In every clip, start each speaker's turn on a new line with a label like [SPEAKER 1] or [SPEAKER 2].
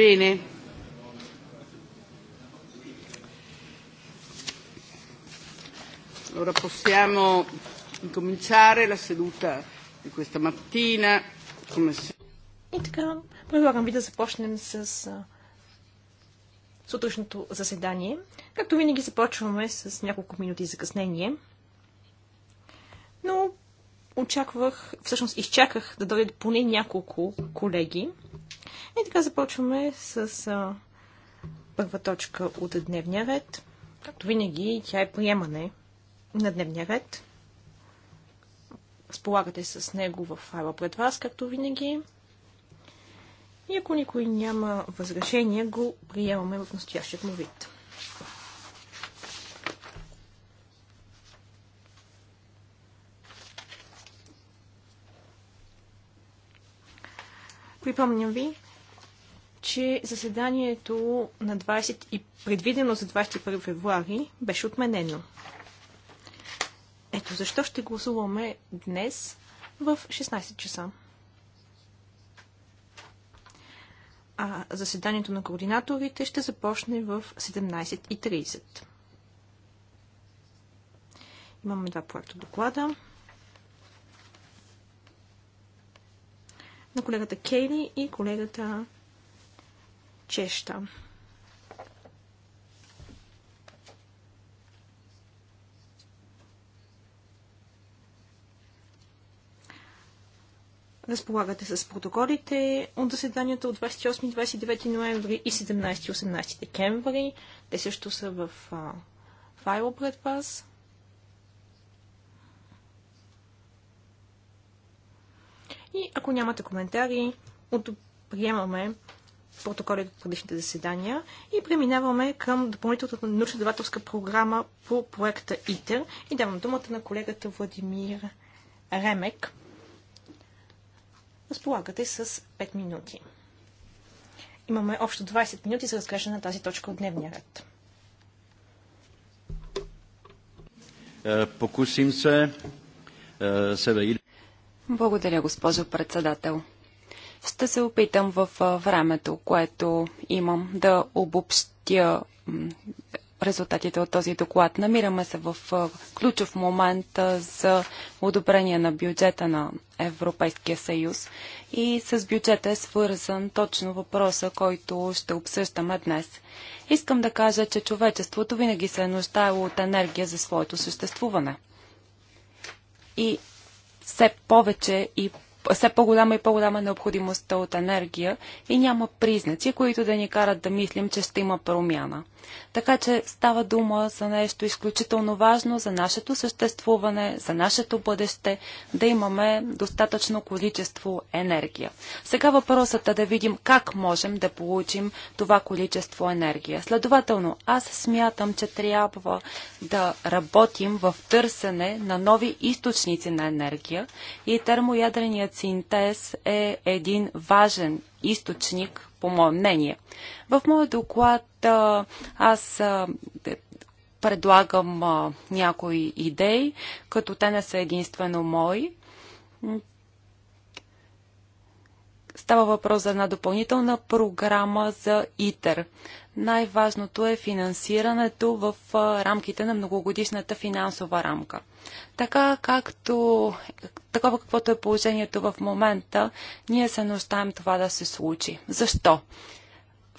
[SPEAKER 1] Bene. Allora possiamo incominciare la seduta di questa mattina. Come se... И така, предлагам ви да започнем с сутрешното заседание.
[SPEAKER 2] Както винаги започваме с няколко минути закъснение. Но очаквах, всъщност изчаках да дойдат поне няколко колеги. И така започваме с а, първа точка от дневния ред. Както винаги, тя е приемане на дневния ред. Разполагате с него в файла пред вас, както винаги. И ако никой няма възражение, го приемаме в настоящия му вид. Припомням ви, че заседанието на 20 и предвидено за 21 февруари беше отменено. Ето защо ще гласуваме днес в 16 часа. А заседанието на координаторите ще започне в 17.30. Имаме два проекта доклада. На колегата Кейли и колегата aceștia. Разполагате с протоколите от заседанията от 28-29 ноември и 17-18 декември. Те също са в а, файла пред вас. И ако нямате коментари, приемаме протоколи от предишните заседания и преминаваме към допълнителната научно-давателска програма по проекта ИТЕР и давам думата на колегата Владимир Ремек. Разполагате с 5 минути. Имаме общо 20 минути за разглеждане на тази точка от дневния ред.
[SPEAKER 1] Е, покусим се. Е,
[SPEAKER 3] Благодаря, госпожо председател. Ще се опитам в времето, което имам да обобщя резултатите от този доклад. Намираме се в ключов момент за одобрение на бюджета на Европейския съюз и с бюджета е свързан точно въпроса, който ще обсъждаме днес. Искам да кажа, че човечеството винаги се е нуждаело от енергия за своето съществуване. И все повече и все по-голяма и по-голяма необходимостта от енергия и няма признаци, които да ни карат да мислим, че ще има промяна. Така че става дума за нещо изключително важно за нашето съществуване, за нашето бъдеще, да имаме достатъчно количество енергия. Сега въпросът е да видим как можем да получим това количество енергия. Следователно, аз смятам, че трябва да работим в търсене на нови източници на енергия и термоядреният синтез е един важен източник, по мое мнение. В моя доклад а, аз а, предлагам а, някои идеи, като те не са единствено мои. Става въпрос за една допълнителна програма за ИТЕР. Най-важното е финансирането в рамките на многогодишната финансова рамка. Така както, такова каквото е положението в момента, ние се нуждаем това да се случи. Защо?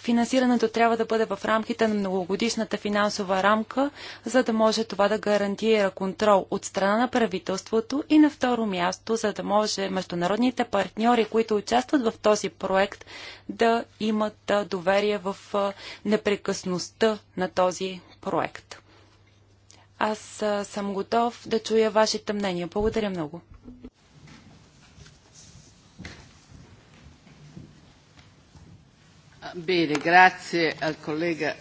[SPEAKER 3] Финансирането трябва да бъде в рамките на многогодишната финансова рамка, за да може това да гарантира контрол от страна на правителството и на второ място, за да може международните партньори, които участват в този проект, да имат доверие в непрекъсността на този проект. Аз съм готов да чуя вашите мнения.
[SPEAKER 1] Благодаря много. grazie al collega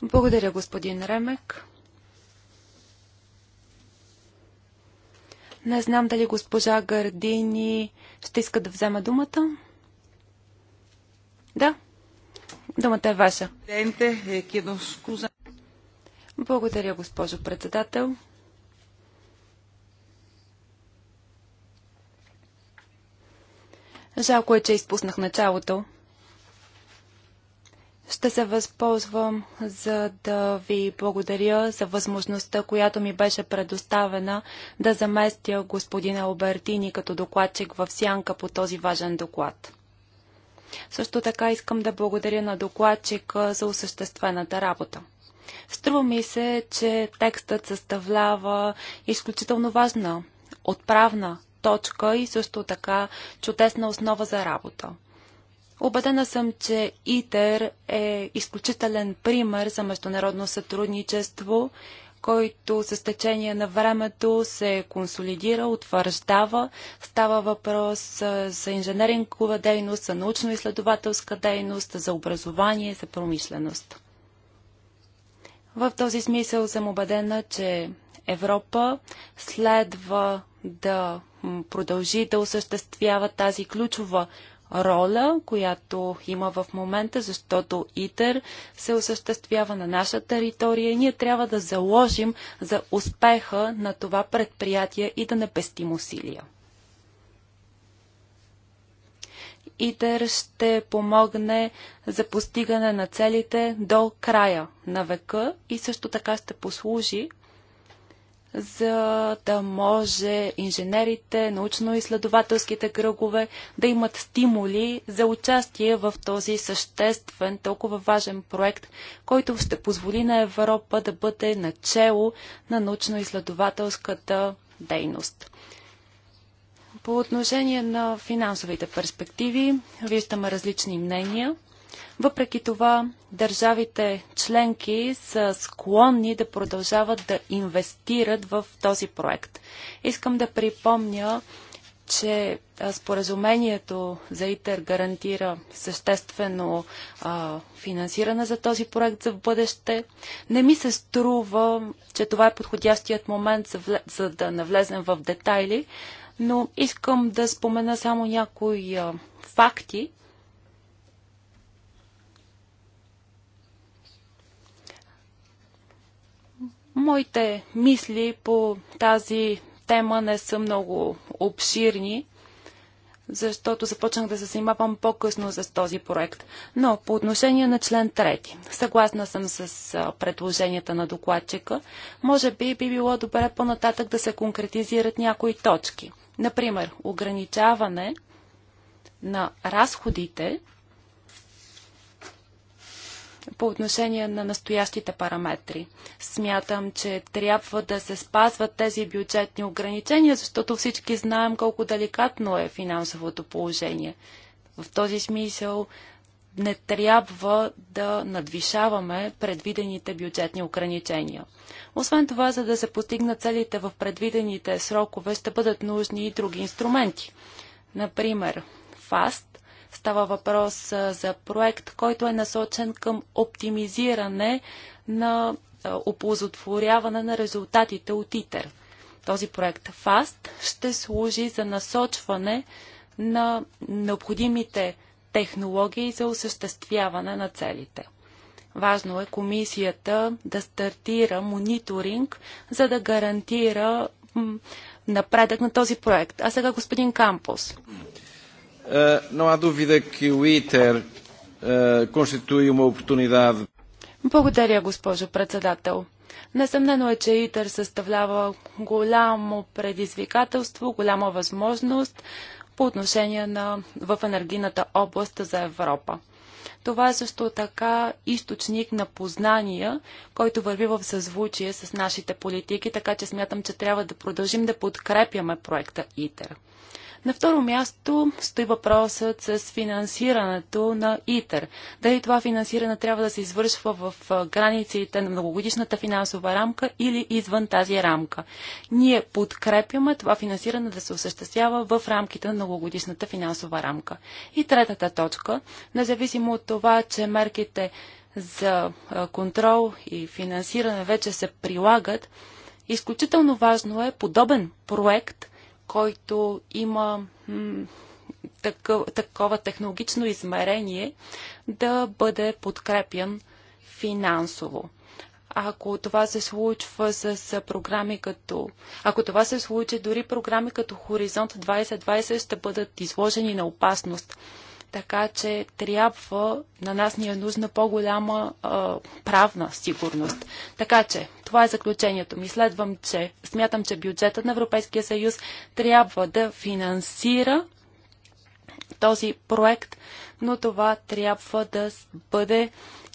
[SPEAKER 1] Благодаря, господин Ремек.
[SPEAKER 3] Не знам дали госпожа Гардини ще иска да взема думата. Да, думата е ваша. Eh, Благодаря, госпожо председател. Жалко е, че изпуснах началото. Ще се възползвам, за да ви благодаря за възможността, която ми беше предоставена да заместя господина Албертини като докладчик в сянка по този важен доклад. Също така искам да благодаря на докладчика за осъществената работа. Струва ми се, че текстът съставлява изключително важна отправна точка и също така чудесна основа за работа. Обадена съм, че ИТЕР е изключителен пример за международно сътрудничество, който с течение на времето се консолидира, утвърждава. Става въпрос за инженерингова дейност, за научно-изследователска дейност, за образование, за промишленост. В този смисъл съм убедена, че Европа следва да продължи да осъществява тази ключова роля, която има в момента, защото ИТЕР се осъществява на наша територия и ние трябва да заложим за успеха на това предприятие и да не пестим усилия. ИТЕР ще помогне за постигане на целите до края на века и също така ще послужи за да може инженерите, научно-изследователските кръгове да имат стимули за участие в този съществен, толкова важен проект, който ще позволи на Европа да бъде начало на научно-изследователската дейност. По отношение на финансовите перспективи, виждаме различни мнения – въпреки това, държавите членки са склонни да продължават да инвестират в този проект. Искам да припомня, че споразумението за ИТЕР гарантира съществено а, финансиране за този проект за в бъдеще. Не ми се струва, че това е подходящият момент за, за да навлезем в детайли, но искам да спомена само някои а, факти, Моите мисли по тази тема не са много обширни, защото започнах да се занимавам по-късно с този проект. Но по отношение на член 3, съгласна съм с предложенията на докладчика, може би би било добре по-нататък да се конкретизират някои точки. Например, ограничаване на разходите по отношение на настоящите параметри. Смятам, че трябва да се спазват тези бюджетни ограничения, защото всички знаем колко деликатно е финансовото положение. В този смисъл не трябва да надвишаваме предвидените бюджетни ограничения. Освен това, за да се постигнат целите в предвидените срокове, ще бъдат нужни и други инструменти. Например, FAST – Става въпрос за проект, който е насочен към оптимизиране на оползотворяване на резултатите от ИТЕР. Този проект FAST ще служи за насочване на необходимите технологии за осъществяване на целите. Важно е комисията да стартира мониторинг, за да гарантира напредък на този проект. А сега господин Кампус.
[SPEAKER 1] Eh, não há dúvida que o ITER eh, constitui uma oportunidade.
[SPEAKER 3] Благодаря, госпожо председател. Несъмнено е, че ИТЕР съставлява голямо предизвикателство, голяма възможност по отношение на в енергийната област за Европа. Това е също така източник на познания, който върви в съзвучие с нашите политики, така че смятам, че трябва да продължим да подкрепяме проекта ИТЕР. На второ място стои въпросът с финансирането на ИТЕР. Дали това финансиране трябва да се извършва в границите на многогодишната финансова рамка или извън тази рамка. Ние подкрепяме това финансиране да се осъществява в рамките на многогодишната финансова рамка. И третата точка, независимо от това, че мерките за контрол и финансиране вече се прилагат, изключително важно е подобен проект – който има такъв, такова технологично измерение, да бъде подкрепян финансово. Ако това се случва с програми като... Ако това се случи, дори програми като Хоризонт 2020 ще бъдат изложени на опасност така че трябва, на нас ни е нужна по-голяма правна сигурност. Така че, това е заключението ми. Следвам, че смятам, че бюджетът на Европейския съюз трябва да финансира този проект, но това трябва да бъде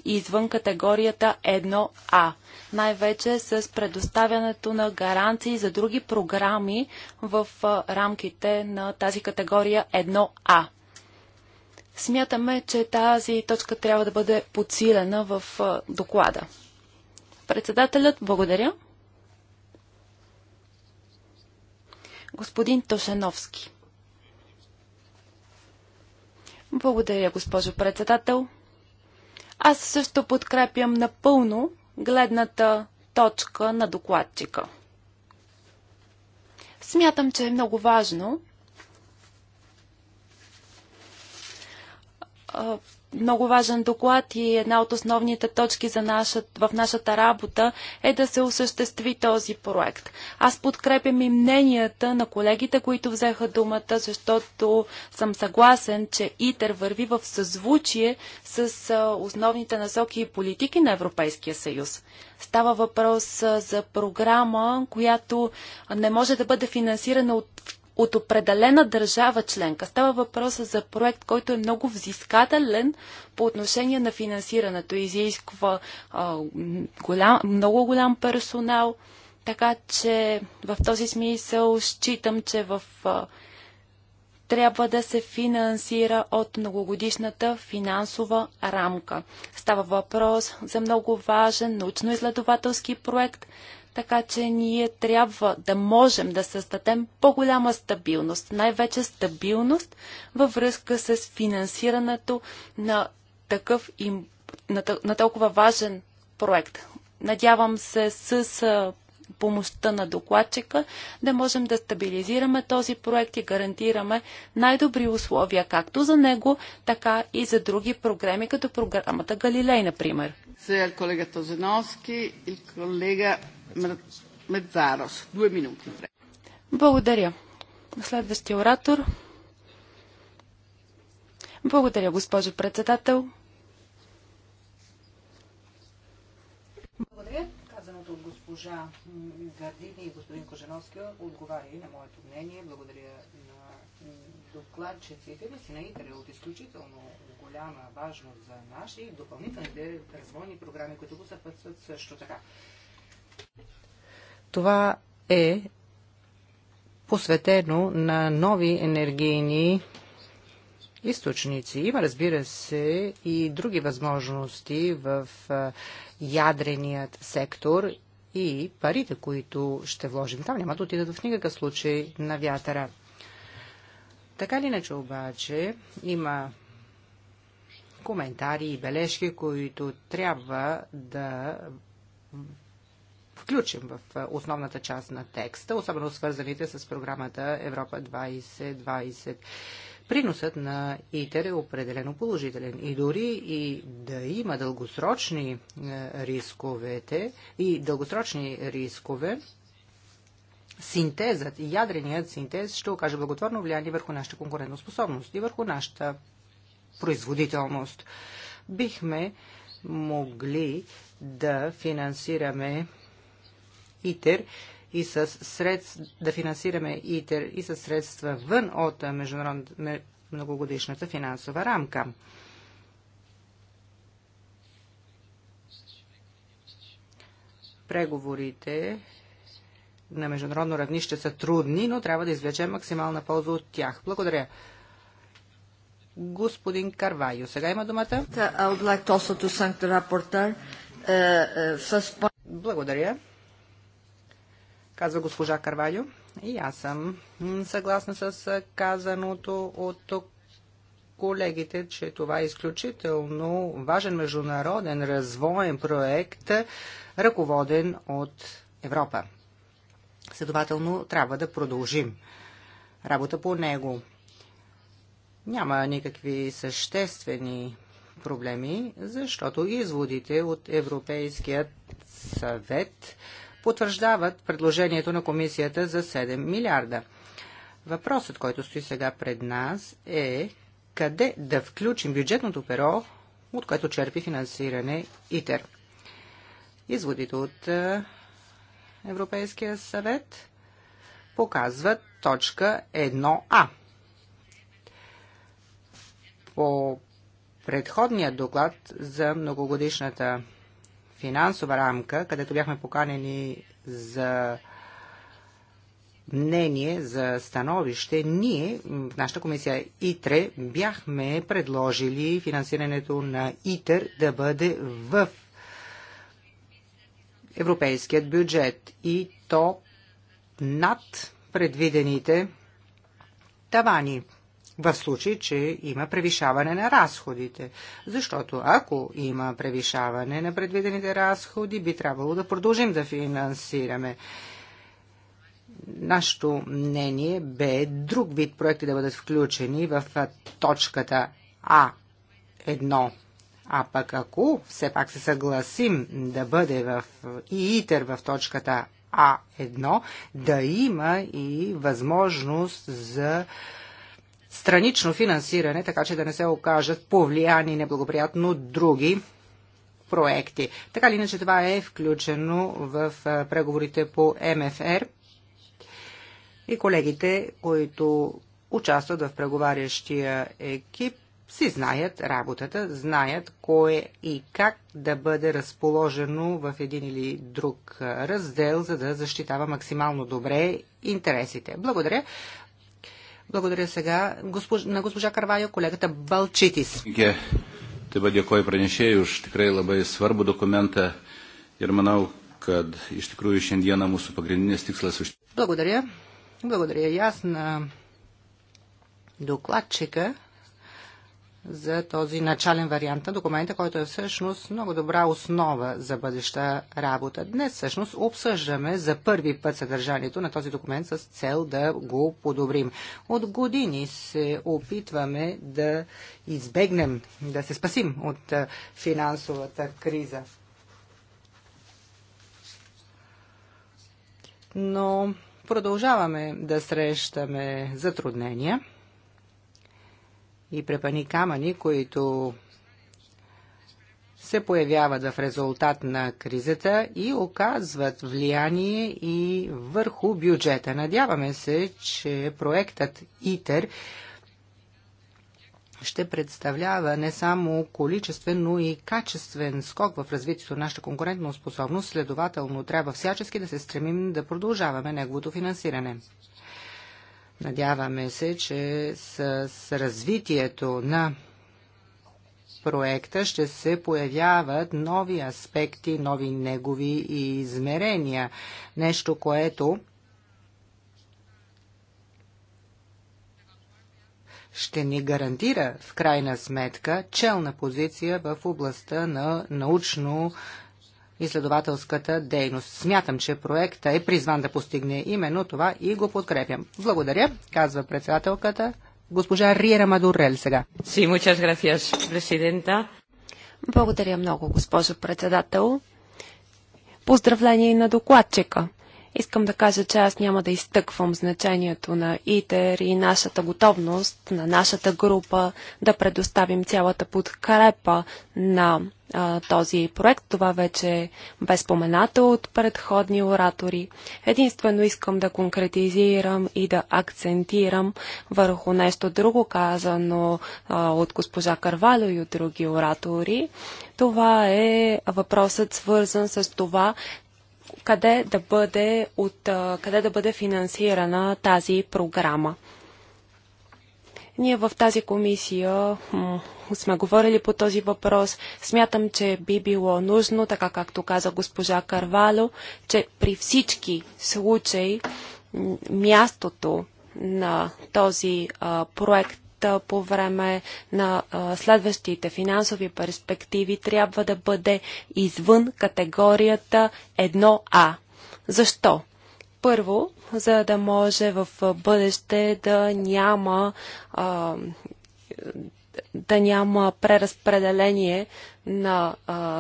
[SPEAKER 3] извън категорията 1А. Най-вече с предоставянето на гаранции за други програми в рамките на тази категория 1А. Смятаме, че тази точка трябва да бъде подсилена в доклада. Председателят, благодаря. Господин Тошановски. Благодаря, госпожо председател. Аз също подкрепям напълно гледната точка на докладчика. Смятам, че е много важно много важен доклад и една от основните точки за наша, в нашата работа е да се осъществи този проект. Аз подкрепям и мненията на колегите, които взеха думата, защото съм съгласен, че ИТЕР върви в съзвучие с основните насоки и политики на Европейския съюз. Става въпрос за програма, която не може да бъде финансирана от от определена държава членка. Става въпроса за проект, който е много взискателен по отношение на финансирането. Изисква а, голям, много голям персонал. Така че в този смисъл считам, че в, а, трябва да се финансира от многогодишната финансова рамка. Става въпрос за много важен научно-изследователски проект – така че ние трябва да можем да създадем по-голяма стабилност, най-вече стабилност във връзка с финансирането на такъв им, на, на толкова важен проект. Надявам се с помощта на докладчика да можем да стабилизираме този проект и гарантираме най-добри условия както за него, така и за други програми, като програмата Галилей, например.
[SPEAKER 1] Сега колега Тозеновски и колега Медзарос. Две минути.
[SPEAKER 3] Благодаря. Следващия оратор. Благодаря, госпожо председател.
[SPEAKER 4] Благодаря. Казаното от госпожа Гардини и господин Кожановски отговаря и на моето мнение. Благодаря на докладчиците. Наистина ИТР е от изключително голяма важност за наши и допълнителните развойни програми, които го съпътстват също така. Това е посветено на нови енергийни източници. Има, разбира се, и други възможности в ядреният сектор и парите, които ще вложим там, няма да отидат в никакъв случай на вятъра. Така ли иначе обаче има коментари и бележки, които трябва да включим в основната част на текста, особено свързаните с програмата Европа 2020. Приносът на ИТЕР е определено положителен и дори и да има дългосрочни е, рисковете и дългосрочни рискове, синтезът, ядреният синтез ще окаже благотворно влияние върху нашата конкурентоспособност и върху нашата производителност. Бихме могли да финансираме ИТЕР и с средств, да финансираме ИТЕР и с средства вън от международната многогодишната финансова рамка. Преговорите на международно равнище са трудни, но трябва да извлечем максимална полза от тях. Благодаря. Господин Карвайо, сега има думата. Е, е, Благодаря казва госпожа Карвалю. И аз съм съгласна с казаното от колегите, че това е изключително важен международен развоен проект, ръководен от Европа. Следователно, трябва да продължим работа по него. Няма никакви съществени проблеми, защото изводите от Европейският съвет потвърждават предложението на комисията за 7 милиарда. Въпросът, който стои сега пред нас е къде да включим бюджетното перо, от което черпи финансиране ИТЕР. Изводите от е, Европейския съвет показват точка 1А. По предходния доклад за многогодишната финансова рамка, където бяхме поканени за мнение, за становище, ние в нашата комисия ИТРЕ бяхме предложили финансирането на ИТЕР да бъде в европейският бюджет и то над предвидените тавани в случай, че има превишаване на разходите. Защото ако има превишаване на предвидените разходи, би трябвало да продължим да финансираме. Нашето мнение бе друг вид проекти да бъдат включени в точката А1. А пък ако все пак се съгласим да бъде в ИИТЕР в точката А1, да има и възможност за странично финансиране, така че да не се окажат повлияни неблагоприятно други проекти. Така ли иначе това е включено в преговорите по МФР и колегите, които участват в преговарящия екип, си знаят работата, знаят кое и как да бъде разположено в един или друг раздел, за да защитава максимално добре интересите. Благодаря. Благодаря сега госпож... на госпожа Карвайо, колегата Балчитис.
[SPEAKER 1] Taip pat dėkoju pranešėjai už tikrai labai svarbų dokumentą
[SPEAKER 4] ir manau, kad iš tikrųjų šiandieną mūsų pagrindinis tikslas už. Благодаря. Благодаря и аз на докладчика за този начален вариант на документа, който е всъщност много добра основа за бъдеща работа. Днес всъщност обсъждаме за първи път съдържанието на този документ с цел да го подобрим. От години се опитваме да избегнем, да се спасим от финансовата криза. Но продължаваме да срещаме затруднения – и препани камъни, които се появяват в резултат на кризата и оказват влияние и върху бюджета. Надяваме се, че проектът ИТЕР ще представлява не само количествен, но и качествен скок в развитието на нашата конкурентна способност. Следователно, трябва всячески да се стремим да продължаваме неговото финансиране. Надяваме се, че с развитието на проекта ще се появяват нови аспекти, нови негови измерения. Нещо, което ще ни гарантира в крайна сметка челна позиция в областта на научно изследователската дейност. Смятам, че проекта е призван да постигне именно това и го подкрепям. Благодаря, казва председателката. Госпожа Риера Мадурел сега.
[SPEAKER 2] Sí, muchas gracias, президента.
[SPEAKER 4] Благодаря много, госпожо председател.
[SPEAKER 3] Поздравление на докладчика. Искам да кажа, че аз няма да изтъквам значението на ИТЕР и нашата готовност на нашата група да предоставим цялата подкрепа на а, този проект. Това вече е бе споменато от предходни оратори. Единствено искам да конкретизирам и да акцентирам върху нещо друго казано а, от госпожа Карвало и от други оратори. Това е въпросът свързан с това къде да бъде, от, къде да бъде финансирана тази програма. Ние в тази комисия сме говорили по този въпрос. Смятам, че би било нужно, така както каза госпожа Карвало, че при всички случаи мястото на този а, проект по време на следващите финансови перспективи трябва да бъде извън категорията 1А. Защо? Първо, за да може в бъдеще да няма да няма преразпределение на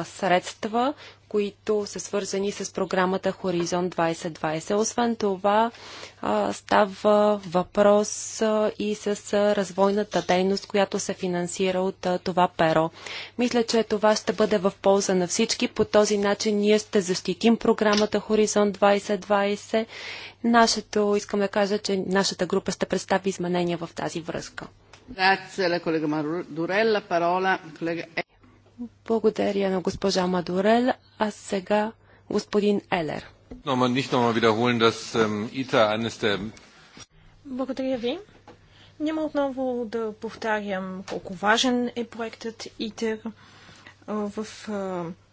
[SPEAKER 3] средства, които са свързани с програмата Хоризонт 2020. Освен това, става въпрос и с развойната дейност, която се финансира от това перо. Мисля, че това ще бъде в полза на всички. По този начин ние ще защитим програмата Хоризонт 2020. Нашето, искам да кажа, че нашата група ще представи изменения в тази връзка.
[SPEAKER 1] Grazie collega Madurella. Parola collega
[SPEAKER 3] благодаря на госпожа Мадурел, а сега господин Елер.
[SPEAKER 2] Благодаря ви. Няма отново да повтарям колко важен е проектът ИТЕР в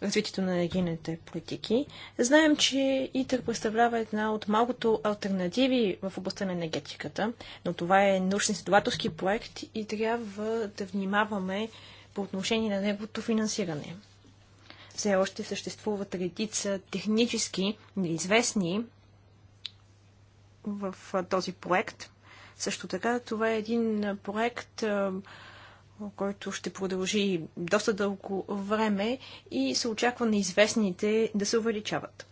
[SPEAKER 2] развитието на енергийните политики. Знаем, че ИТЕР представлява една от малкото альтернативи в областта на енергетиката, но това е научно-изследователски проект и трябва да внимаваме по отношение на неговото финансиране. Все още съществуват редица технически неизвестни в този проект. Също така, това е един проект, който ще продължи доста дълго време и се очаква неизвестните да се увеличават.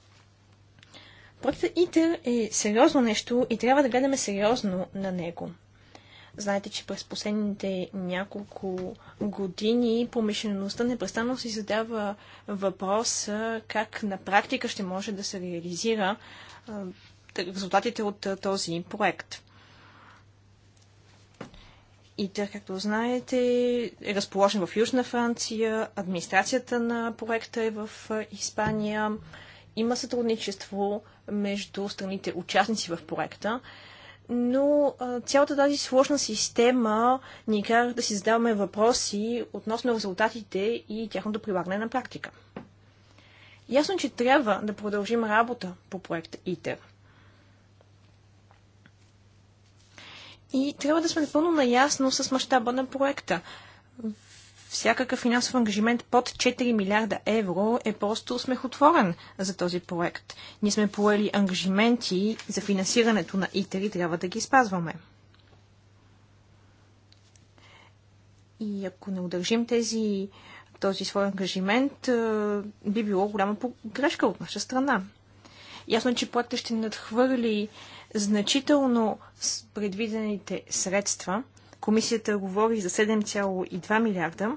[SPEAKER 2] Проектът ИТЕР е сериозно нещо и трябва да гледаме сериозно на него. Знаете, че през последните няколко години промишлеността непрестанно си задава въпрос как на практика ще може да се реализира резултатите от този проект. ИТЕР, както знаете, е разположен в Южна Франция, администрацията на проекта е в Испания. Има сътрудничество между страните участници в проекта но цялата тази сложна система ни кара да си задаваме въпроси относно резултатите и тяхното прилагане на практика. Ясно, че трябва да продължим работа по проекта ИТЕР. И трябва да сме напълно наясно с мащаба на проекта всякакъв финансов ангажимент под 4 милиарда евро е просто смехотворен за този проект. Ние сме поели ангажименти за финансирането на ИТЕР и трябва да ги спазваме. И ако не удържим тези, този свой ангажимент, би било голяма грешка от наша страна. Ясно е, че проектът ще надхвърли значително предвидените средства. Комисията говори за 7,2 милиарда.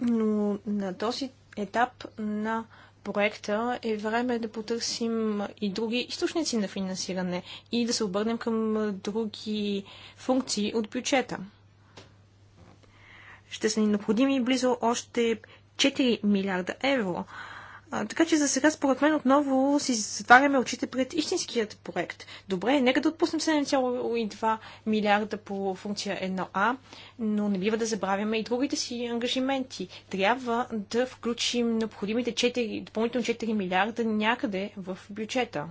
[SPEAKER 2] Но на този етап на проекта е време да потърсим и други източници на финансиране и да се обърнем към други функции от бюджета. Ще са ни необходими близо още 4 милиарда евро. А, така че за сега, според мен, отново си затваряме очите пред истинският проект. Добре, нека да отпуснем 7,2 милиарда по функция 1А, но не бива да забравяме и другите си ангажименти. Трябва да включим необходимите 4, допълнително 4 милиарда някъде в бюджета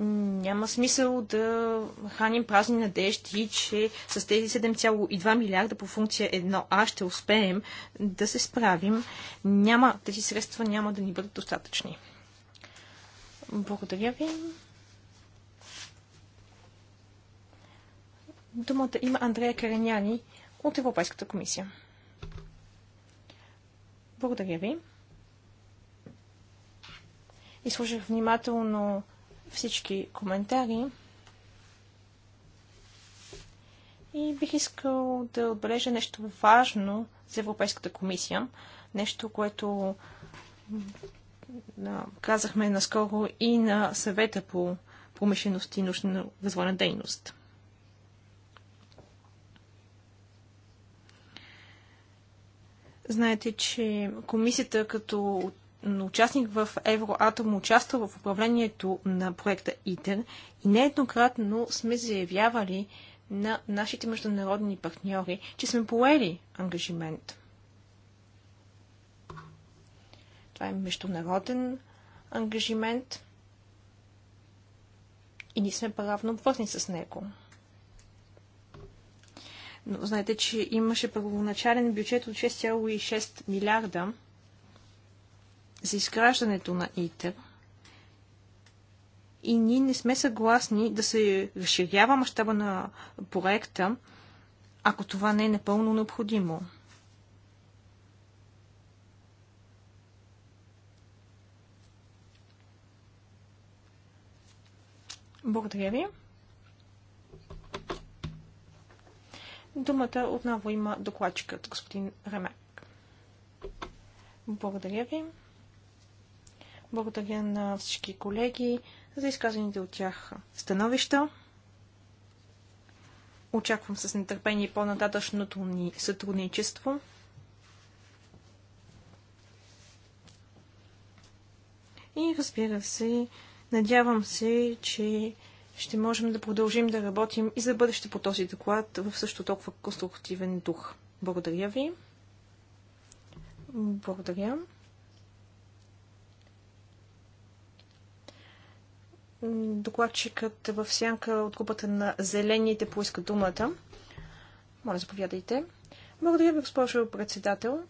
[SPEAKER 2] няма смисъл да храним празни надежди, че с тези 7,2 милиарда по функция 1А ще успеем да се справим. Няма, тези средства няма да ни бъдат достатъчни. Благодаря ви. Думата има Андрея Кареняни от Европейската комисия. Благодаря ви. Изслушах внимателно всички коментари. И бих искал да отбележа нещо важно за Европейската комисия. Нещо, което казахме наскоро и на съвета по промишленост и нужна развойна дейност. Знаете, че комисията като участник в Евроатом участва в управлението на проекта ИТЕР и нееднократно сме заявявали на нашите международни партньори, че сме поели ангажимент. Това е международен ангажимент и ние сме правно обвързани с него. Но знаете, че имаше първоначален бюджет от 6,6 милиарда – за изграждането на ИТЕР и ние не сме съгласни да се разширява мащаба на проекта, ако това не е напълно необходимо. Благодаря ви. Думата отново има докладчикът, господин Ремек. Благодаря ви. Благодаря на всички колеги за изказаните от тях становища. Очаквам с нетърпение по-нататъчното ни сътрудничество. И разбира се, надявам се, че ще можем да продължим да работим и за бъдеще по този доклад в също толкова конструктивен дух. Благодаря ви. Благодаря. Докладчикът е в сянка от групата на зелените поиска думата. Моля, заповядайте. Благодаря ви, госпожо председател.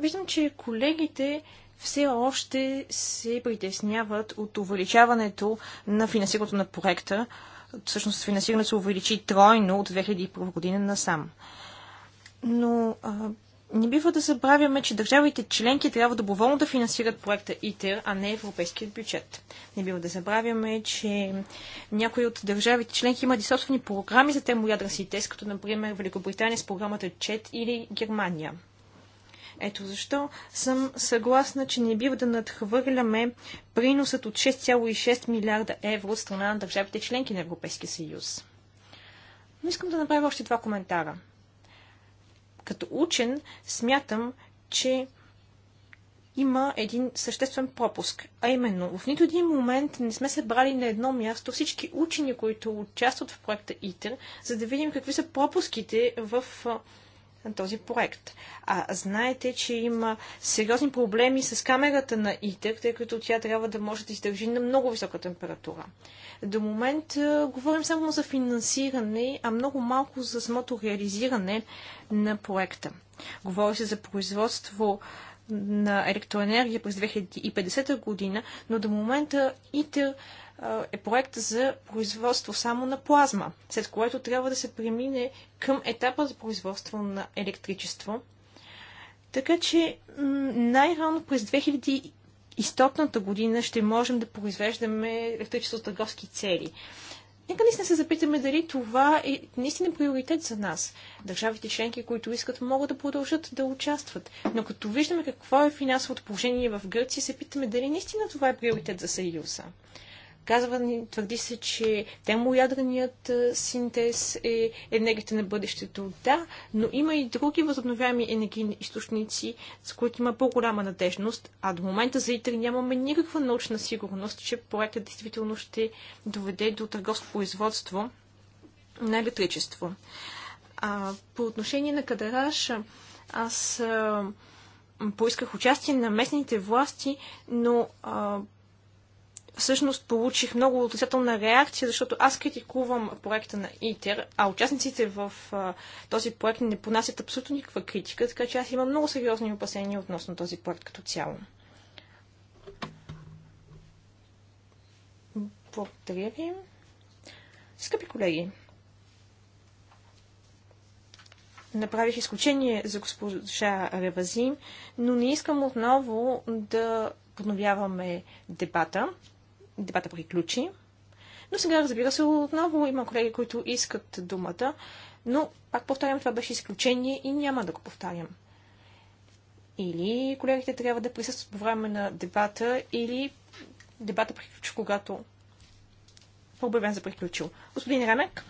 [SPEAKER 2] Виждам, че колегите все още се притесняват от увеличаването на финансирането на проекта. Всъщност финансирането се увеличи тройно от 2001 година насам. Но а, не бива да забравяме, че държавите членки трябва доброволно да финансират проекта ИТЕР, а не европейският бюджет. Не бива да забравяме, че някои от държавите членки имат и собствени програми за ядра си тест, като например Великобритания с програмата ЧЕТ или Германия. Ето защо съм съгласна, че не бива да надхвърляме приносът от 6,6 милиарда евро от страна на държавите членки на Европейския съюз. Но искам да направя още два коментара – като учен смятам, че има един съществен пропуск. А именно, в нито един момент не сме се брали на едно място всички учени, които участват в проекта ИТЕР, за да видим какви са пропуските в на този проект. А знаете, че има сериозни проблеми с камерата на ИТЕР, тъй като тя трябва да може да издържи на много висока температура. До момента говорим само за финансиране, а много малко за самото реализиране на проекта. Говори се за производство на електроенергия през 2050 година, но до момента ИТЕР е проект за производство само на плазма, след което трябва да се премине към етапа за производство на електричество. Така че най-рано през 2100 та година ще можем да произвеждаме електричество с търговски цели. Нека наистина се запитаме дали това е наистина приоритет за нас. Държавите членки, които искат, могат да продължат да участват. Но като виждаме какво е финансовото положение в Гърция, се питаме дали наистина това е приоритет за Съюза. Казва ни, твърди се, че термоядреният синтез е енергията на бъдещето. Да, но има и други възобновяеми енергийни източници, с които има по-голяма надежност, а до момента за ИТР нямаме никаква научна сигурност, че проектът действително ще доведе до търговско производство на електричество. А, по отношение на Кадараш, аз а, поисках участие на местните власти, но а, всъщност получих много отрицателна реакция, защото аз критикувам проекта на ИТЕР, а участниците в а, този проект не понасят абсолютно никаква критика, така че аз имам много сериозни опасения относно този проект като цяло. Благодаря ви. Скъпи колеги, направих изключение за госпожа Ревазин, но не искам отново да подновяваме дебата дебата приключи. Но сега, разбира се, отново има колеги, които искат думата, но, пак повтарям, това беше изключение и няма да го повтарям. Или колегите трябва да присъстват по време на дебата, или дебата приключи, когато по обявен за приключил. Господин Ремек,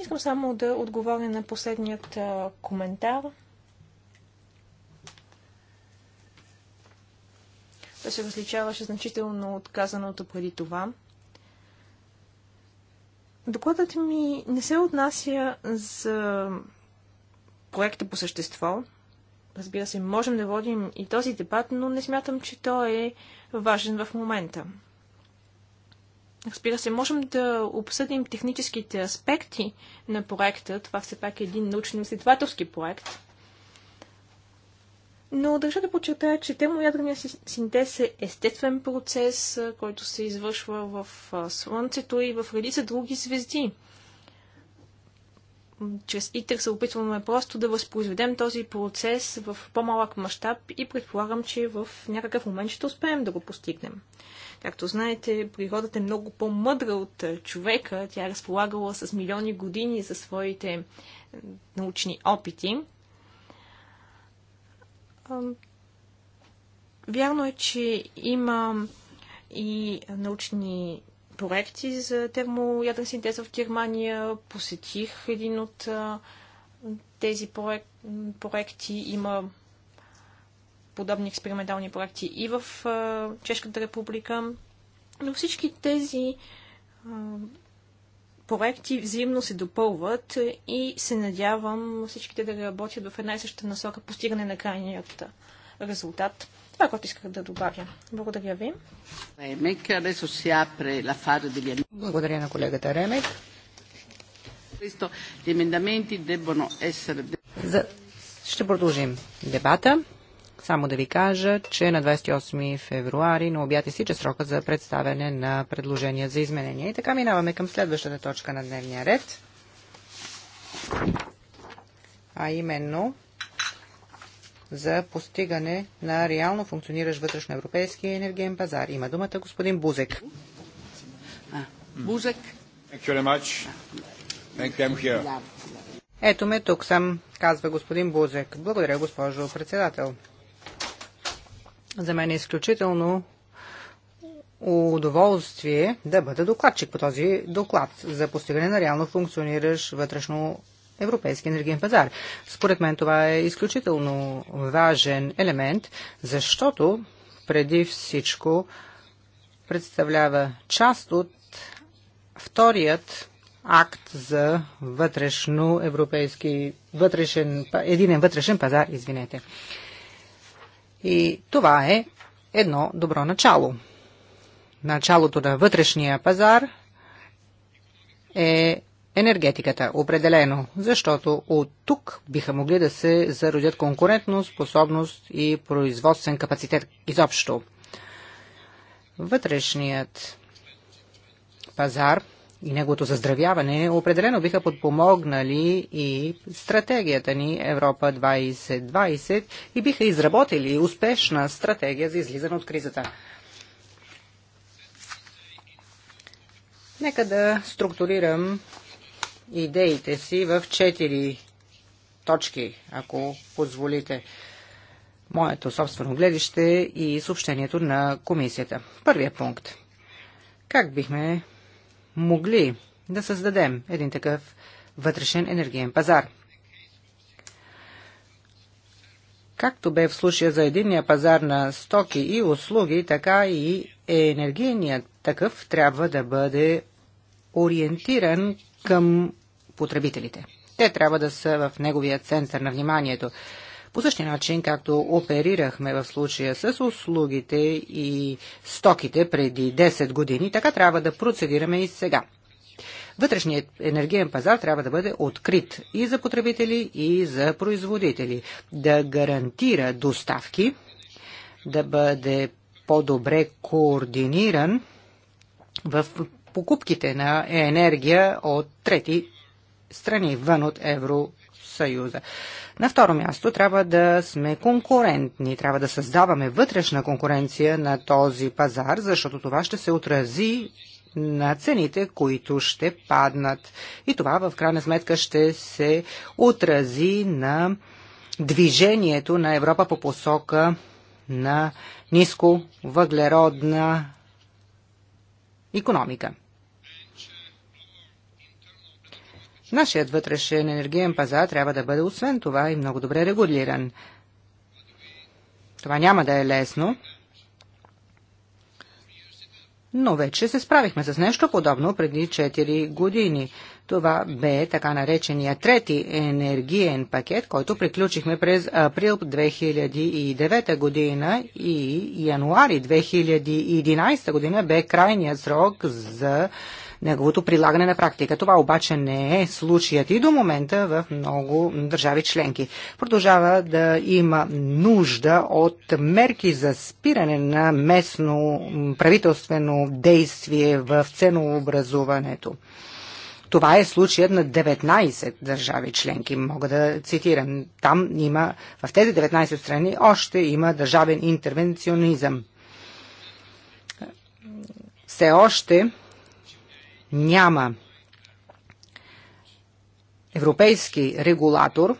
[SPEAKER 2] искам само да отговоря на последният коментар. Та се различаваше значително от казаното преди това. Докладът ми не се отнася за проекта по същество. Разбира се, можем да водим и този дебат, но не смятам, че той е важен в момента. Разбира се, можем да обсъдим техническите аспекти на проекта. Това все пак е един научно-изследователски проект. Но държа да подчертая, че термоядрения синтез е естествен процес, който се извършва в Слънцето и в редица други звезди. Чрез ИТЕР се опитваме просто да възпроизведем този процес в по-малък мащаб и предполагам, че в някакъв момент ще успеем да го постигнем. Както знаете, природата е много по-мъдра от човека. Тя е разполагала с милиони години за своите научни опити Вярно е, че има и научни проекти за термоядрен синтез в Германия. Посетих един от тези проекти. Има подобни експериментални проекти и в Чешката република. Но всички тези проекти взаимно се допълват и се надявам всичките да работят в една и съща насока постигане на крайният резултат. Това, което исках да добавя. Благодаря ви.
[SPEAKER 1] Благодаря на колегата Ремек.
[SPEAKER 4] За... Ще продължим дебата. Само да ви кажа, че на 28 февруари на обяд изтича срока за представяне на предложения за изменения. И така минаваме към следващата точка на дневния ред. А именно за постигане на реално функциониращ вътрешноевропейски енергиен пазар. Има думата господин Бузек. Бузек. Ето ме, тук съм, казва господин Бузек. Благодаря, госпожо председател. За мен е изключително удоволствие да бъда докладчик по този доклад за постигане на реално функциониращ вътрешно европейски енергиен пазар. Според мен това е изключително важен елемент, защото преди всичко представлява част от вторият акт за вътрешно европейски вътрешен, единен вътрешен пазар, извинете. И това е едно добро начало. Началото на вътрешния пазар е енергетиката, определено, защото от тук биха могли да се зародят конкурентно способност и производствен капацитет изобщо. Вътрешният пазар – и неговото заздравяване определено биха подпомогнали и стратегията ни Европа 2020 и биха изработили успешна стратегия за излизане от кризата. Нека да структурирам идеите си в четири точки, ако позволите моето собствено гледище и съобщението на комисията. Първият пункт. Как бихме могли да създадем един такъв вътрешен енергиен пазар. Както бе в случая за единния пазар на стоки и услуги, така и енергийният такъв трябва да бъде ориентиран към потребителите. Те трябва да са в неговия център на вниманието. По същия начин, както оперирахме в случая с услугите и стоките преди 10 години, така трябва да процедираме и сега. Вътрешният енергиен пазар трябва да бъде открит и за потребители, и за производители, да гарантира доставки, да бъде по-добре координиран в покупките на енергия от трети страни вън от Евро Съюза. На второ място трябва да сме конкурентни, трябва да създаваме вътрешна конкуренция на този пазар, защото това ще се отрази на цените, които ще паднат. И това в крайна сметка ще се отрази на движението на Европа по посока на ниско въглеродна економика. Нашият вътрешен енергиен пазар трябва да бъде освен това и много добре регулиран. Това няма да е лесно, но вече се справихме с нещо подобно преди 4 години. Това бе така наречения трети енергиен пакет, който приключихме през април 2009 година и януари 2011 година бе крайният срок за неговото прилагане на практика. Това обаче не е случаят и до момента в много държави членки. Продължава да има нужда от мерки за спиране на местно правителствено действие в ценообразуването. Това е случаят на 19 държави членки, мога да цитирам. Там има, в тези 19 страни още има държавен интервенционизъм. Все още няма европейски регулатор,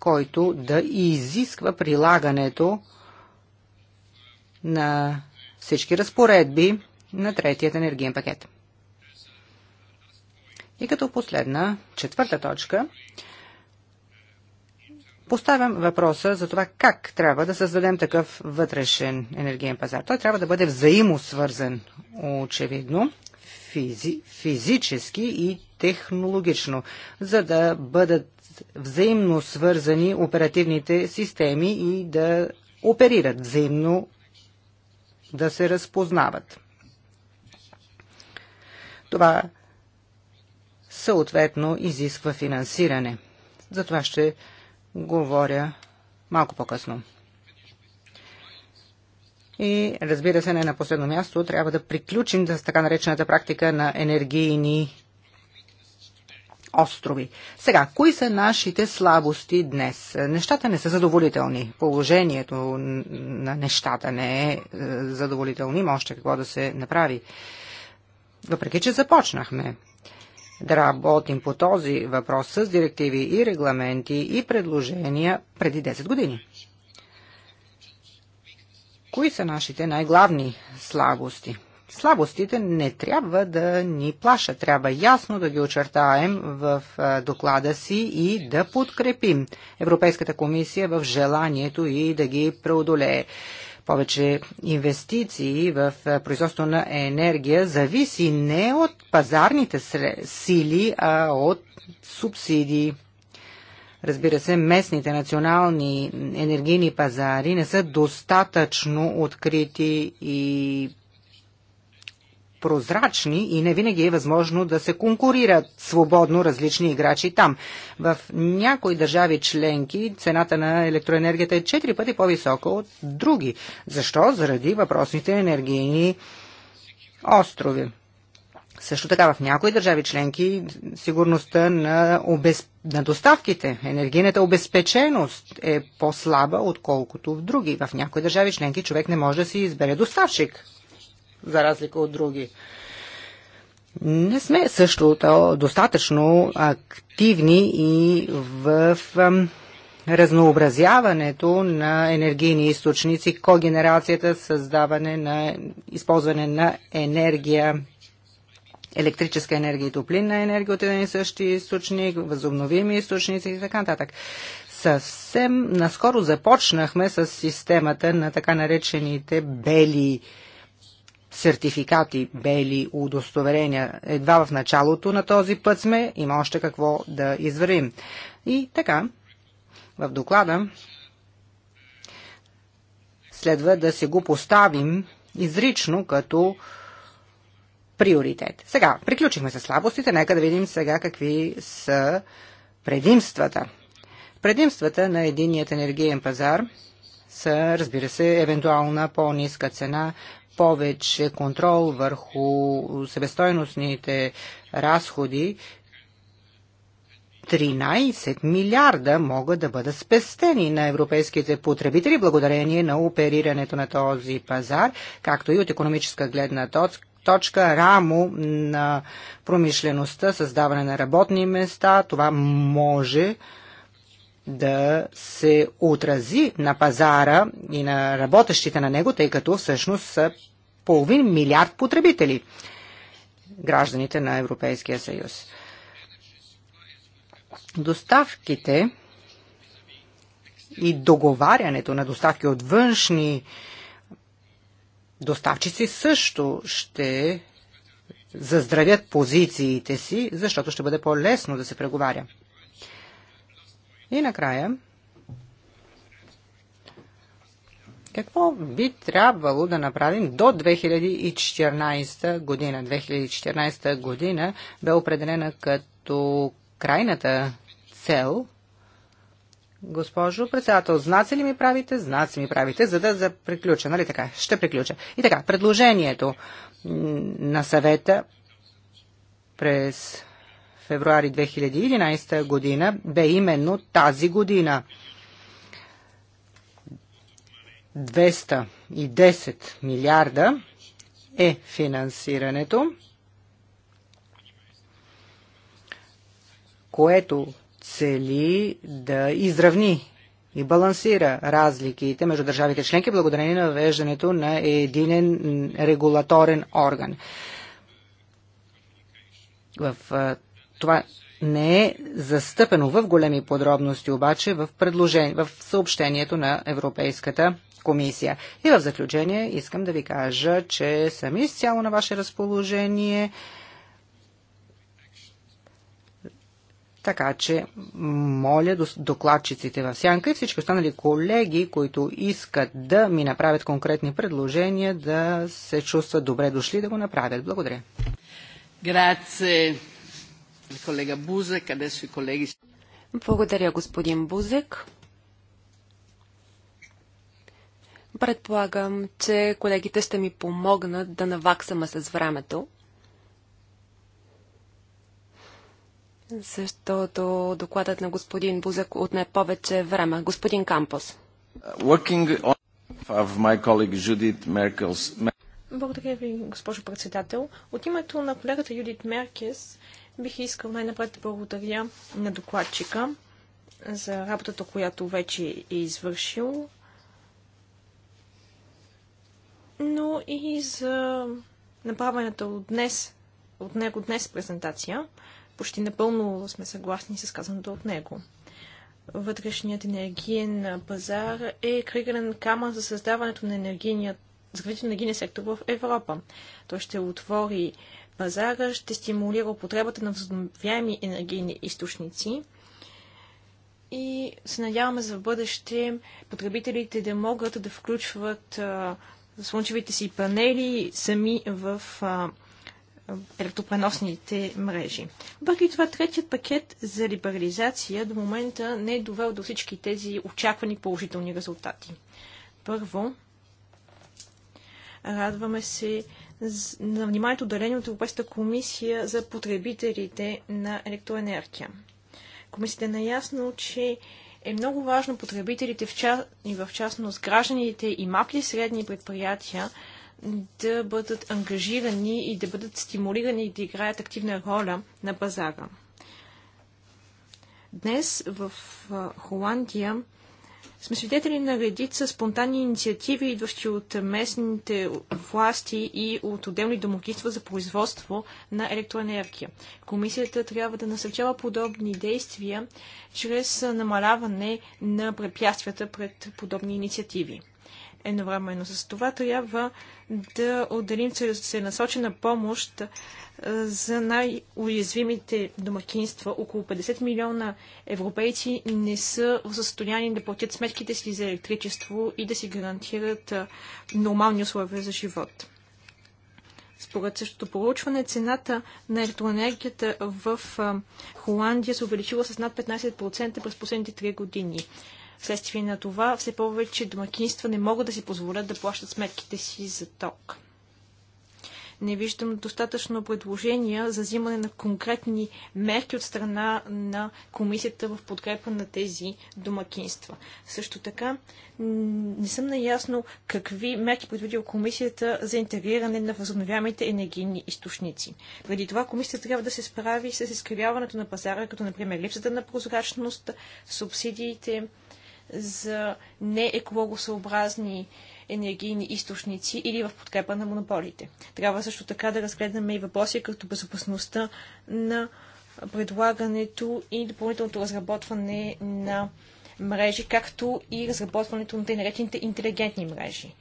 [SPEAKER 4] който да изисква прилагането на всички разпоредби на третият енергиен пакет. И като последна, четвърта точка, поставям въпроса за това как трябва да създадем такъв вътрешен енергиен пазар. Той трябва да бъде взаимосвързан, очевидно, физи, физически и технологично, за да бъдат взаимно свързани оперативните системи и да оперират взаимно, да се разпознават. Това съответно изисква финансиране. За това ще говоря малко по-късно. И разбира се, не на последно място, трябва да приключим с така наречената практика на енергийни острови. Сега, кои са нашите слабости днес? Нещата не са задоволителни. Положението на нещата не е, е задоволително. Има още какво да се направи. Въпреки, че започнахме да работим по този въпрос с директиви и регламенти и предложения преди 10 години. Кои са нашите най-главни слабости? Слабостите не трябва да ни плашат, трябва ясно да ги очертаем в доклада си и да подкрепим Европейската комисия в желанието и да ги преодолее. Повече инвестиции в производство на енергия зависи не от пазарните сили, а от субсидии Разбира се, местните национални енергийни пазари не са достатъчно открити и прозрачни и не винаги е възможно да се конкурират свободно различни играчи там. В някои държави членки цената на електроенергията е 4 пъти по-висока от други. Защо? Заради въпросните енергийни острови. Също така в някои държави членки сигурността на, обез... на доставките, енергийната обезпеченост е по-слаба, отколкото в други. В някои държави членки човек не може да си избере доставчик, за разлика от други. Не сме също достатъчно активни и в разнообразяването на енергийни източници, когенерацията, създаване на използване на енергия електрическа енергия и топлинна енергия от един и същи източник, възобновими източници и така нататък. Съвсем наскоро започнахме с системата на така наречените бели сертификати, бели удостоверения. Едва в началото на този път сме, има още какво да извърим. И така, в доклада следва да се го поставим изрично като приоритет. Сега, приключихме с слабостите, нека да видим сега какви са предимствата. Предимствата на единият енергиен пазар са, разбира се, евентуална по-ниска цена, повече контрол върху себестойностните разходи. 13 милиарда могат да бъдат спестени на европейските потребители благодарение на оперирането на този пазар, както и от економическа гледна точка точка рамо на промишлеността, създаване на работни места. Това може да се отрази на пазара и на работещите на него, тъй като всъщност са половин милиард потребители, гражданите на Европейския съюз. Доставките и договарянето на доставки от външни доставчици също ще заздравят позициите си, защото ще бъде по-лесно да се преговаря. И накрая, какво би трябвало да направим до 2014 година? 2014 година бе определена като крайната цел – Госпожо председател, знаци ли ми правите? Знаци ми правите, за да за приключа, нали така? Ще приключа. И така, предложението на съвета през февруари 2011 година бе именно тази година. 210 милиарда е финансирането, което цели да изравни и балансира разликите между държавите членки благодарение на въвеждането на единен регулаторен орган. В това не е застъпено в големи подробности обаче в, в съобщението на Европейската комисия. И в заключение искам да ви кажа, че съм изцяло на ваше разположение Така че, моля докладчиците в сянка и всички останали колеги, които искат да ми направят конкретни предложения, да се чувстват добре дошли да го направят. Благодаря.
[SPEAKER 1] Грация, колега Бузек, къде са колеги? Благодаря,
[SPEAKER 3] господин Бузек. Предполагам, че колегите ще ми помогнат да наваксаме с времето. защото докладът на господин Бузък отне повече време. Господин Кампос. Благодаря ви, госпожо
[SPEAKER 2] председател. От името на колегата Юдит Меркес бих искал най-напред да благодаря на докладчика за работата, която вече е извършил, но и за направената от днес, от него днес презентация почти напълно сме съгласни с казаното от него. Вътрешният енергиен пазар е кръгълен камък за създаването на енергийният развитието на енергийния сектор в Европа. Той ще отвори пазара, ще стимулира употребата на възобновяеми енергийни източници и се надяваме за бъдеще потребителите да могат да включват а, слънчевите си панели сами в а, електропреносните мрежи. Въпреки това, третият пакет за либерализация до момента не е довел до всички тези очаквани положителни резултати. Първо, радваме се на вниманието отделение от Европейската комисия за потребителите на електроенергия. Комисията е наясно, че е много важно потребителите в част, и в частност гражданите и мапли средни предприятия да бъдат ангажирани и да бъдат стимулирани и да играят активна роля на пазара. Днес в Холандия сме свидетели на редица спонтанни инициативи, идващи от местните власти и от отделни домогинства за производство на електроенергия. Комисията трябва да насърчава подобни действия чрез намаляване на препятствията пред подобни инициативи. Едновременно с това трябва да отделим целенасочена помощ за най-уязвимите домакинства. Около 50 милиона европейци не са в състояние да платят сметките си за електричество и да си гарантират нормални условия за живот. Според същото проучване, цената на електроенергията в Холандия се увеличила с над 15% през последните 3 години. Вследствие на това, все повече домакинства не могат да си позволят да плащат сметките си за ток. Не виждам достатъчно предложения за взимане на конкретни мерки от страна на комисията в подкрепа на тези домакинства. Също така, не съм наясно какви мерки предвидила комисията за интегриране на възобновяемите енергийни източници. Преди това комисията трябва да се справи с изкривяването на пазара, като например липсата на прозрачност, субсидиите, за неекологосъобразни енергийни източници или в подкрепа на монополите. Трябва също така да разгледаме и въпроси като безопасността на предлагането и допълнителното разработване на мрежи, както и разработването на тъй наречените интелигентни мрежи.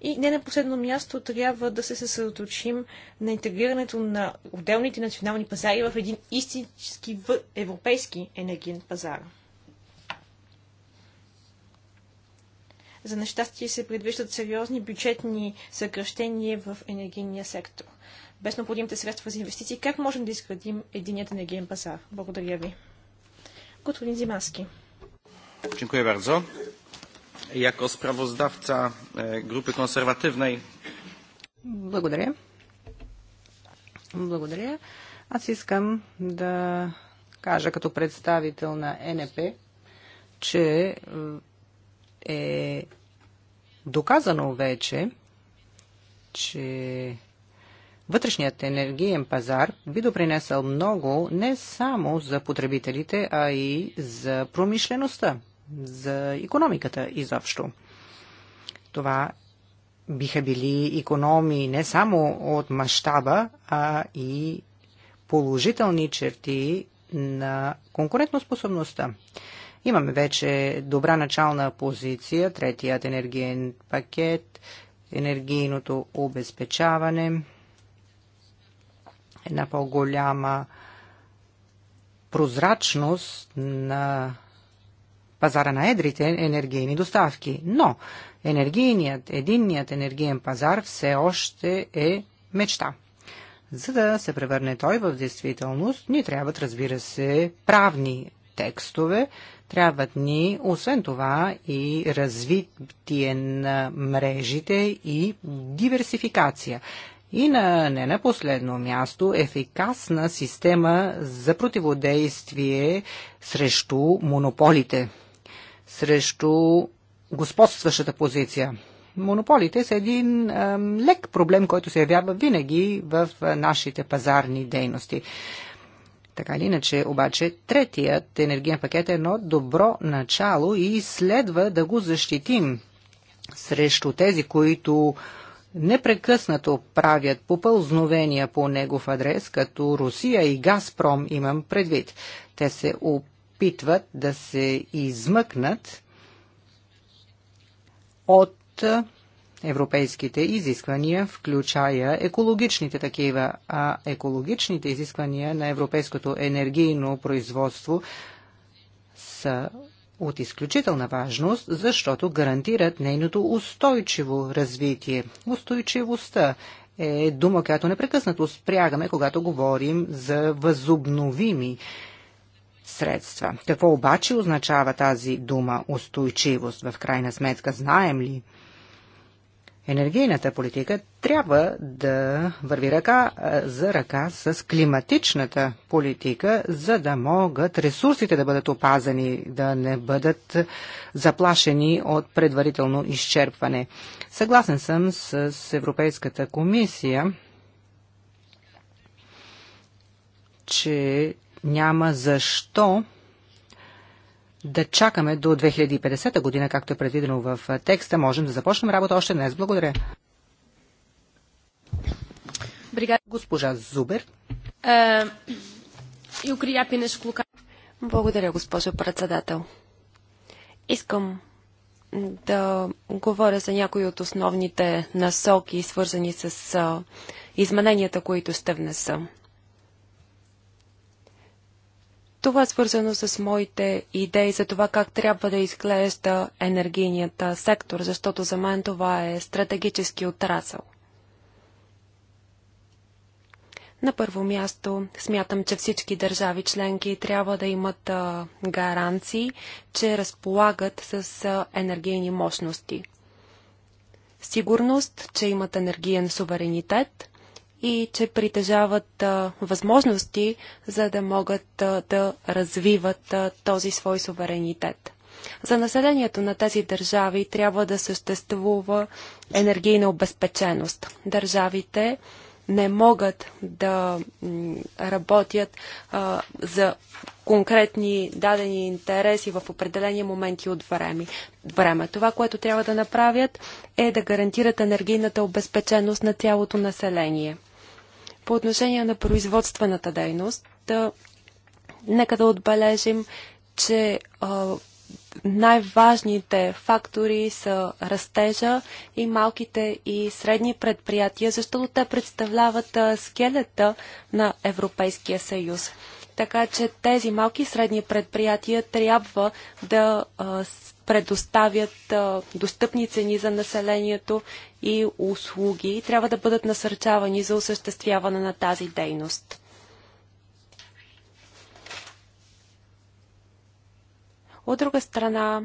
[SPEAKER 2] И не на последно място трябва да се съсредоточим на интегрирането на отделните национални пазари в един истински европейски енергиен пазар. За нещастие се предвиждат сериозни бюджетни съкръщения в енергийния сектор. Без необходимите средства за инвестиции, как можем да изградим единият енергиен пазар? Благодаря ви. Господин Зимаски.
[SPEAKER 1] Dziękuję bardzo. Jako sprawozdawca e, grupy konserwatywnej.
[SPEAKER 4] Благодаря. Благодаря. Аз искам да кажа като представител на НП, че е доказано вече, че вътрешният енергиен пазар би допринесъл много не само за потребителите, а и за промишлеността, за економиката изобщо. Това биха били економии не само от мащаба, а и положителни черти на конкурентоспособността. способността. Имаме вече добра начална позиция, третият енергиен пакет, енергийното обезпечаване, една по-голяма прозрачност на пазара на едрите енергийни доставки. Но енергийният, единният енергиен пазар все още е мечта. За да се превърне той в действителност, ни трябват, разбира се, правни текстове, Трябват ни, освен това, и развитие на мрежите и диверсификация. И на не на последно място ефикасна система за противодействие срещу монополите, срещу господстващата позиция. Монополите са един а, лек проблем, който се явява винаги в а, нашите пазарни дейности. Така или иначе, обаче, третият енергиен пакет е едно добро начало и следва да го защитим срещу тези, които непрекъснато правят попълзновения по негов адрес, като Русия и Газпром имам предвид. Те се опитват да се измъкнат от европейските изисквания, включая екологичните такива, а екологичните изисквания на европейското енергийно производство са от изключителна важност, защото гарантират нейното устойчиво развитие. Устойчивостта е дума, която непрекъснато спрягаме, когато говорим за възобновими средства. Какво обаче означава тази дума устойчивост? В крайна сметка знаем ли? енергийната политика трябва да върви ръка за ръка с климатичната политика, за да могат ресурсите да бъдат опазани, да не бъдат заплашени от предварително изчерпване. Съгласен съм с Европейската комисия, че няма защо да чакаме до 2050 година, както е предвидено в текста. Можем да започнем работа още днес. Благодаря. Госпожа Зубер.
[SPEAKER 3] Е, Благодаря, госпожо председател. Искам да говоря за някои от основните насоки, свързани с измененията, които ще внеса. Това е свързано с моите идеи за това как трябва да изглежда енергийният сектор, защото за мен това е стратегически отрасъл. На първо място смятам, че всички държави членки трябва да имат гаранции, че разполагат с енергийни мощности. Сигурност, че имат енергиен суверенитет – и че притежават а, възможности, за да могат а, да развиват а, този свой суверенитет. За населението на тези държави трябва да съществува енергийна обезпеченост. Държавите не могат да работят а, за конкретни дадени интереси в определени моменти от време. време. Това, което трябва да направят е да гарантират енергийната обезпеченост на цялото население. По отношение на производствената дейност, да, нека да отбележим, че най-важните фактори са растежа и малките и средни предприятия, защото те представляват скелета на Европейския съюз. Така че тези малки и средни предприятия трябва да предоставят достъпни цени за населението и услуги и трябва да бъдат насърчавани за осъществяване на тази дейност. От друга страна,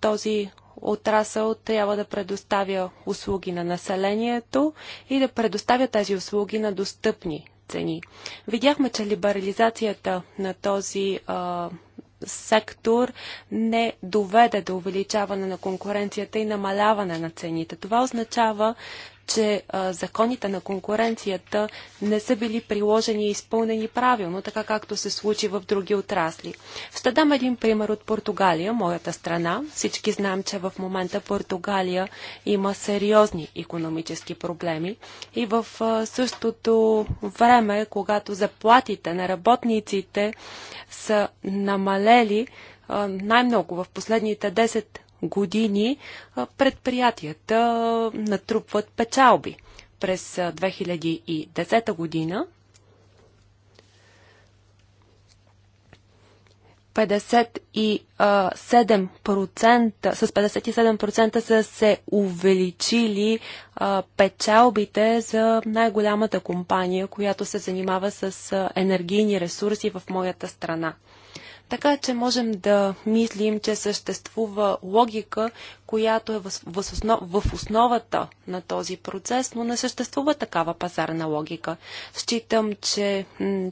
[SPEAKER 3] този отрасъл трябва да предоставя услуги на населението и да предоставя тези услуги на достъпни цени. Видяхме, че либерализацията на този а, сектор не доведе до увеличаване на конкуренцията и намаляване на цените. Това означава, че а, законите на конкуренцията не са били приложени и изпълнени правилно, така както се случи в други отрасли. Ще дам един пример от Португалия, моята страна. Всички знаем, че в момента Португалия има сериозни економически проблеми и в а, същото време, когато заплатите на работниците са намалели най-много в последните 10 години предприятията натрупват печалби. През 2010 година 57%, с 57% са се увеличили печалбите за най-голямата компания, която се занимава с енергийни ресурси в моята страна. Така че можем да мислим, че съществува логика, която е в, основ, в основата на този процес, но не съществува такава пазарна логика. Считам, че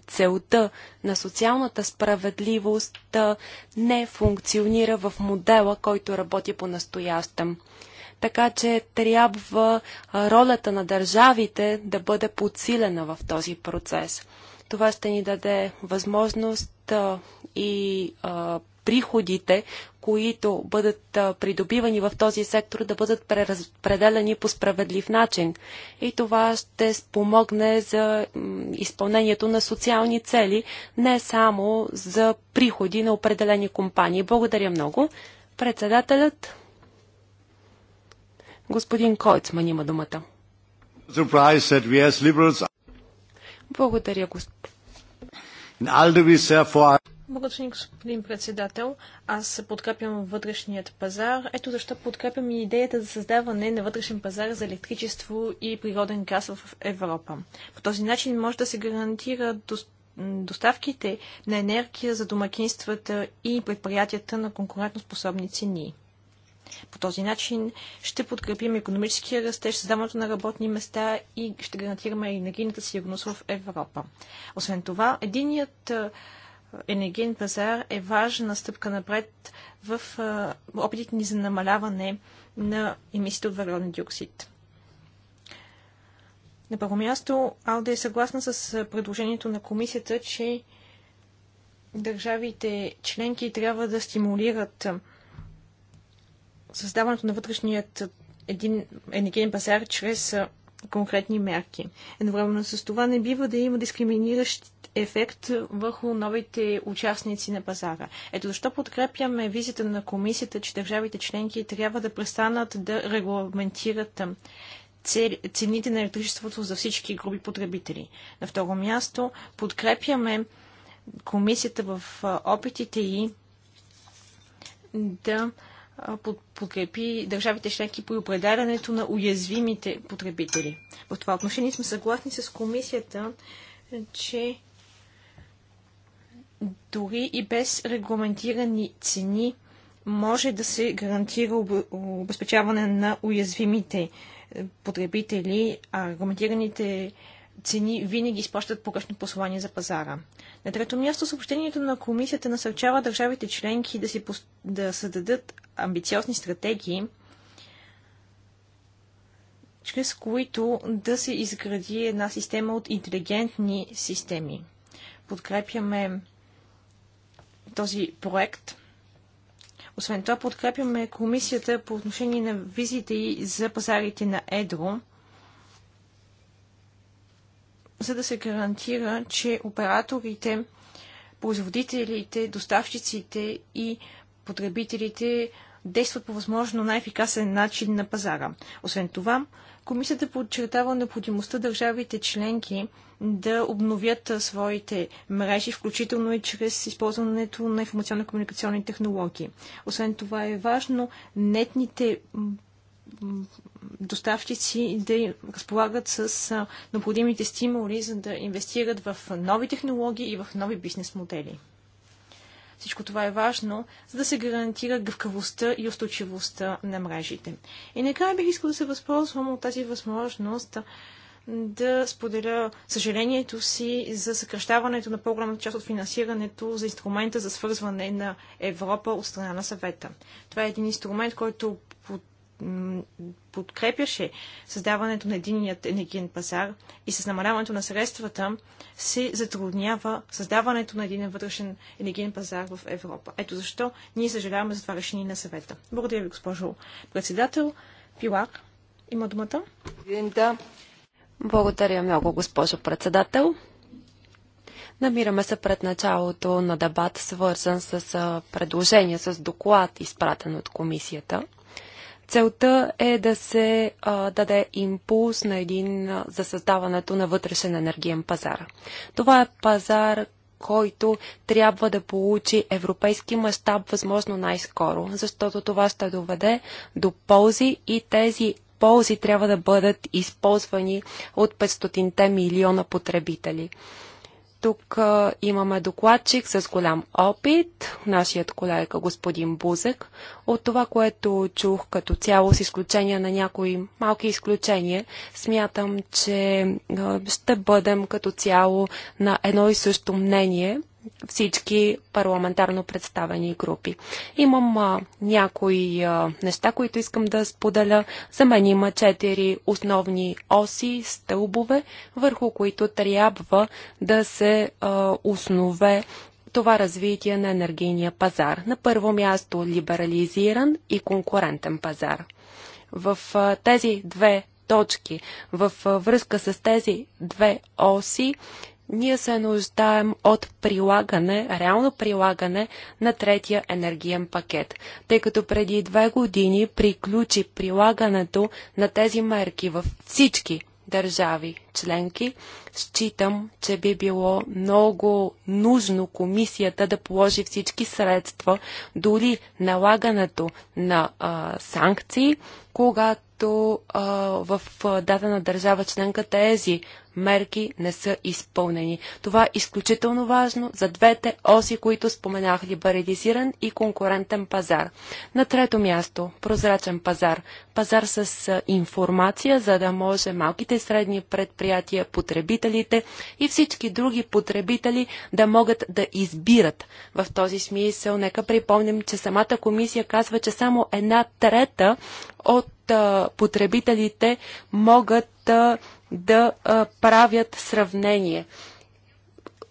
[SPEAKER 3] целта на социалната справедливост не функционира в модела, който работи по настоящем така че трябва ролята на държавите да бъде подсилена в този процес. Това ще ни даде възможност и приходите, които бъдат придобивани в този сектор, да бъдат преразпределени по справедлив начин. И това ще спомогне за изпълнението на социални цели, не само за приходи на определени компании. Благодаря много. Председателят господин Койцман има думата. Благодаря, господин.
[SPEAKER 2] Благодаря, господин председател. Аз подкрепям вътрешният пазар. Ето защо подкрепям и идеята за създаване на вътрешен пазар за електричество и природен газ в Европа. По този начин може да се гарантира доставките на енергия за домакинствата и предприятията на конкурентоспособни цени. По този начин ще подкрепим економическия растеж, създаването на работни места и ще гарантираме енергийната сигурност в Европа. Освен това, единият енергиен пазар е важна стъпка напред в опитите ни за намаляване на емисиите от въглероден диоксид. На първо място, Алда е съгласна с предложението на комисията, че държавите членки трябва да стимулират създаването на вътрешният един енергиен пазар чрез конкретни мерки. Едновременно с това не бива да има дискриминиращ ефект върху новите участници на пазара. Ето защо подкрепяме визията на комисията, че държавите членки трябва да престанат да регламентират цените на електричеството за всички групи потребители. На второ място подкрепяме комисията в опитите и да подкрепи държавите членки при определянето на уязвимите потребители. В това отношение сме съгласни с комисията, че дори и без регламентирани цени може да се гарантира обезпечаване на уязвимите е, потребители, а регламентираните цени винаги изпращат погрешно послание за пазара. На трето място съобщението на комисията насърчава държавите членки да, си, да създадат амбициозни стратегии, чрез които да се изгради една система от интелигентни системи. Подкрепяме този проект. Освен това, подкрепяме комисията по отношение на визите и за пазарите на Едро – за да се гарантира, че операторите, производителите, доставчиците и потребителите действат по възможно най-ефикасен начин на пазара. Освен това, комисията подчертава необходимостта държавите членки да обновят своите мрежи, включително и чрез използването на информационно-комуникационни технологии. Освен това е важно нетните доставчици да разполагат с необходимите стимули, за да инвестират в нови технологии и в нови бизнес модели. Всичко това е важно, за да се гарантира гъвкавостта и устойчивостта на мрежите. И накрая бих искал да се възползвам от тази възможност да споделя съжалението си за съкръщаването на по-голямата част от финансирането за инструмента за свързване на Европа от страна на съвета. Това е един инструмент, който подкрепяше създаването на единият енергиен пазар и с намаляването на средствата се затруднява създаването на един вътрешен енергиен пазар в Европа. Ето защо ние съжаляваме за това решение на съвета. Благодаря ви, госпожо председател. Пилар, има думата.
[SPEAKER 3] Благодаря много, госпожо председател. Намираме се пред началото на дебат, свързан с предложение, с доклад, изпратен от комисията. Целта е да се а, даде импулс на един а, за създаването на вътрешен енергиен пазар. Това е пазар, който трябва да получи европейски мащаб възможно най-скоро, защото това ще доведе до ползи и тези ползи трябва да бъдат използвани от 500 милиона потребители. Тук имаме докладчик с голям опит, нашият колега господин Бузек. От това, което чух като цяло, с изключение на някои малки изключения, смятам, че ще бъдем като цяло на едно и също мнение – всички парламентарно представени групи. Имам а, някои а, неща, които искам да споделя. За мен има четири основни оси, стълбове, върху които трябва да се а, основе това развитие на енергийния пазар. На първо място либерализиран и конкурентен пазар. В а, тези две точки, в а, връзка с тези две оси, ние се нуждаем от прилагане, реално прилагане на третия енергиен пакет, тъй като преди две години приключи прилагането на тези мерки във всички държави членки, считам, че би било много нужно комисията да положи всички средства, дори налагането на а, санкции, когато а, в дадена държава членка тези мерки не са изпълнени. Това е изключително важно за двете оси, които споменах – либерализиран и конкурентен пазар. На трето място – прозрачен пазар. Пазар с информация, за да може малките и средни предприятия, потребителите и всички други потребители да могат да избират. В този смисъл, нека припомним, че самата комисия казва, че само една трета от потребителите могат да да а, правят сравнение.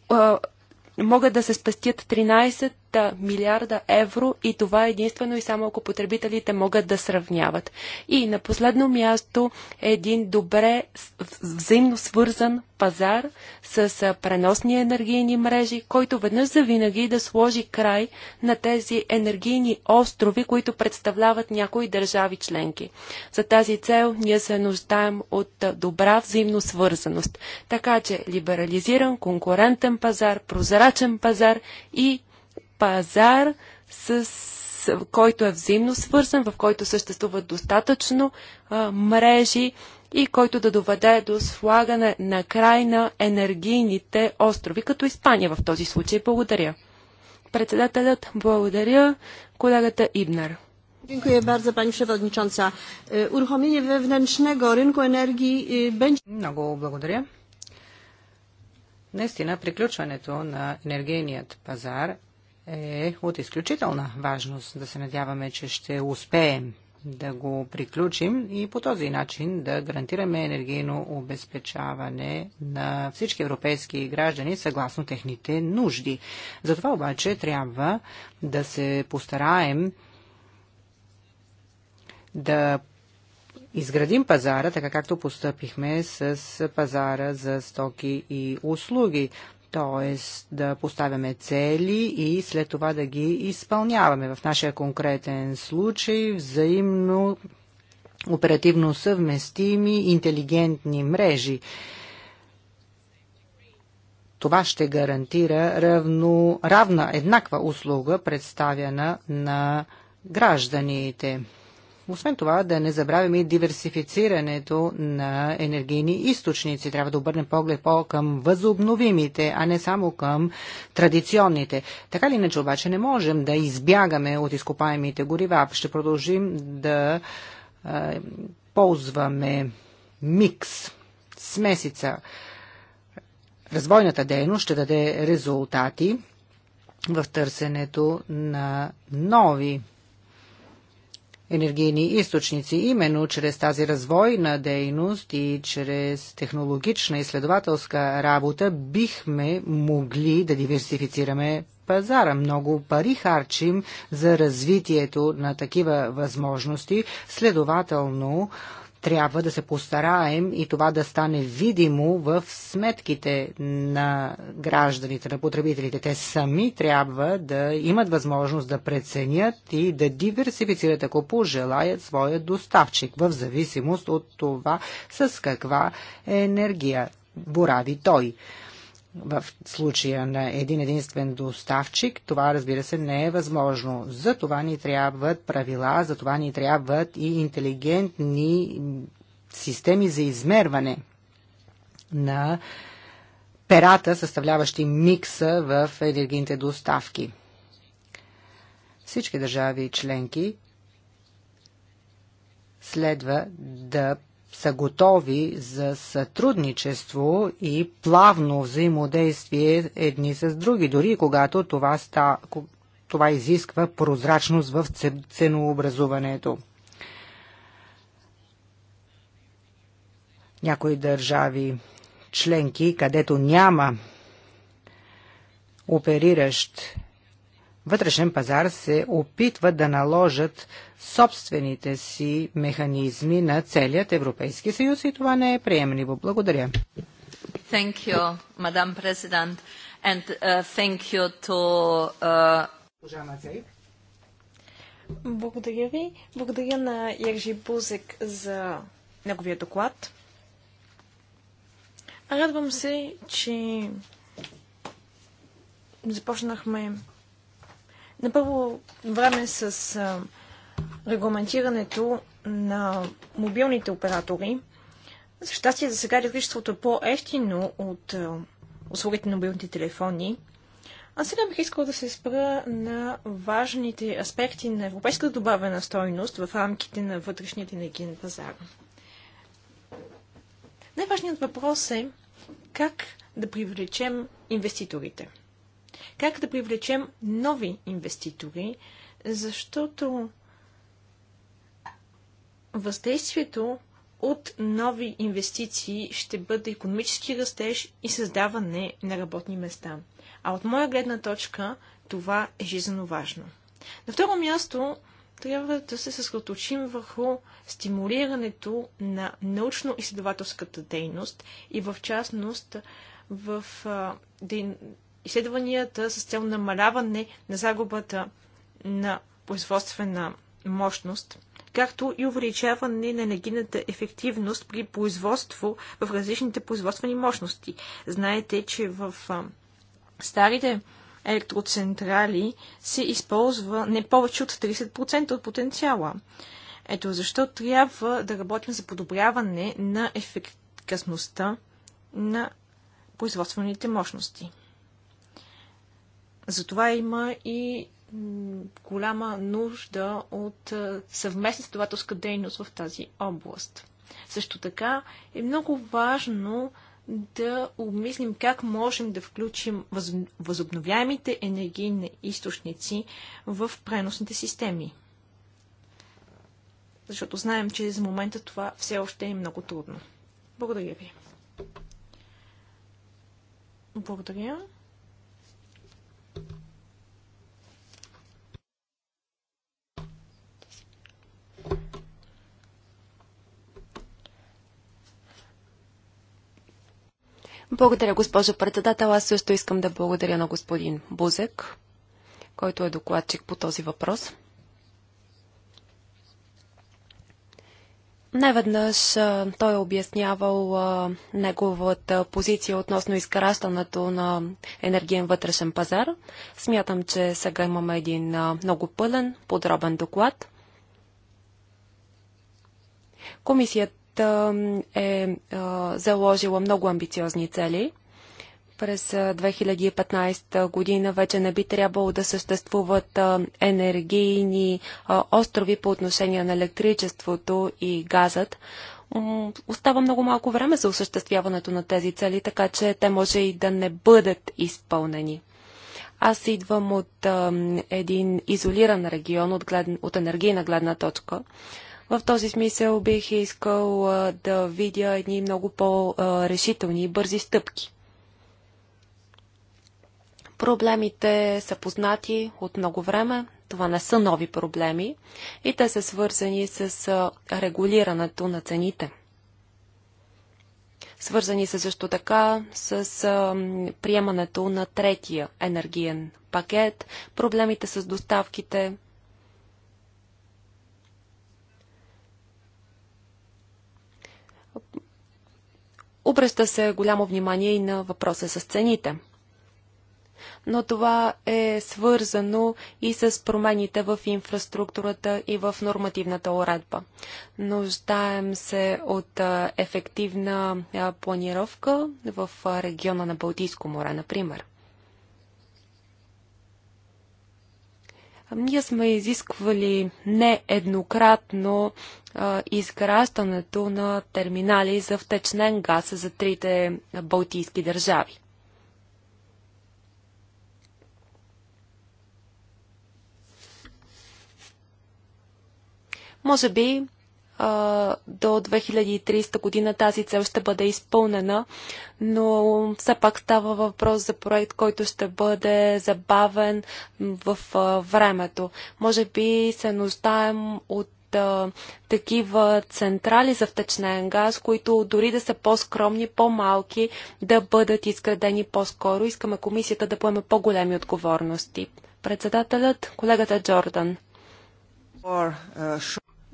[SPEAKER 3] А, могат да се спестят 13 5 милиарда евро и това е единствено и само ако потребителите могат да сравняват. И на последно място е един добре взаимно свързан пазар с преносни енергийни мрежи, който веднъж за винаги да сложи край на тези енергийни острови, които представляват някои държави членки. За тази цел ние се нуждаем от добра взаимно свързаност. Така че либерализиран, конкурентен пазар, прозрачен пазар и пазар, с, който е взаимно свързан, в който съществуват достатъчно а, мрежи и който да доведе до слагане на край на енергийните острови, като Испания в този случай. Благодаря. Председателят, благодаря. Колегата
[SPEAKER 4] Ибнар. Dziękuję bardzo Pani Przewodnicząca. E, uruchomienie wewnętrznego rynku energii e, będzie... Много благодаря. Наистина, приключването на енергийният пазар е от изключителна важност. Да се надяваме, че ще успеем да го приключим и по този начин да гарантираме енергийно обезпечаване на всички европейски граждани съгласно техните нужди. Затова обаче трябва да се постараем да изградим пазара, така както постъпихме с пазара за стоки и услуги т.е. да поставяме цели и след това да ги изпълняваме. В нашия конкретен случай взаимно оперативно съвместими интелигентни мрежи. Това ще гарантира равно, равна, еднаква услуга, представяна на гражданите. Освен това, да не забравяме и диверсифицирането на енергийни източници. Трябва да обърнем поглед по към възобновимите, а не само към традиционните. Така ли иначе обаче не можем да избягаме от изкопаемите горива. Ще продължим да а, ползваме микс, смесица. Развойната дейност ще даде резултати в търсенето на нови енергийни източници, именно чрез тази развойна дейност и чрез технологична изследователска работа бихме могли да диверсифицираме пазара. Много пари харчим за развитието на такива възможности. Следователно, трябва да се постараем и това да стане видимо в сметките на гражданите, на потребителите. Те сами трябва да имат възможност да преценят и да диверсифицират, ако пожелаят, своя доставчик, в зависимост от това с каква енергия борави той в случая на един единствен доставчик, това разбира се не е възможно. За това ни трябват правила, за това ни трябват и интелигентни системи за измерване на перата, съставляващи микса в енергийните доставки. Всички държави членки следва да са готови за сътрудничество и плавно взаимодействие едни с други, дори когато това, ста, това изисква прозрачност в ценообразуването. Някои държави членки, където няма опериращ вътрешен пазар се опитват да наложат собствените си механизми на целият Европейски съюз и това не е приемливо. Благодаря.
[SPEAKER 1] Thank you, мадам президент.
[SPEAKER 4] And uh, thank you to... Uh...
[SPEAKER 2] Благодаря ви. Благодаря на Ержи Бузек за неговия доклад. Радвам се, че започнахме на първо време с регламентирането на мобилните оператори. За щастие, за сега електричеството е по-ефтино от услугите на мобилните телефони. А сега бих искал да се спра на важните аспекти на европейската добавена стойност в рамките на вътрешният енергиен пазар. Най-важният въпрос е как да привлечем инвеститорите – как да привлечем нови инвеститори, защото въздействието от нови инвестиции ще бъде економически растеж и създаване на работни места. А от моя гледна точка това е жизненно важно. На второ място трябва да се съсредоточим върху стимулирането на научно-изследователската дейност и в частност в изследванията с цел намаляване на загубата на производствена мощност, както и увеличаване на енергийната ефективност при производство в различните производствени мощности. Знаете, че в старите електроцентрали се използва не повече от 30% от потенциала. Ето защо трябва да работим за подобряване на ефективността на производствените мощности. Затова има и голяма нужда от съвместна следователска дейност в тази област. Също така е много важно да обмислим как можем да включим възобновяемите енергийни източници в преносните системи. Защото знаем, че за момента това все още е много трудно. Благодаря ви. Благодаря.
[SPEAKER 3] Благодаря, госпожо председател. Аз също искам да благодаря на господин Бузек, който е докладчик по този въпрос. Най-веднъж той е обяснявал неговата позиция относно изграждането на енергиен вътрешен пазар. Смятам, че сега имаме един много пълен, подробен доклад. Комисията е заложила много амбициозни цели. През 2015 година вече не би трябвало да съществуват енергийни острови по отношение на електричеството и газът. Остава много малко време за осъществяването на тези цели, така че те може и да не бъдат изпълнени. Аз идвам от един изолиран регион от енергийна гледна точка. В този смисъл бих искал да видя едни много по-решителни и бързи стъпки. Проблемите са познати от много време. Това не са нови проблеми и те са свързани с регулирането на цените. Свързани са също така с а, приемането на третия енергиен пакет, проблемите с доставките, Обръща се голямо внимание и на въпроса с цените. Но това е свързано и с промените в инфраструктурата и в нормативната уредба. Нуждаем се от ефективна планировка в региона на Балтийско море, например. Ние сме изисквали нееднократно изграждането на терминали за втечнен газ за трите балтийски държави. Може би до 2030 година тази цел ще бъде изпълнена, но все пак става въпрос за проект, който ще бъде забавен в времето. Може би се нуждаем от такива централи за втечнен газ, които дори да са по-скромни, по-малки, да бъдат изградени по-скоро. Искаме комисията да поеме по-големи отговорности. Председателят, колегата Джордан.
[SPEAKER 1] Uh,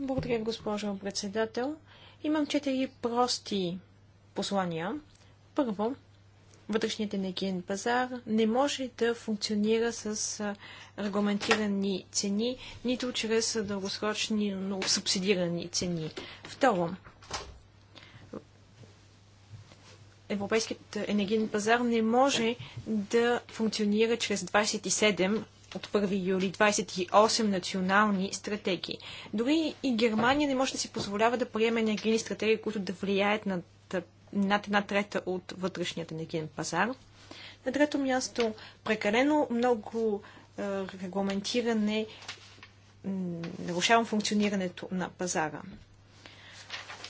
[SPEAKER 2] благодаря, госпожо председател. Имам четири прости послания. Първо, вътрешният енергиен пазар не може да функционира с регламентирани цени, нито чрез дългосрочни, но субсидирани цени. Второ, Европейският енергиен пазар не може да функционира чрез 27 от 1 юли 28 национални стратегии. Дори и Германия не може да си позволява да приеме енергийни стратегии, които да влияят над, над една трета от вътрешният енергиен пазар. На трето място, прекалено много е, регламентиране нарушавам функционирането на пазара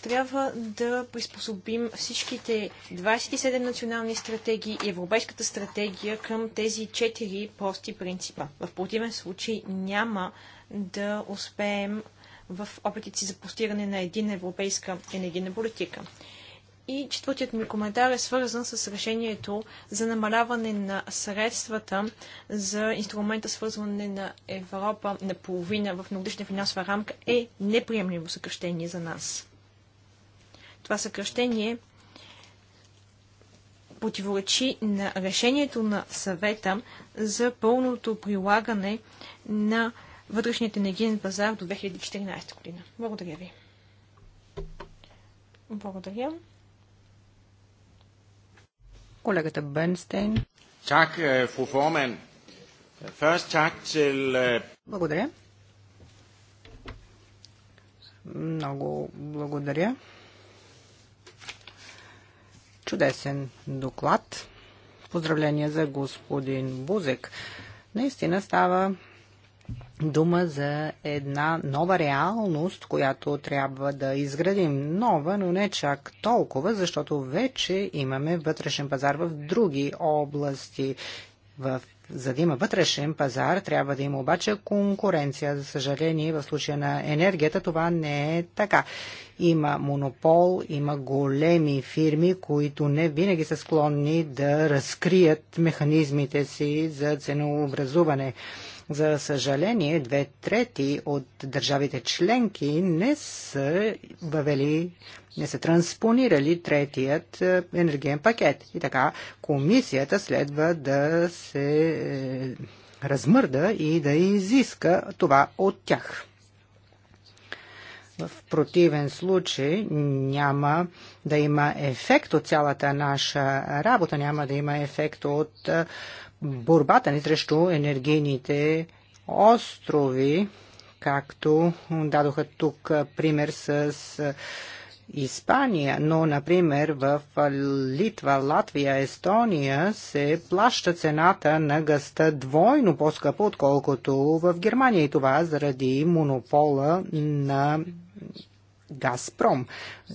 [SPEAKER 2] трябва да приспособим всичките 27 национални стратегии и Европейската стратегия към тези 4 прости принципа. В противен случай няма да успеем в опитите си за постигане на един европейска енергийна политика. И четвъртият ми коментар е свързан с решението за намаляване на средствата за инструмента свързване на Европа на половина в многодишна финансова рамка е неприемливо съкръщение за нас това съкръщение противоречи на решението на съвета за пълното прилагане на вътрешният енергиен пазар до 2014 година. Благодаря ви. Благодаря.
[SPEAKER 4] Колегата Бенстейн. Так,
[SPEAKER 1] фу Форман. Фърст tak øh, øh,
[SPEAKER 4] Благодаря. Много благодаря Чудесен доклад. Поздравления за господин Бузек. Наистина става дума за една нова реалност, която трябва да изградим. Нова, но не чак толкова, защото вече имаме вътрешен пазар в други области в за да има вътрешен пазар, трябва да има обаче конкуренция. За съжаление, в случая на енергията това не е така. Има монопол, има големи фирми, които не винаги са склонни да разкрият механизмите си за ценообразуване. За съжаление, две трети от държавите членки не са въвели, не са транспонирали третият е, енергиен пакет. И така, комисията следва да се е, размърда и да изиска това от тях. В противен случай няма да има ефект от цялата наша работа, няма да има ефект от е, борбата ни срещу енергийните острови, както дадоха тук пример с Испания, но, например, в Литва, Латвия, Естония се плаща цената на гъста двойно по-скъпо, отколкото в Германия и това заради монопола на Газпром.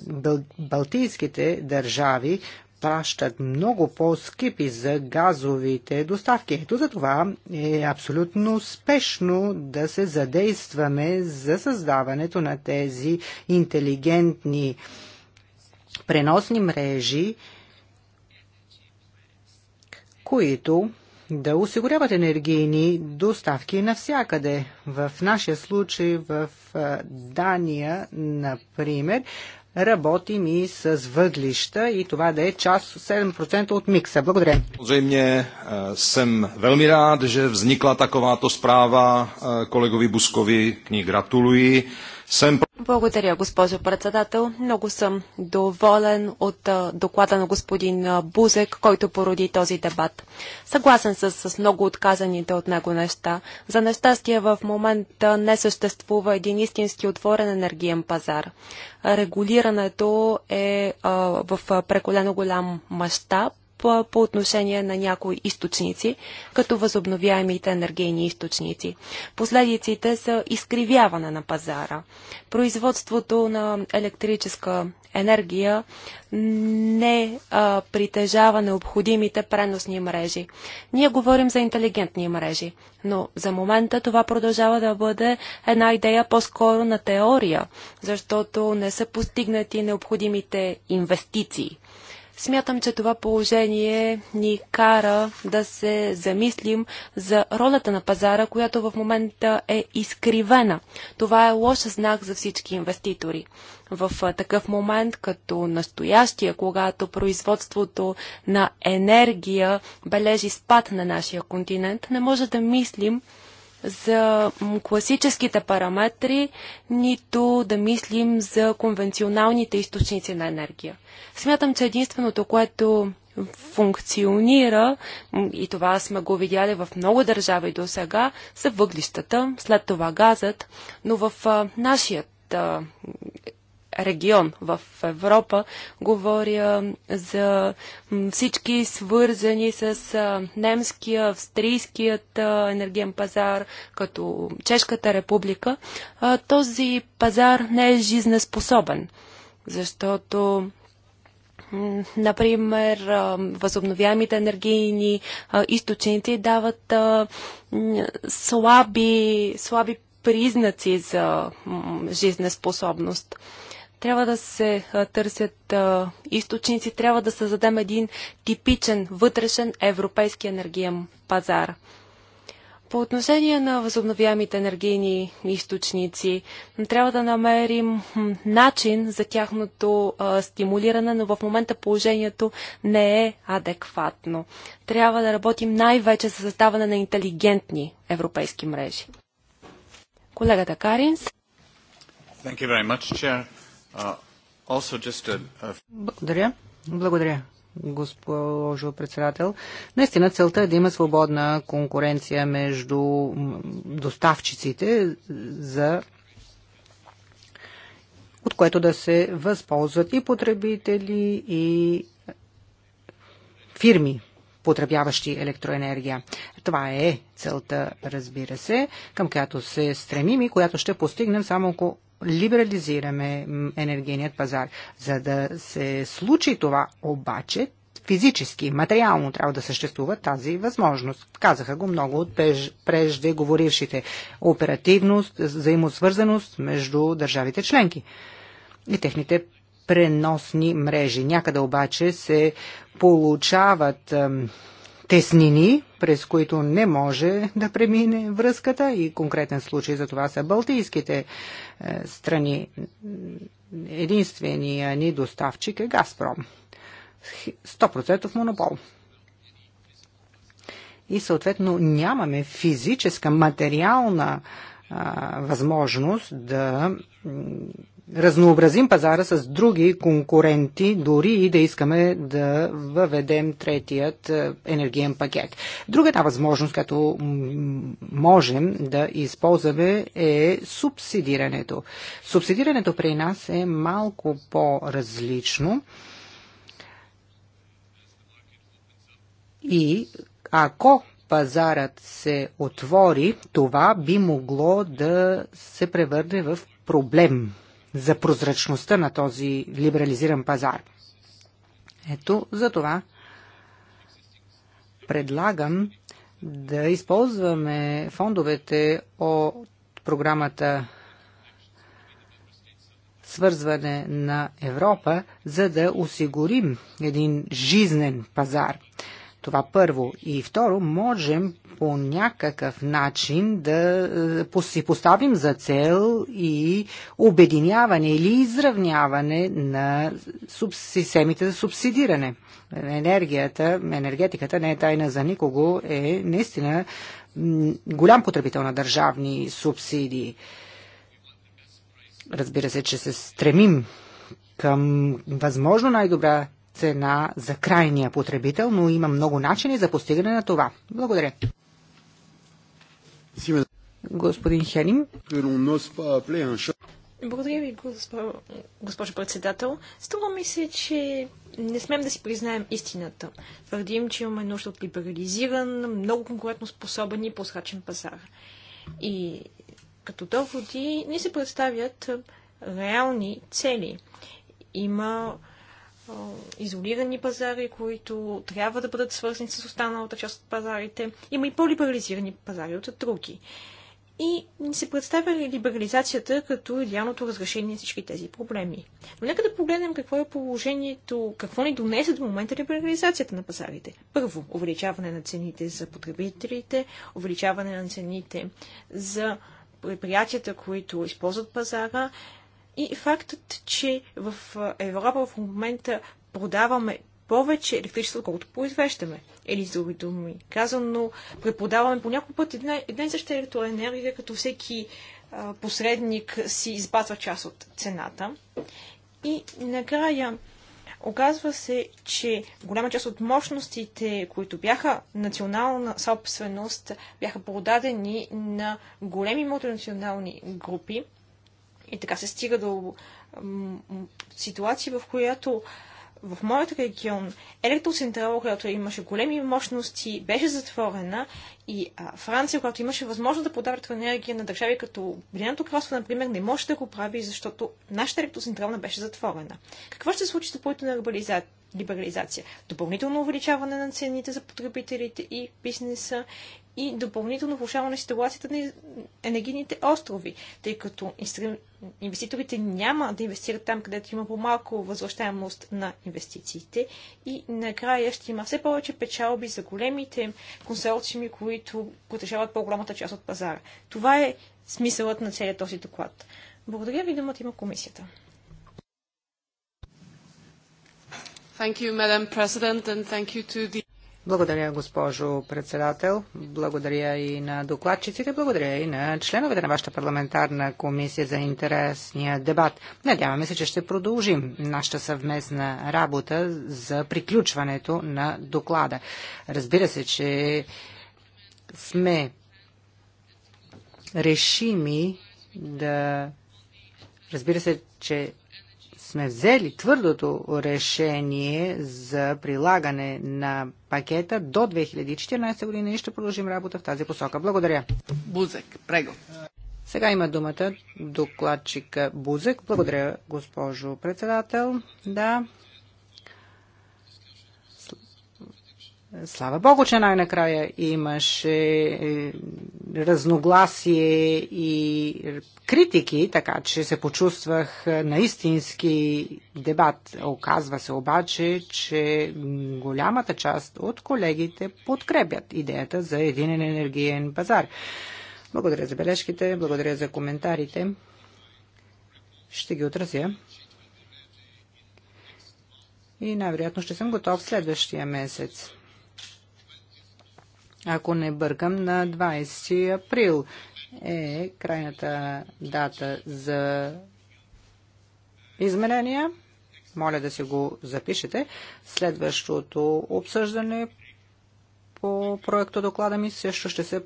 [SPEAKER 4] Бал- балтийските държави плащат много по-скъпи за газовите доставки. Ето за това е абсолютно спешно да се задействаме за създаването на тези интелигентни преносни мрежи, които да осигуряват енергийни доставки навсякъде. В нашия случай в Дания, например, работим и с въглища и това да е част 7% от микса. Благодаря.
[SPEAKER 1] Samozřejmě jsem
[SPEAKER 3] velmi rád, že vznikla takováto zpráva kolegovi Buskovi, k ní gratuluji. Благодаря, госпожо председател. Много съм доволен от доклада на господин Бузек, който породи този дебат. Съгласен с, с много отказаните от него неща. За нещастие в момента не съществува един истински отворен енергиен пазар. Регулирането е а, в преколено голям мащаб по отношение на някои източници, като възобновяемите енергийни източници. Последиците са изкривяване на пазара. Производството на електрическа енергия не а, притежава необходимите преносни мрежи. Ние говорим за интелигентни мрежи, но за момента това продължава да бъде една идея по-скоро на теория, защото не са постигнати необходимите инвестиции. Смятам, че това положение ни кара да се замислим за ролята на пазара, която в момента е изкривена. Това е лош знак за всички инвеститори. В такъв момент, като настоящия, когато производството на енергия бележи спад на нашия континент, не може да мислим, за класическите параметри, нито да мислим за конвенционалните източници на енергия. Смятам, че единственото, което функционира, и това сме го видяли в много държави до сега, са въглищата, след това газът, но в нашият регион в Европа. Говоря за всички свързани с немския, австрийският енергиен пазар, като Чешката република. Този пазар не е жизнеспособен, защото Например, възобновяемите енергийни източници дават слаби, слаби признаци за жизнеспособност. Трябва да се търсят източници, трябва да създадем един типичен вътрешен европейски енергиен пазар. По отношение на възобновяемите енергийни източници, трябва да намерим начин за тяхното стимулиране, но в момента положението не е адекватно. Трябва да работим най-вече за създаване на интелигентни европейски мрежи. Колегата Каринс.
[SPEAKER 1] Much, Uh,
[SPEAKER 4] Благодаря. Благодаря, госпожо председател. Наистина целта е да има свободна конкуренция между доставчиците за от което да се възползват и потребители, и фирми, потребяващи електроенергия. Това е целта, разбира се, към която се стремим и която ще постигнем само ако либерализираме енергийният пазар. За да се случи това обаче, физически, материално трябва да съществува тази възможност. Казаха го много от преждеговорившите. Оперативност, взаимосвързаност между държавите членки и техните преносни мрежи. Някъде обаче се получават теснини, през които не може да премине връзката и конкретен случай за това са Балтийските е, страни. Единствения ни доставчик е Газпром. 100% монопол и съответно нямаме физическа, материална а, възможност да разнообразим пазара с други конкуренти, дори и да искаме да въведем третият е, енергиен пакет. Другата възможност, като можем да използваме е субсидирането. Субсидирането при нас е малко по-различно и ако пазарът се отвори, това би могло да се превърне в проблем за прозрачността на този либерализиран пазар. Ето за това предлагам да използваме фондовете от програмата свързване на Европа, за да осигурим един жизнен пазар. Това първо. И второ, можем по някакъв начин да е, си поставим за цел и обединяване или изравняване на системите за субсидиране. Енергията, енергетиката не е тайна за никого, е наистина голям потребител на държавни субсидии. Разбира се, че се стремим към възможно най-добра цена за крайния потребител, но има много начини за постигане на това. Благодаря. Господин Хеним.
[SPEAKER 2] Благодаря ви, госпожо, председател. Струва ми се, че не смем да си признаем истината. Твърдим, че имаме нужда от либерализиран, много конкурентно способен и схачен пазар. И като доводи ни се представят реални цели. Има изолирани пазари, които трябва да бъдат свързани с останалата част от пазарите. Има и по-либерализирани пазари от други. И ни се представя либерализацията като идеалното разрешение на всички тези проблеми. Но нека да погледнем какво е положението, какво ни донесе до момента либерализацията на пазарите. Първо, увеличаване на цените за потребителите, увеличаване на цените за предприятията, които използват пазара и фактът, че в Европа в момента продаваме повече електричество, колкото произвеждаме. Или с други думи казано, преподаваме по няколко път една, една и съща електроенергия, като всеки а, посредник си избазва част от цената. И накрая Оказва се, че голяма част от мощностите, които бяха национална собственост, бяха продадени на големи мултинационални групи, и така се стига до ситуация, в която в моят регион електроцентрала, която имаше големи мощности, беше затворена и а, Франция, която имаше възможност да подава електроенергия на държави като Бринато кралство, например, не може да го прави, защото нашата електроцентрална беше затворена. Какво ще се случи с допълнителна либерализация? Допълнително увеличаване на цените за потребителите и бизнеса и допълнително влушаване на ситуацията на енергийните острови, тъй като инвеститорите няма да инвестират там, където има по-малко възвръщаемост на инвестициите и накрая ще има все повече печалби за големите консорциуми, които притежават по-голямата част от пазара. Това е смисълът на целият този доклад. Благодаря ви, думата има комисията.
[SPEAKER 1] Thank you, Madam President, and thank you to the
[SPEAKER 4] благодаря, госпожо председател. Благодаря и на докладчиците. Благодаря и на членовете на вашата парламентарна комисия за интересния дебат. Надяваме се, че ще продължим нашата съвместна работа за приключването на доклада. Разбира се, че сме решими да... Разбира се, че сме взели твърдото решение за прилагане на пакета до 2014 година и ще продължим работа в тази посока. Благодаря. Бузек, прего. Сега има думата докладчика Бузек. Благодаря, госпожо председател. Да, Слава Богу, че най-накрая имаше е, разногласие и критики, така че се почувствах на истински дебат. Оказва се обаче, че голямата част от колегите подкрепят идеята за един енергиен пазар. Благодаря за бележките, благодаря за коментарите. Ще ги отразя. И най-вероятно ще съм готов следващия месец ако не бъркам, на 20 април е крайната дата за изменения. Моля да си го запишете. Следващото обсъждане по проекта доклада ми също ще се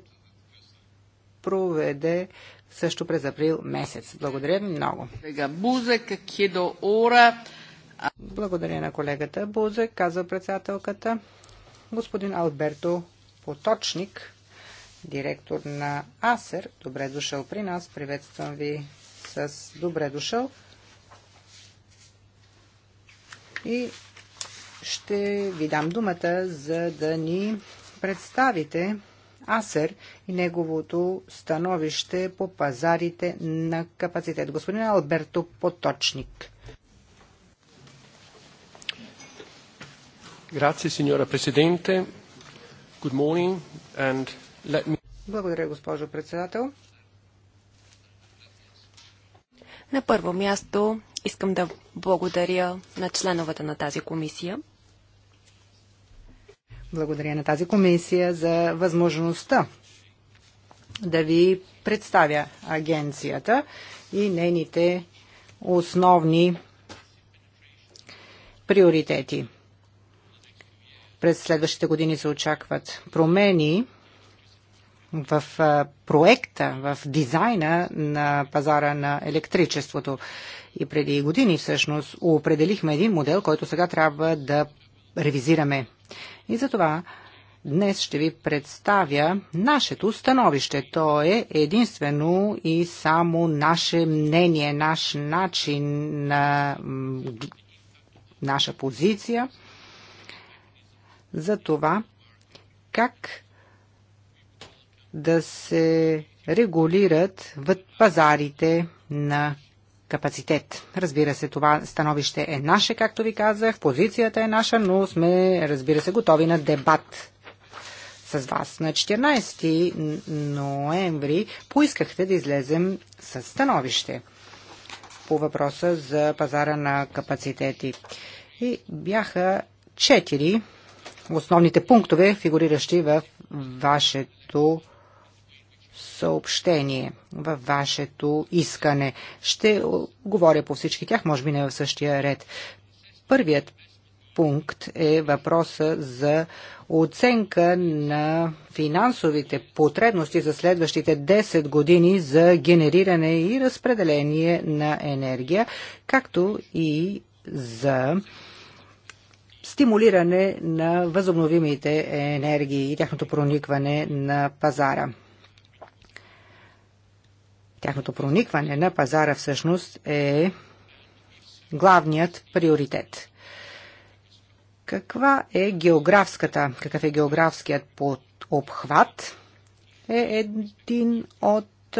[SPEAKER 4] проведе също през април месец. Благодаря ви много.
[SPEAKER 1] Благодаря на
[SPEAKER 4] колегата Бузек, казва председателката. Господин Алберто Поточник, директор на АСЕР. Добре дошъл при нас. Приветствам ви с добре дошъл. И ще ви дам думата, за да ни представите Асер и неговото становище по пазарите на капацитет. Господин Алберто Поточник. Grazie signora Presidente, Good morning and let me... Благодаря, госпожо председател.
[SPEAKER 3] На първо място искам да благодаря на членовете на тази
[SPEAKER 4] комисия. Благодаря на тази комисия за възможността да ви представя агенцията и нейните основни приоритети. През следващите години се очакват промени в проекта, в дизайна на пазара на електричеството. И преди години всъщност определихме един модел, който сега трябва да ревизираме. И затова днес ще ви представя нашето становище. То е единствено и само наше мнение, наш начин на наша позиция за това как да се регулират пазарите на капацитет. Разбира се, това становище е наше, както ви казах, позицията е наша, но сме, разбира се, готови на дебат с вас. На 14 ноември поискахте да излезем с становище по въпроса за пазара на капацитети. И бяха четири основните пунктове, фигуриращи в вашето съобщение, във вашето искане. Ще говоря по всички тях, може би не в същия ред. Първият пункт е въпроса за оценка на финансовите потребности за следващите 10 години за генериране и разпределение на енергия, както и за стимулиране на възобновимите енергии и тяхното проникване на пазара. Тяхното проникване на пазара всъщност е главният приоритет. Каква е географската, какъв е географският под обхват е един от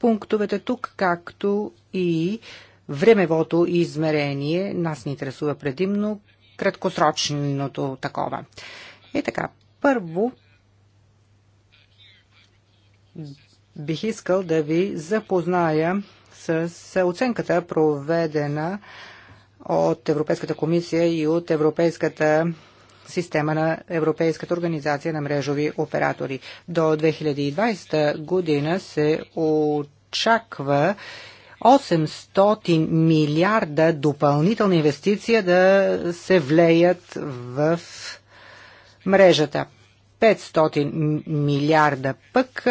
[SPEAKER 4] пунктовете тук, както и времевото измерение. Нас ни интересува предимно краткосрочното такова. И така, първо бих искал да ви запозная с оценката проведена от Европейската комисия и от Европейската система на Европейската организация на мрежови оператори. До 2020 година се очаква 800 милиарда допълнителна инвестиция да се влеят в мрежата. 500 милиарда пък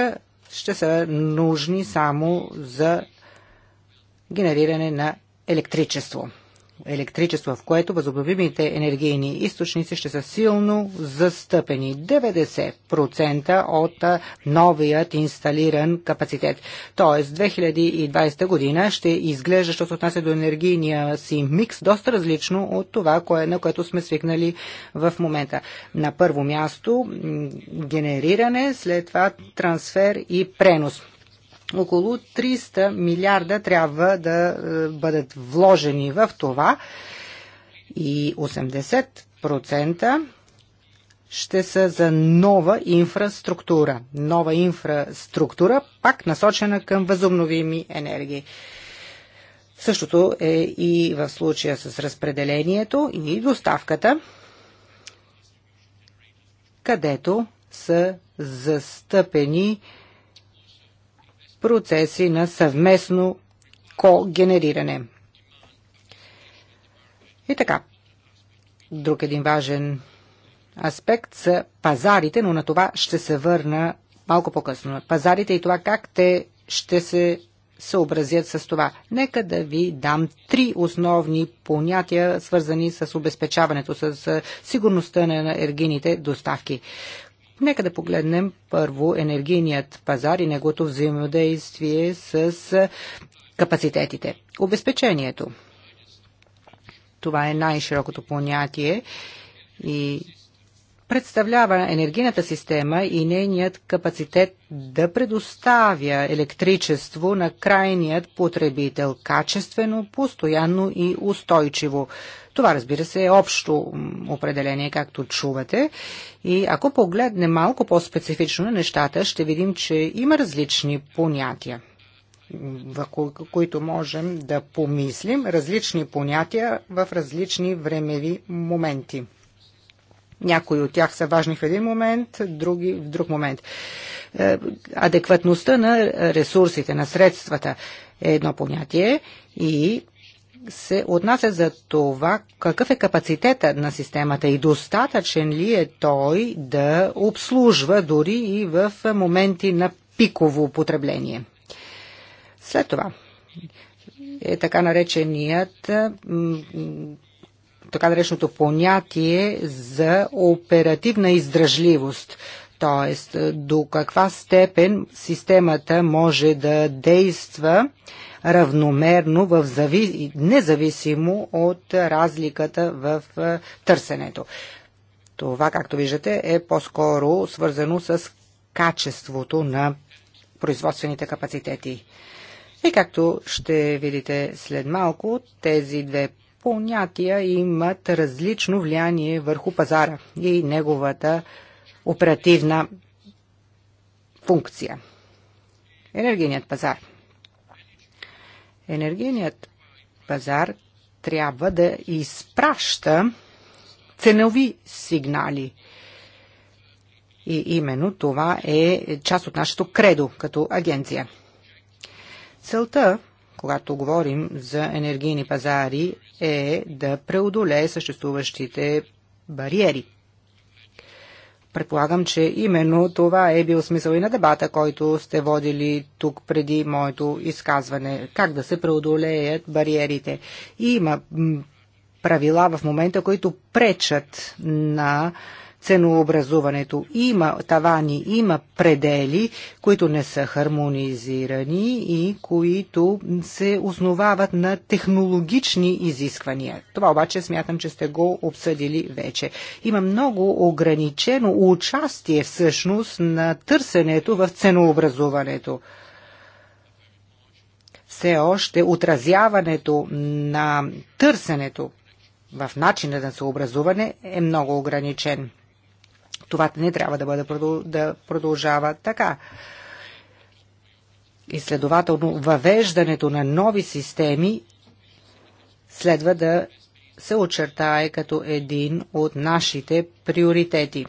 [SPEAKER 4] ще са нужни само за генериране на електричество електричество, в което възобновимите енергийни източници ще са силно застъпени. 90% от новият инсталиран капацитет. Тоест 2020 година ще изглежда, що се отнася до енергийния си микс, доста различно от това, кое, на което сме свикнали в момента. На първо място генериране, след това трансфер и пренос. Около 300 милиарда трябва да е, бъдат вложени в това и 80% ще са за нова инфраструктура. Нова инфраструктура, пак насочена към възобновими енергии. Същото е и в случая с разпределението и доставката, където са застъпени процеси на съвместно когенериране. И така, друг един важен аспект са пазарите, но на това ще се върна малко по-късно. Пазарите и това как те ще се съобразят с това. Нека да ви дам три основни понятия, свързани с обезпечаването, с сигурността на енергийните доставки. Нека да погледнем първо енергийният пазар и неговото взаимодействие с капацитетите. Обезпечението. Това е най-широкото понятие и представлява енергийната система и нейният капацитет да предоставя електричество на крайният потребител качествено, постоянно и устойчиво. Това, разбира се, е общо определение, както чувате. И ако погледнем малко по-специфично на нещата, ще видим, че има различни понятия в които можем да помислим различни понятия в различни времеви моменти. Някои от тях са важни в един момент, други в друг момент. Е, адекватността на ресурсите, на средствата е едно понятие и се отнася за това какъв е капацитета на системата и достатъчен ли е той да обслужва дори и в моменти на пиково потребление. След това е така нареченият така нареченото понятие за оперативна издръжливост т.е. до каква степен системата може да действа равномерно, в зави... независимо от разликата в е, търсенето. Това, както виждате, е по-скоро свързано с качеството на производствените капацитети. И както ще видите след малко, тези две понятия имат различно влияние върху пазара и неговата оперативна функция. Енергийният пазар – енергийният пазар трябва да изпраща ценови сигнали. И именно това е част от нашето кредо като агенция. Целта, когато говорим за енергийни пазари, е да преодолее съществуващите бариери. Предполагам, че именно това е бил смисъл и на дебата, който сте водили тук преди моето изказване. Как да се преодолеят бариерите. И има правила в момента, които пречат на ценообразуването. Има тавани, има предели, които не са хармонизирани и които се основават на технологични изисквания. Това обаче смятам, че сте го обсъдили вече. Има много ограничено участие всъщност на търсенето в ценообразуването все още отразяването на търсенето в начина на съобразуване е много ограничен. Това не трябва да, бъде, да продължава така. И следователно, въвеждането на нови системи следва да се очертае като един от нашите приоритети.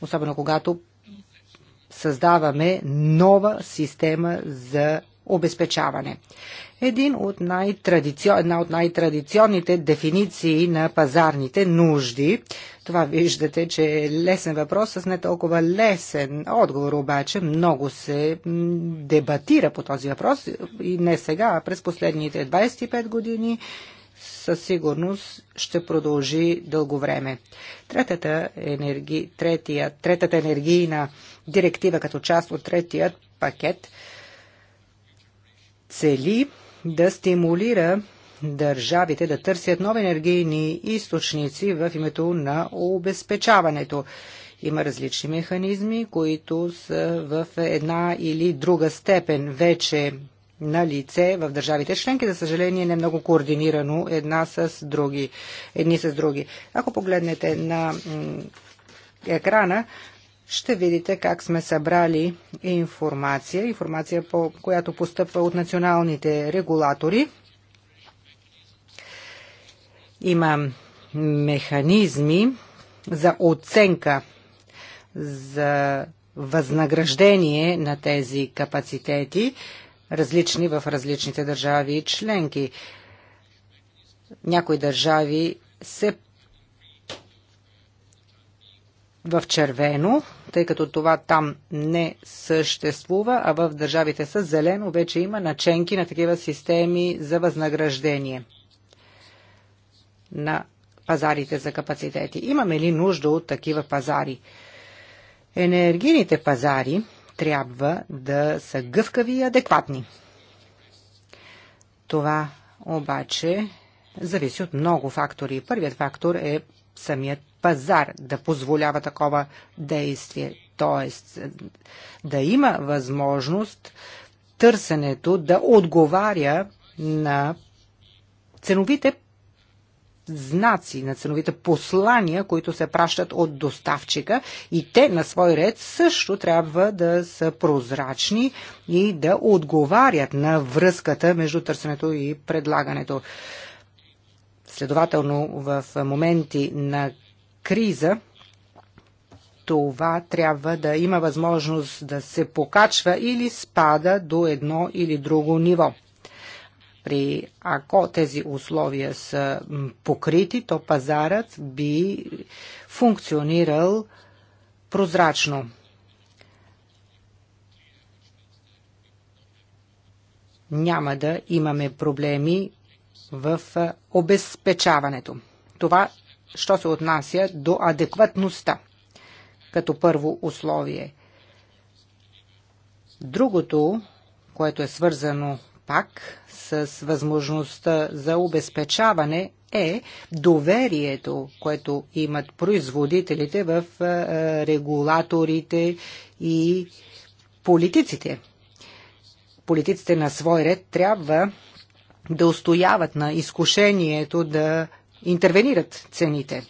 [SPEAKER 4] Особено когато създаваме нова система за обезпечаване. Един от една от най-традиционните дефиниции на пазарните нужди това виждате, че е лесен въпрос с не толкова лесен отговор, обаче много се дебатира по този въпрос и не сега, а през последните 25 години със сигурност ще продължи дълго време. Третата, енерги, третия, третата енергийна директива като част от третият пакет цели да стимулира държавите да търсят нови енергийни източници в името на обезпечаването. Има различни механизми, които са в една или друга степен вече на лице в държавите членки, за съжаление не е много координирано една с други, едни с други. Ако погледнете на екрана, ще видите как сме събрали информация, информация по която постъпва от националните регулатори има механизми за оценка, за възнаграждение на тези капацитети, различни в различните държави и членки. Някои държави се в червено, тъй като това там не съществува, а в държавите с зелено вече има наченки на такива системи за възнаграждение на пазарите за капацитети. Имаме ли нужда от такива пазари? Енергийните пазари трябва да са гъвкави и адекватни. Това обаче зависи от много фактори. Първият фактор е самият пазар да позволява такова действие. Тоест е, да има възможност търсенето да отговаря на ценовите знаци, на ценовите послания, които се пращат от доставчика и те на свой ред също трябва да са прозрачни и да отговарят на връзката между търсенето и предлагането. Следователно, в моменти на криза, това трябва да има възможност да се покачва или спада до едно или друго ниво. При, ако тези условия са покрити, то пазарът би функционирал прозрачно. Няма да имаме проблеми в обезпечаването. Това, що се отнася до адекватността като първо условие. Другото, което е свързано пак с възможността за обезпечаване е доверието, което имат производителите в регулаторите и политиците. Политиците на свой ред трябва да устояват на изкушението да интервенират цените.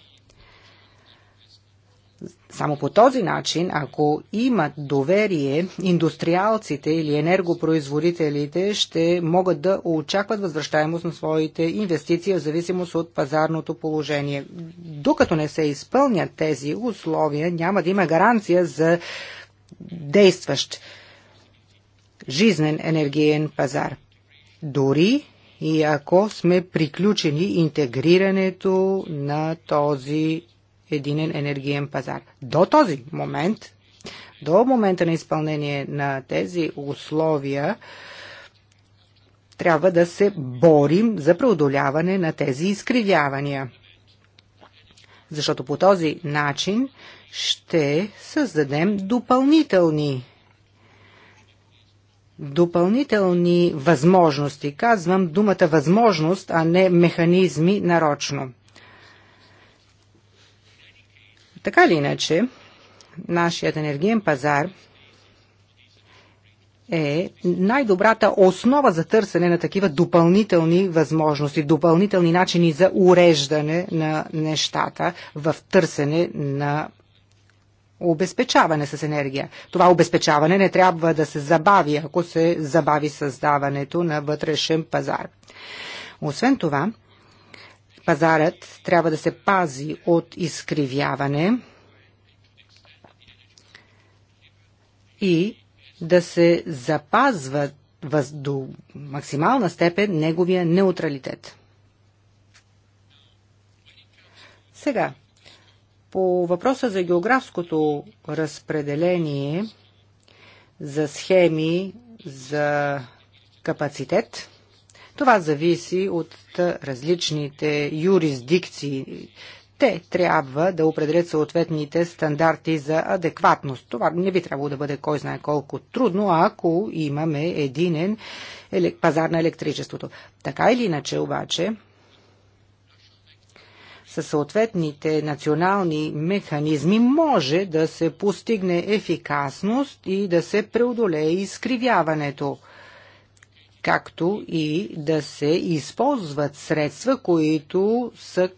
[SPEAKER 4] Само по този начин, ако имат доверие, индустриалците или енергопроизводителите ще могат да очакват възвръщаемост на своите инвестиции в зависимост от пазарното положение. Докато не се изпълнят тези условия, няма да има гаранция за действащ жизнен енергиен пазар. Дори и ако сме приключени интегрирането на този единен енергиен пазар. До този момент, до момента на изпълнение на тези условия, трябва да се борим за преодоляване на тези изкривявания. Защото по този начин ще създадем допълнителни допълнителни възможности. Казвам думата възможност, а не механизми нарочно. Така или иначе, нашият енергиен пазар е най-добрата основа за търсене на такива допълнителни възможности, допълнителни начини за уреждане на нещата в търсене на обезпечаване с енергия. Това обезпечаване не трябва да се забави, ако се забави създаването на вътрешен пазар. Освен това, пазарът трябва да се пази от изкривяване и да се запазва въз, до максимална степен неговия неутралитет. Сега, по въпроса за географското разпределение, за схеми, за капацитет – това зависи от различните юрисдикции. Те трябва да определят съответните стандарти за адекватност. Това не би трябвало да бъде кой знае колко трудно, ако имаме единен пазар на електричеството. Така или иначе обаче, със съответните национални механизми може да се постигне ефикасност и да се преодолее изкривяването както и да се използват средства, които са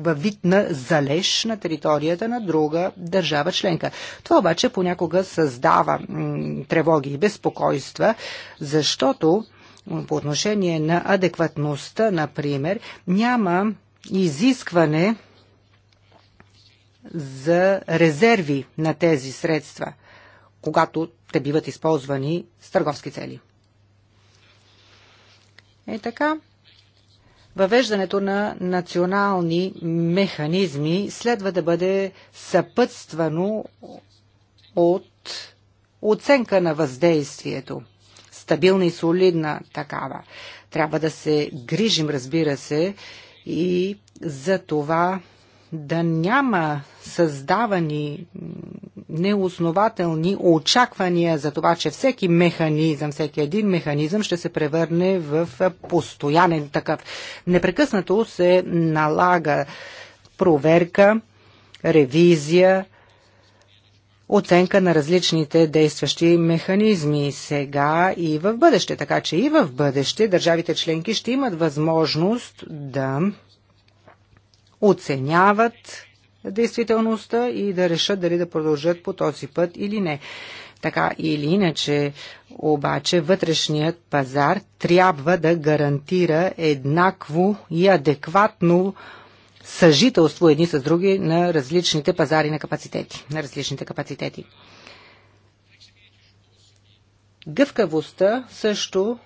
[SPEAKER 4] във вид на залеж на територията на друга държава членка. Това обаче понякога създава тревоги и безпокойства, защото по отношение на адекватността, например, няма изискване за резерви на тези средства, когато те биват използвани с търговски цели. Е така, въвеждането на национални механизми следва да бъде съпътствано от оценка на въздействието, стабилна и солидна такава. Трябва да се грижим, разбира се, и за това да няма създавани неоснователни очаквания за това, че всеки механизъм, всеки един механизъм ще се превърне в постоянен такъв. Непрекъснато се налага проверка, ревизия, оценка на различните действащи механизми сега и в бъдеще. Така че и в бъдеще държавите членки ще имат възможност да оценяват действителността и да решат дали да продължат по този път или не. Така или иначе, обаче вътрешният пазар трябва да гарантира еднакво и адекватно съжителство едни с други на различните пазари на капацитети, на различните капацитети. Гъвкавостта също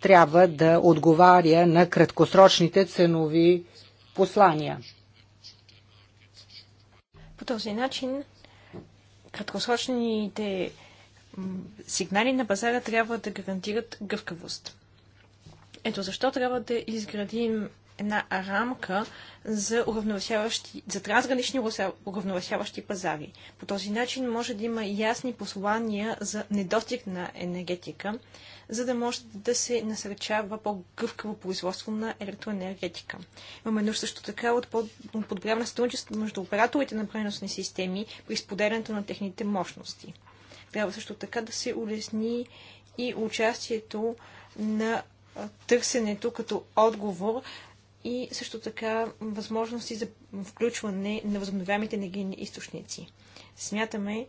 [SPEAKER 4] трябва да отговаря на краткосрочните ценови послания.
[SPEAKER 2] По този начин краткосрочните сигнали на пазара трябва да гарантират гъвкавост. Ето защо трябва да изградим една рамка за, за трансгранични уравновесяващи пазари. По този начин може да има ясни послания за недостиг на енергетика, за да може да се насърчава по-гъвкаво производство на електроенергетика. Имаме нужда също така от подобряване на сътрудничество между операторите на преносни системи при споделянето на техните мощности. Трябва също така да се улесни и участието на търсенето като отговор и също така възможности за включване на възобновяемите енергийни източници. Смятаме,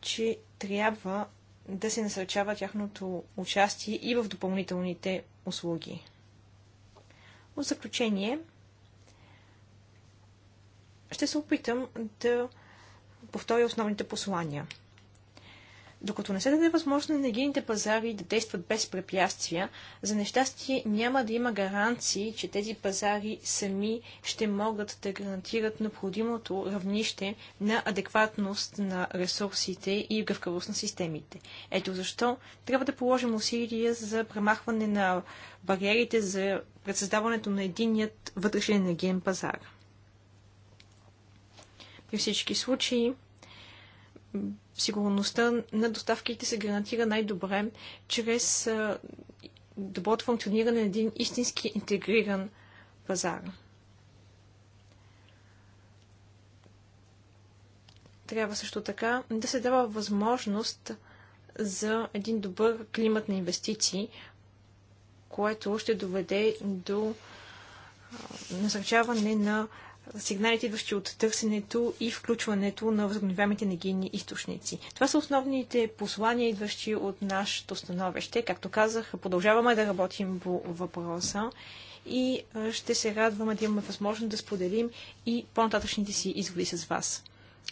[SPEAKER 2] че трябва да се насърчава тяхното участие и в допълнителните услуги. В заключение, ще се опитам да повторя основните послания – докато не се даде възможно на енергийните пазари да действат без препятствия, за нещастие няма да има гаранции, че тези пазари сами ще могат да гарантират необходимото равнище на адекватност на ресурсите и гъвкавост на системите. Ето защо трябва да положим усилия за премахване на бариерите за предсъздаването на единият вътрешен енергиен пазар. При всички случаи сигурността на доставките се гарантира най-добре чрез доброто функциониране на един истински интегриран пазар. Трябва също така да се дава възможност за един добър климат на инвестиции, което ще доведе до насърчаване на сигналите, идващи от търсенето и включването на възобновяемите енергийни източници. Това са основните послания, идващи от нашето становище. Както казах, продължаваме да работим по въпроса и ще се радваме да имаме възможност да споделим и по-нататъчните си изводи с вас.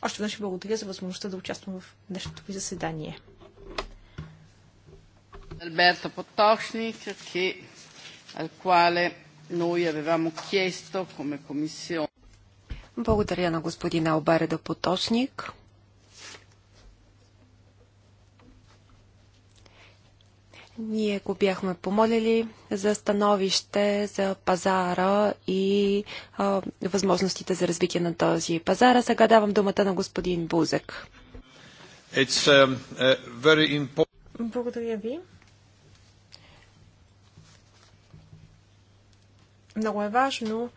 [SPEAKER 2] Още веднъж благодаря за възможността да участвам в днешното ви заседание.
[SPEAKER 1] Alberto Potocnik, che, al quale noi avevamo chiesto come Commissione.
[SPEAKER 3] Благодаря на господин Албареда Поточник. Ние го бяхме помолили за становище за пазара и а, възможностите за развитие на този пазар. сега давам думата на господин Бузек.
[SPEAKER 1] Um, important...
[SPEAKER 2] Благодаря ви. Много е важно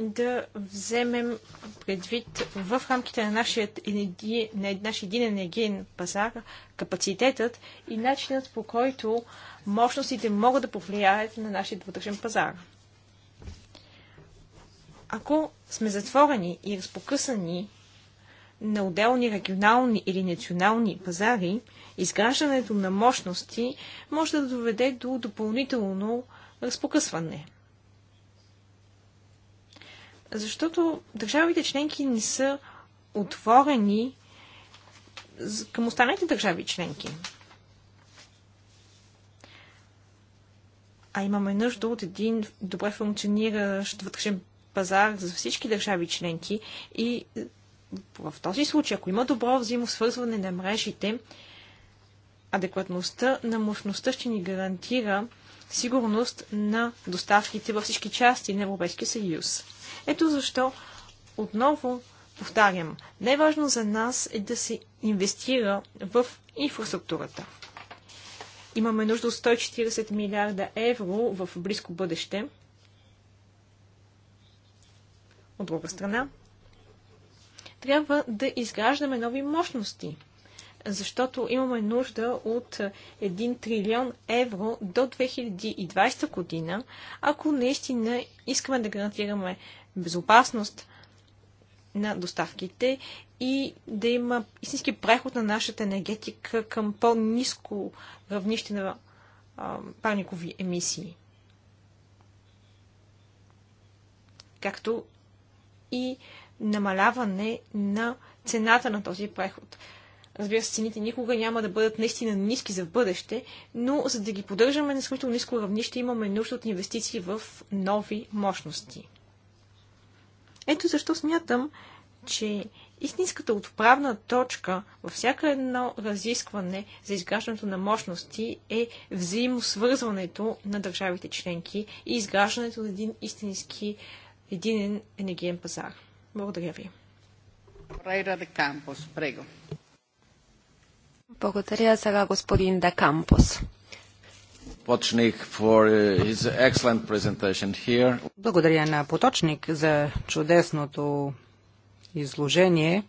[SPEAKER 2] да вземем предвид в рамките на нашия, енерги... на един енергиен пазар капацитетът и начинът по който мощностите могат да повлияят на нашия вътрешен пазар. Ако сме затворени и разпокъсани на отделни регионални или национални пазари, изграждането на мощности може да доведе до допълнително разпокъсване – защото държавите членки не са отворени към останалите държави членки. А имаме нужда от един добре функциониращ вътрешен пазар за всички държави членки и е, в този случай, ако има добро взаимосвързване на мрежите, адекватността на мощността ще ни гарантира сигурност на доставките във всички части на Европейския съюз. Ето защо отново повтарям, най-важно за нас е да се инвестира в инфраструктурата. Имаме нужда от 140 милиарда евро в близко бъдеще. От друга страна, трябва да изграждаме нови мощности, защото имаме нужда от 1 трилион евро до 2020 година, ако наистина искаме да гарантираме безопасност на доставките и да има истински преход на нашата енергетика към по-низко равнище на парникови емисии. Както и намаляване на цената на този преход. Разбира се, цените никога няма да бъдат наистина ниски за бъдеще, но за да ги поддържаме на смисъл ниско равнище, имаме нужда от инвестиции в нови мощности. Ето защо смятам, че истинската отправна точка във всяка едно разискване за изграждането на мощности е взаимосвързването на държавите членки и изграждането на един истински единен енергиен пазар. Благодаря ви.
[SPEAKER 4] Благодаря сега господин Дакампос.
[SPEAKER 1] Uh,
[SPEAKER 4] Благодаря на Поточник за чудесното изложение.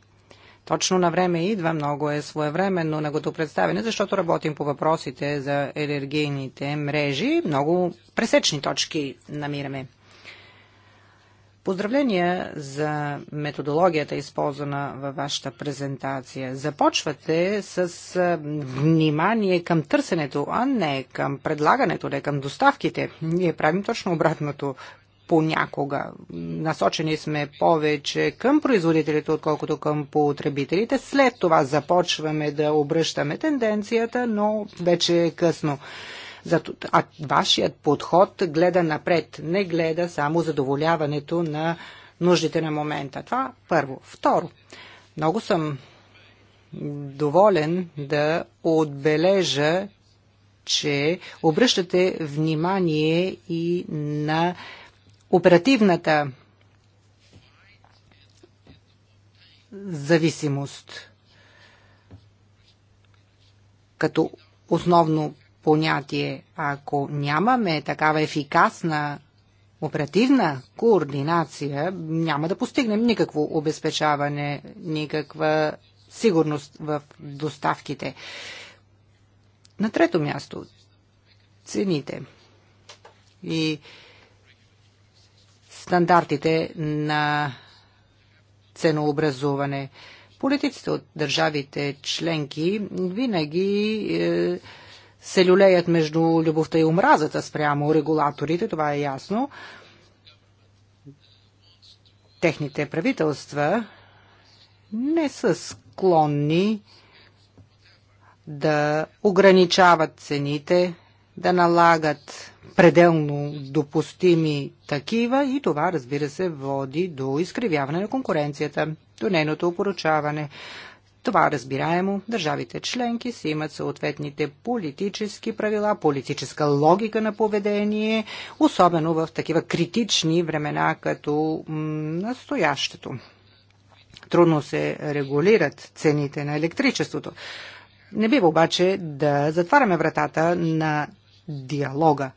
[SPEAKER 4] Точно на време идва, много е своевременно на гото представене, защото работим по въпросите за енергийните мрежи. Много пресечни точки намираме. Поздравления за методологията, използвана във вашата презентация. Започвате с внимание към търсенето, а не към предлагането, не към доставките. Ние правим точно обратното понякога. Насочени сме повече към производителите, отколкото към потребителите. След това започваме да обръщаме тенденцията, но вече е късно. Зато, а вашият подход гледа напред, не гледа само задоволяването на нуждите на момента. Това първо. Второ, много съм доволен да отбележа, че обръщате внимание и на оперативната зависимост като основно понятие. Ако нямаме такава ефикасна оперативна координация, няма да постигнем никакво обезпечаване, никаква сигурност в доставките. На трето място цените и стандартите на ценообразуване. Политиците от държавите членки винаги е, се люлеят между любовта и омразата спрямо регулаторите, това е ясно. Техните правителства не са склонни да ограничават цените, да налагат пределно допустими такива и това, разбира се, води до изкривяване на конкуренцията, до нейното опоручаване. Това е разбираемо. Държавите членки си имат съответните политически правила, политическа логика на поведение, особено в такива критични времена като настоящето. Трудно се регулират цените на електричеството. Не бива обаче да затваряме вратата на диалога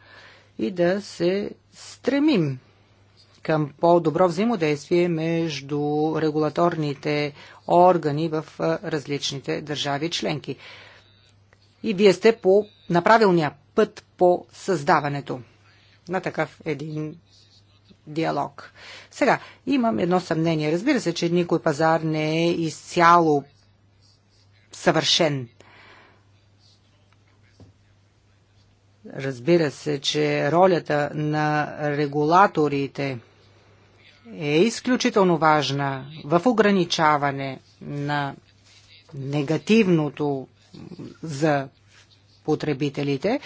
[SPEAKER 4] и да се стремим към по-добро взаимодействие между регулаторните органи в различните държави членки. И вие сте по, на правилния път по създаването на такъв един диалог. Сега, имам едно съмнение. Разбира се, че никой пазар не е изцяло съвършен. Разбира се, че ролята на регулаторите – е изключително важна в ограничаване на негативното за потребителите,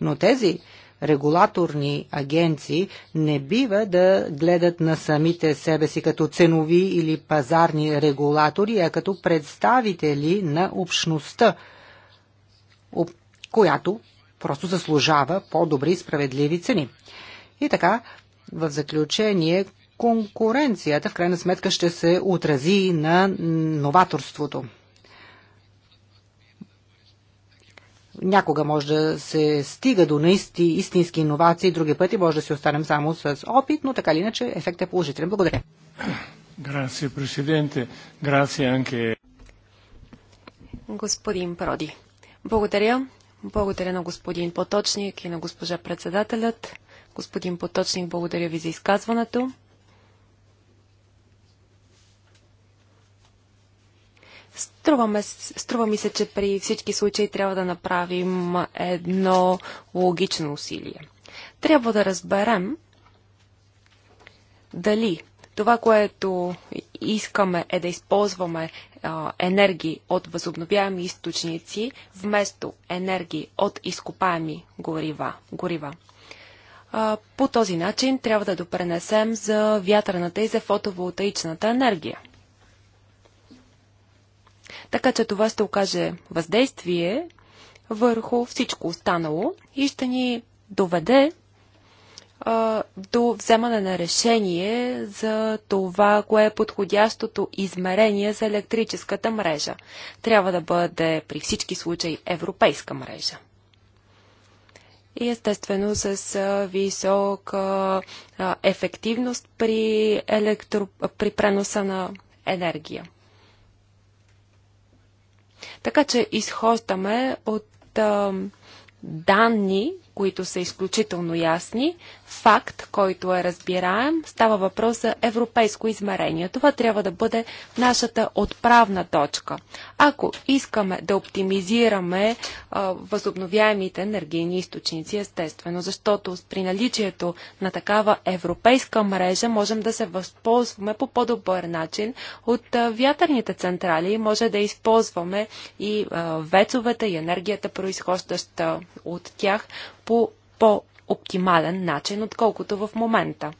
[SPEAKER 4] но тези регулаторни агенции не бива да гледат на самите себе си като ценови или пазарни регулатори, а като представители на общността, която просто заслужава по-добри и справедливи цени. И така, в заключение, конкуренцията в крайна сметка ще се отрази на новаторството. Някога може да се стига до наисти, истински иновации, други пъти може да си останем само с опит, но така или иначе ефектът е положителен. Благодаря.
[SPEAKER 1] Грация, президенте. Грация, Анке.
[SPEAKER 4] Господин
[SPEAKER 3] Проди. Благодаря. Благодаря на господин Поточник и на госпожа председателят. Господин Поточник, благодаря ви за изказването. струва ми се, че при всички случаи трябва да направим едно логично усилие. Трябва да разберем дали това, което искаме е да използваме а, енергии от възобновяеми източници вместо енергии от изкопаеми горива. горива. А, по този начин трябва да допренесем за вятърната и за фотоволтаичната енергия. Така че това ще окаже въздействие върху всичко останало и ще ни доведе а, до вземане на решение за това, кое е подходящото измерение за електрическата мрежа. Трябва да бъде при всички случаи европейска мрежа и естествено с висока ефективност при, електро... при преноса на енергия. Така че изхождаме от данни, които са изключително ясни, факт, който е разбираем, става въпрос за европейско измерение. Това трябва да бъде нашата отправна точка. Ако искаме да оптимизираме а, възобновяемите енергийни източници, естествено, защото при наличието на такава европейска мрежа можем да се възползваме по по-добър начин от а, вятърните централи, може да използваме и а, вецовете и енергията, произхождаща от тях, по по-оптимален начин, отколкото в момента.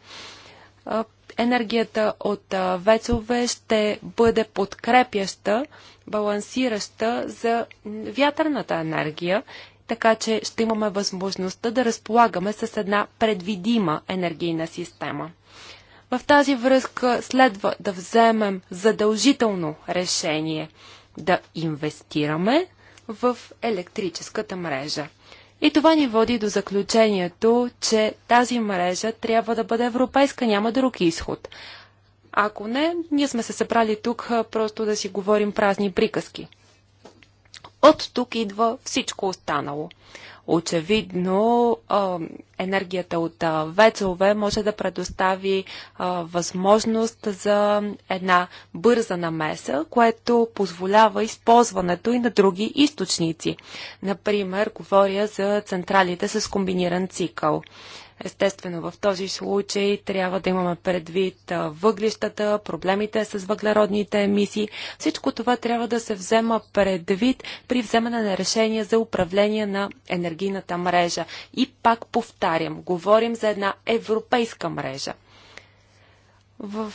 [SPEAKER 3] Енергията от вецове ще бъде подкрепяща, балансираща за вятърната енергия, така че ще имаме възможността да разполагаме с една предвидима енергийна система. В тази връзка следва да вземем задължително решение да инвестираме в електрическата мрежа. И това ни води до заключението, че тази мрежа трябва да бъде европейска, няма друг изход. Ако не, ние сме се събрали тук просто да си говорим празни приказки. От тук идва всичко останало. Очевидно, енергията от вецове може да предостави възможност за една бърза намеса, което позволява използването и на други източници. Например, говоря за централите с комбиниран цикъл. Естествено, в този случай трябва да имаме предвид въглищата, проблемите с въглеродните емисии. Всичко това трябва да се взема предвид при вземане на решение за управление на енергийната мрежа. И пак повтарям, говорим за една европейска мрежа. В...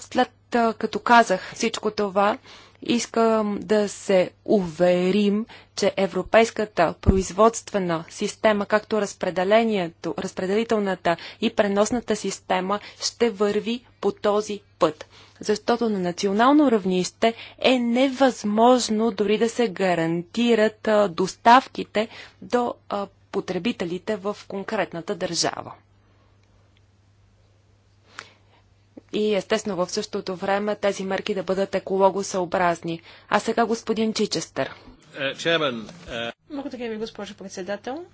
[SPEAKER 3] След като казах всичко това, Искам да се уверим, че европейската производствена система, както разпределението, разпределителната и преносната система ще върви по този път. Защото на национално равнище е невъзможно дори да се гарантират доставките до потребителите в конкретната държава. и естествено в същото време тези мерки да бъдат екологосъобразни. А сега господин Чичестър.
[SPEAKER 1] Е, е.
[SPEAKER 2] Благодаря ви, госпожо председател.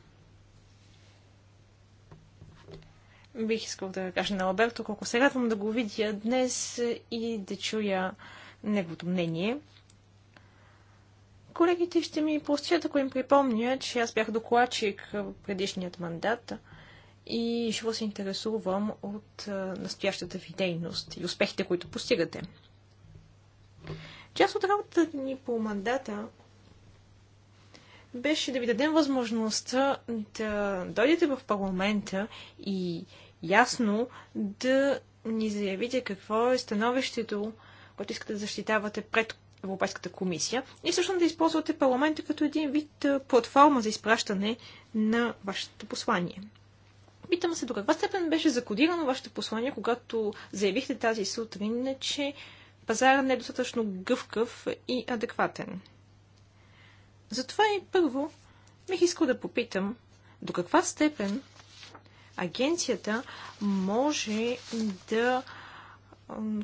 [SPEAKER 2] Бих искал да кажа на Алберто колко се радвам да го видя днес и да чуя неговото мнение. Колегите ще ми простят, ако им припомня, че аз бях докладчик в предишният мандат и живо се интересувам от настоящата ви дейност и успехите, които постигате. Част от работата ни по мандата беше да ви дадем възможността да дойдете в парламента и ясно да ни заявите какво е становището, което искате да защитавате пред Европейската комисия и всъщност да използвате парламента като един вид платформа за изпращане на вашето послание. Питам се до каква степен беше закодирано вашето послание, когато заявихте тази сутрин, че пазарът не е достатъчно гъвкав и адекватен. Затова и първо бих искал да попитам до каква степен агенцията може да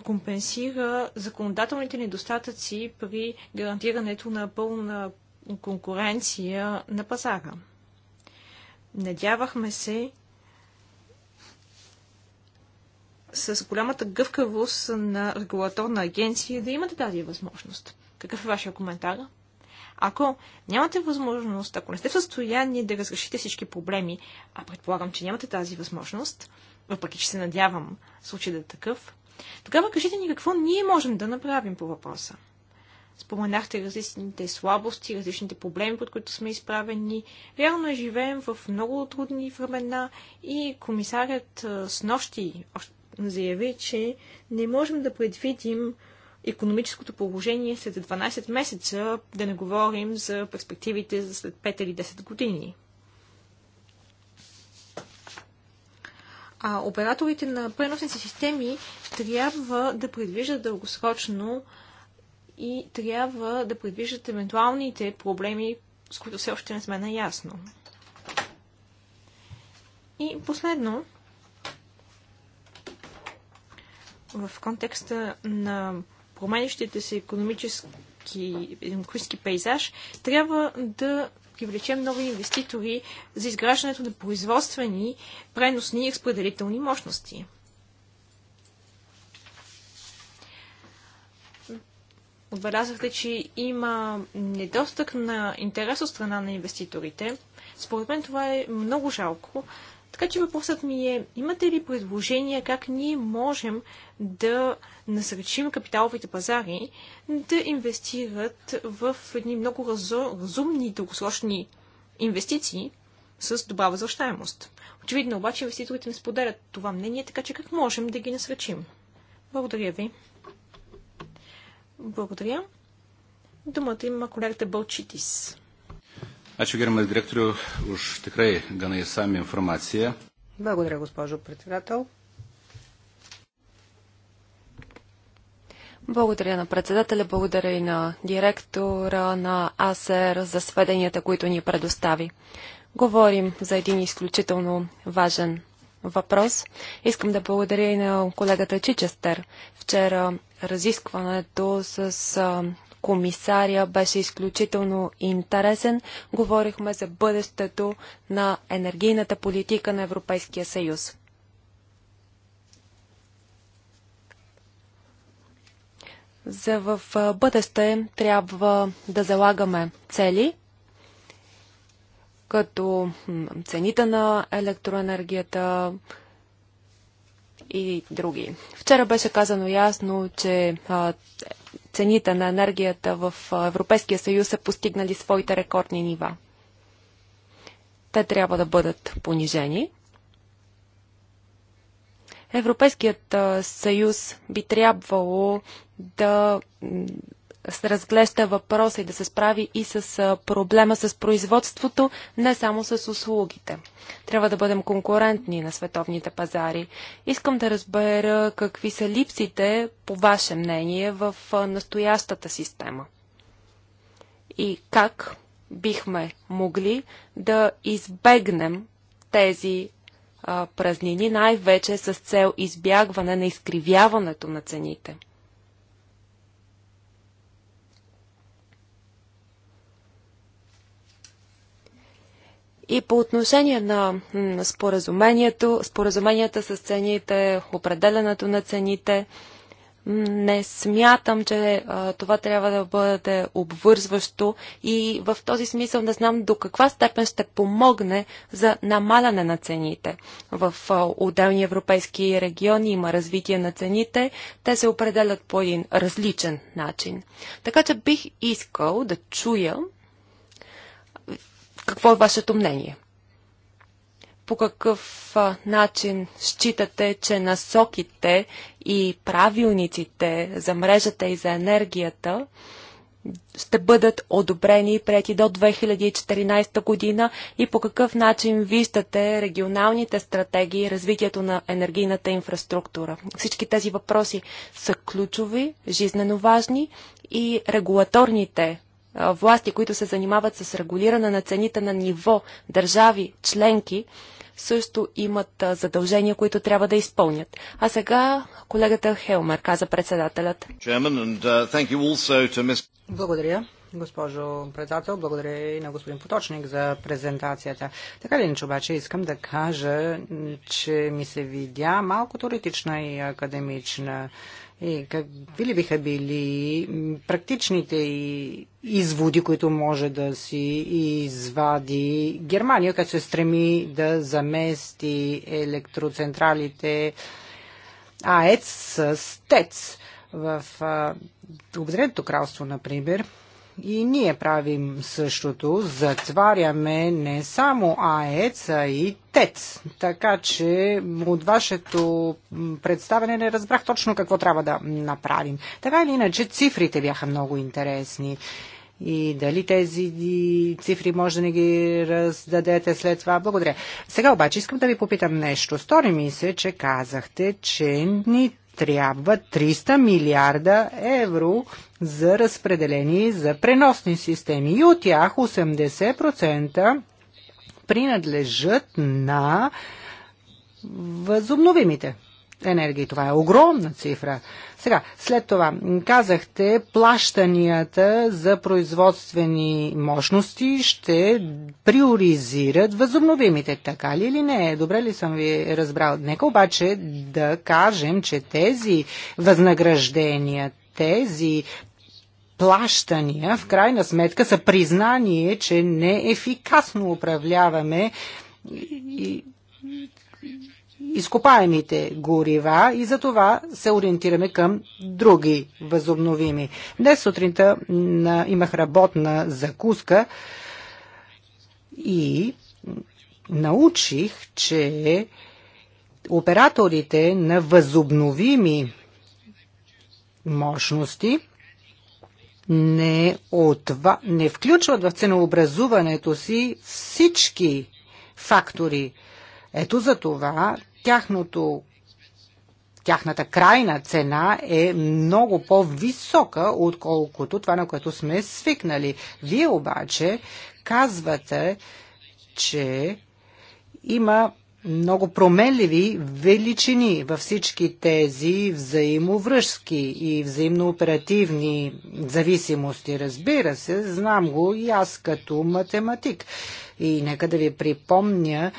[SPEAKER 2] компенсира законодателните недостатъци при гарантирането на пълна конкуренция на пазара. Надявахме се с голямата гъвкавост на регулаторна агенция да имате тази възможност. Какъв е вашия коментар? Ако нямате възможност, ако не сте в състояние да разрешите всички проблеми, а предполагам, че нямате тази възможност, въпреки че се надявам случай да е такъв, тогава кажете ни какво ние можем да направим по въпроса. Споменахте различните слабости, различните проблеми, под които сме изправени. Реално е живеем в много трудни времена и комисарят с нощи, още заяви, че не можем да предвидим економическото положение след 12 месеца, да не говорим за перспективите за след 5 или 10 години. А операторите на преносните системи трябва да предвиждат дългосрочно и трябва да предвиждат евентуалните проблеми, с които все още не сме наясно. И последно, в контекста на променящите се економически, економически пейзаж, трябва да привлечем нови инвеститори за изграждането на производствени, преносни и разпределителни мощности. Отбелязахте, че има недостъг на интерес от страна на инвеститорите. Според мен това е много жалко, така че въпросът ми е, имате ли предложения как ние можем да насръчим капиталовите пазари да инвестират в едни много разумни дългосрочни инвестиции с добра възвръщаемост? Очевидно обаче инвеститорите не споделят това мнение, така че как можем да ги насръчим? Благодаря ви. Благодаря. Думата има колегата Бълчитис.
[SPEAKER 1] Ačiū gerbiamas direktoriu už tikrai gana įsami информация.
[SPEAKER 4] Благодаря, госпожо председател.
[SPEAKER 3] Благодаря на председателя, благодаря и на директора на АСР за сведенията, които ни предостави. Говорим за един изключително важен въпрос. Искам да благодаря и на колегата Чичестер. Вчера разискването с комисаря беше изключително интересен. Говорихме за бъдещето на енергийната политика на Европейския съюз. За в бъдеще трябва да залагаме цели, като цените на електроенергията, и други. Вчера беше казано ясно, че цените на енергията в Европейския съюз са постигнали своите рекордни нива. Те трябва да бъдат понижени. Европейският съюз би трябвало да разглежда въпроса и да се справи и с проблема с производството, не само с услугите. Трябва да бъдем конкурентни на световните пазари. Искам да разбера какви са липсите, по ваше мнение, в настоящата система. И как бихме могли да избегнем тези празнини, най-вече с цел избягване на изкривяването на цените. И по отношение на споразумението, споразуменията с цените, определенето на цените, не смятам, че а, това трябва да бъде обвързващо и в този смисъл не знам до каква степен ще помогне за намаляне на цените. В а, отделни европейски региони има развитие на цените, те се определят по един различен начин. Така че бих искал да чуя какво е вашето мнение? По какъв начин считате, че насоките и правилниците за мрежата и за енергията ще бъдат одобрени и прети до 2014 година и по какъв начин виждате регионалните стратегии и развитието на енергийната инфраструктура. Всички тези въпроси са ключови, жизнено важни и регулаторните власти, които се занимават с регулиране на цените на ниво държави членки, също имат задължения, които трябва да изпълнят. А сега колегата Хелмер, каза председателят.
[SPEAKER 1] Uh,
[SPEAKER 4] благодаря. Госпожо председател, благодаря и на господин Поточник за презентацията. Така ли иначе обаче искам да кажа, че ми се видя малко теоретична и академична и е, какви ли биха били практичните изводи, които може да си извади Германия, като се стреми да замести електроцентралите АЕЦ с ТЕЦ? В Обединеното кралство, например, и ние правим същото. Затваряме не само АЕЦ, а и ТЕЦ. Така че от вашето представене не разбрах точно какво трябва да направим. Така или иначе, цифрите бяха много интересни. И дали тези цифри може да не ги раздадете след това? Благодаря. Сега обаче искам да ви попитам нещо. Стори ми се, че казахте, че ни трябва 300 милиарда евро за разпределение за преносни системи и от тях 80% принадлежат на възобновимите енергия. Това е огромна цифра. Сега, след това, казахте, плащанията за производствени мощности ще приоризират възобновимите. Така ли или не? Добре ли съм ви разбрал? Нека обаче да кажем, че тези възнаграждения, тези плащания, в крайна сметка, са признание, че неефикасно управляваме и, изкопаемите горива и за това се ориентираме към други възобновими. Днес сутринта имах работна закуска и научих, че операторите на възобновими мощности не, отва, не включват в ценообразуването си всички фактори. Ето за това тяхното тяхната крайна цена е много по-висока, отколкото това, на което сме свикнали. Вие обаче казвате, че има много променливи величини във всички тези взаимовръзки и взаимнооперативни зависимости. Разбира се, знам го и аз като математик. И нека да ви припомня,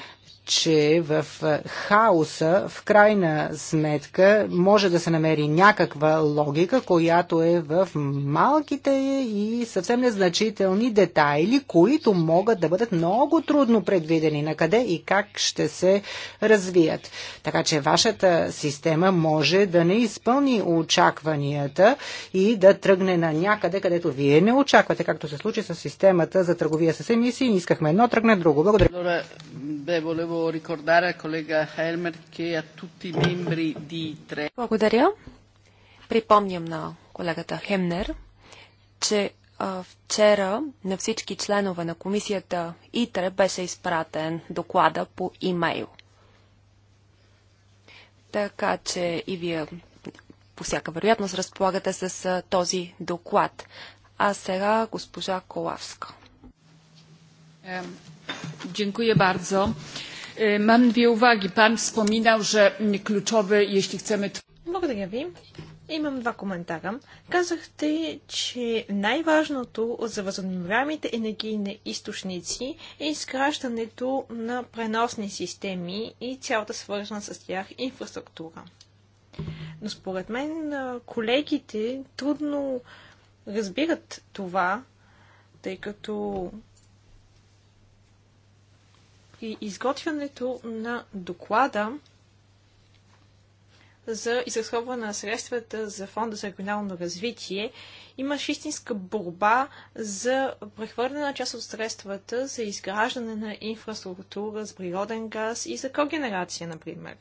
[SPEAKER 4] че в хаоса, в крайна сметка, може да се намери някаква логика, която е в малките и съвсем незначителни детайли, които могат да бъдат много трудно предвидени на къде и как ще се развият. Така че вашата система може да не изпълни очакванията и да тръгне на някъде, където вие не очаквате, както се случи с системата за търговия с емисии. Искахме едно, тръгне друго. Благодаря.
[SPEAKER 1] Volevo ricordare al tutti i membri di tre... Благодаря. Припомням
[SPEAKER 3] на колегата Хемнер, че а, вчера на всички членове на комисията ИТРЕ беше изпратен доклада по имейл. Така че и вие по всяка вероятност разполагате с а, този доклад. А сега госпожа Колавска.
[SPEAKER 1] Dziękuję E, mam dwie uwagi. Pan wspominał, że kluczowy, jeśli chcemy...
[SPEAKER 2] Благодаря ви. Имам два коментара. Казахте, че най-важното за възобновяемите енергийни източници е изкращането на преносни системи и цялата свързана с тях инфраструктура. Но според мен колегите трудно разбират това, тъй като при изготвянето на доклада за изразходване на средствата за Фонда за регионално развитие, имаше истинска борба за прехвърляне на част от средствата за изграждане на инфраструктура с природен газ и за когенерация, например.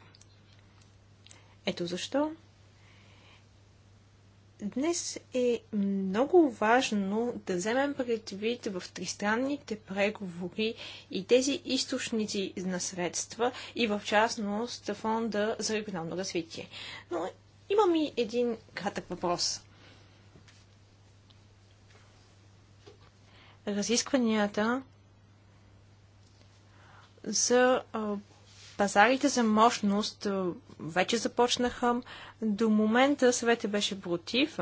[SPEAKER 2] Ето защо Днес е много важно да вземем предвид в тристранните преговори и тези източници на средства и в частност фонда за регионално развитие. Но имам и един кратък въпрос. Разискванията за пазарите за мощност вече започнаха. До момента съветът беше против,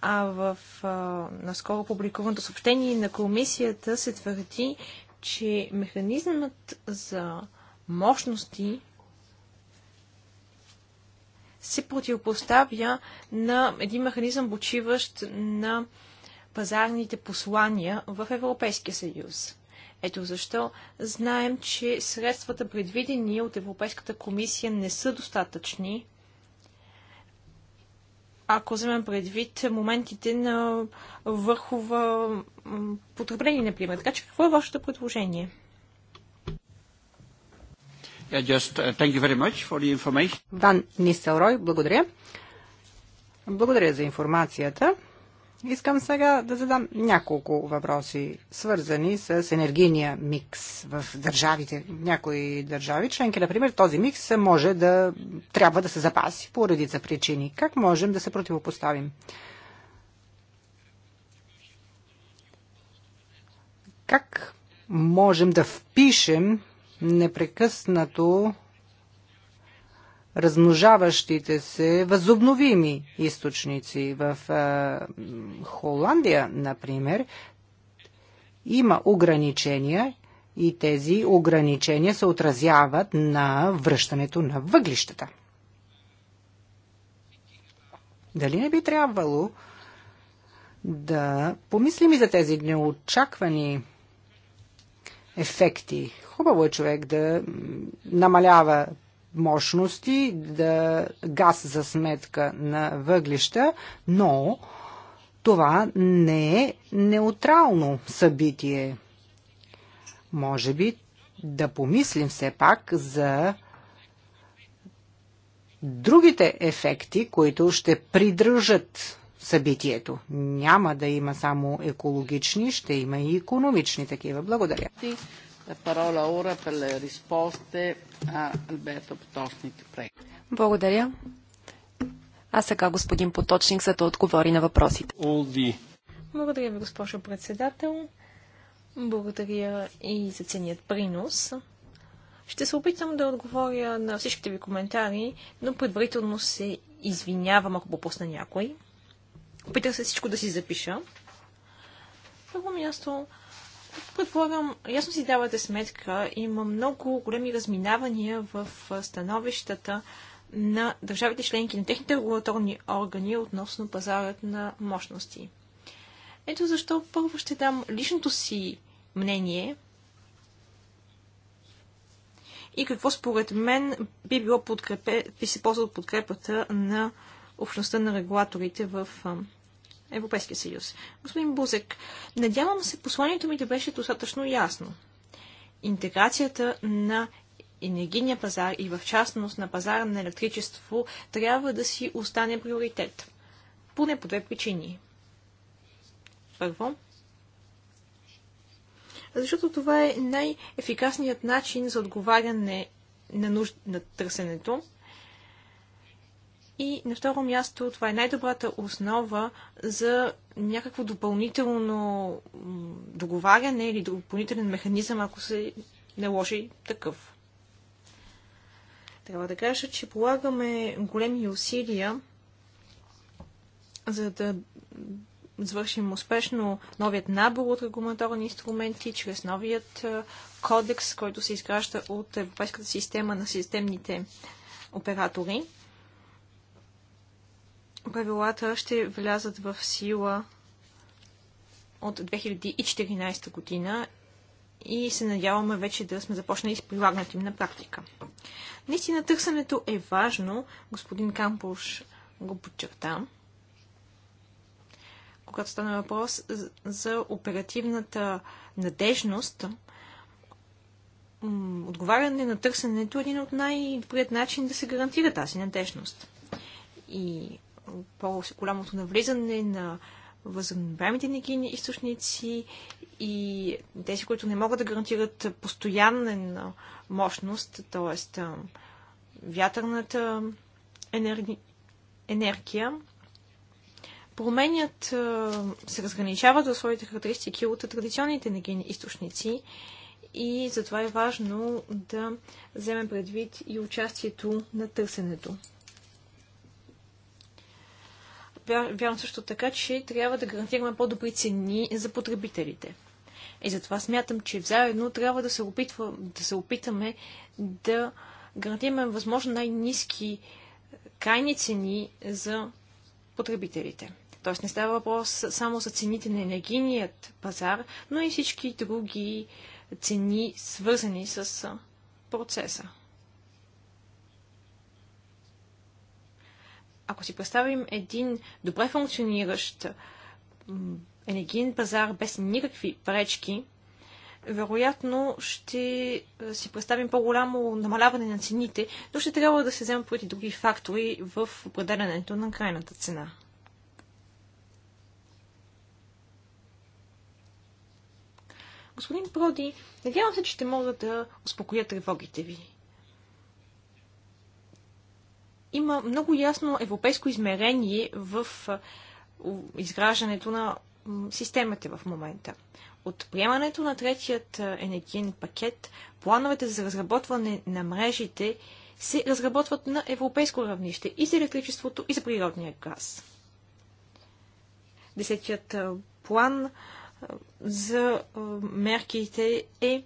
[SPEAKER 2] а в а, наскоро публикуваното съобщение на комисията се твърди, че механизмът за мощности се противопоставя на един механизъм, почиващ на пазарните послания в Европейския съюз. Ето защо знаем, че средствата предвидени от Европейската комисия не са достатъчни, ако вземем предвид моментите на върхова потребление, например. Така че какво
[SPEAKER 4] е вашето предложение?
[SPEAKER 1] Yeah, just,
[SPEAKER 4] Ван uh, благодаря. Благодаря за информацията. Искам сега да задам няколко въпроси, свързани с енергийния микс в държавите. Някои държави членки, например, този микс може да трябва да се запаси по редица причини. Как можем да се противопоставим? Как можем да впишем непрекъснато размножаващите се възобновими източници. В Холандия, например, има ограничения и тези ограничения се отразяват на връщането на въглищата. Дали не би трябвало да помислим и за тези неочаквани ефекти? Хубаво е човек да намалява мощности, да, газ за сметка на въглища, но това не е неутрално събитие. Може би да помислим все пак за другите ефекти, които ще придържат събитието. Няма да има само екологични, ще има и економични такива.
[SPEAKER 1] Благодаря.
[SPEAKER 3] Благодаря. А сега господин Поточник, за да отговори на въпросите.
[SPEAKER 2] Благодаря ви, госпожо председател. Благодаря и за ценият принос. Ще се опитам да отговоря на всичките ви коментари, но предварително се извинявам, ако попусна някой. Опитах се всичко да си запиша. Първо място, Предполагам, ясно си давате сметка, има много големи разминавания в становищата на държавите членки, на техните регулаторни органи относно пазарът на мощности. Ето защо първо ще дам личното си мнение и какво според мен би било подкрепе, би се ползвало подкрепата на общността на регулаторите в Европейския съюз. Господин Бузек, надявам се посланието ми да беше достатъчно ясно. Интеграцията на енергийния пазар и в частност на пазара на електричество трябва да си остане приоритет. Поне по две причини. Първо, защото това е най-ефикасният начин за отговаряне на, нужд... на търсенето и на второ място, това е най-добрата основа за някакво допълнително договаряне или допълнителен механизъм, ако се наложи такъв. Трябва да кажа, че полагаме големи усилия, за да завършим успешно новият набор от регуляторни инструменти, чрез новият кодекс, който се изгражда от Европейската система на системните оператори правилата ще влязат в сила от 2014 година и се надяваме вече да сме започнали с прилагането им на практика. Наистина търсенето е важно, господин Кампуш го подчерта, когато стана въпрос за оперативната надежност, отговаряне на търсенето е един от най-добрият начин да се гарантира тази надежност. И по-голямото навлизане на възобновяемите енергийни източници и тези, които не могат да гарантират постоянна мощност, т.е. вятърната енергия, променят, се разграничават в своите характеристики от традиционните енергийни източници и затова е важно да вземем предвид и участието на търсенето вярвам също така, че трябва да гарантираме по-добри цени за потребителите. И затова смятам, че заедно трябва да се, опитва, да се опитаме да гарантираме възможно най-низки е, крайни цени за потребителите. Тоест не става въпрос само за цените на енергийният пазар, но и всички други цени, свързани с е, процеса. ако си представим един добре функциониращ енергиен пазар без никакви пречки, вероятно ще си представим по-голямо намаляване на цените, но ще трябва да се вземат преди други фактори в определенето на крайната цена. Господин Проди, надявам се, че ще мога да успокоя тревогите ви има много ясно европейско измерение в изграждането на системите в момента. От приемането на третият енергиен пакет, плановете за разработване на мрежите се разработват на европейско равнище и за електричеството, и за природния газ. Десетият план за мерките е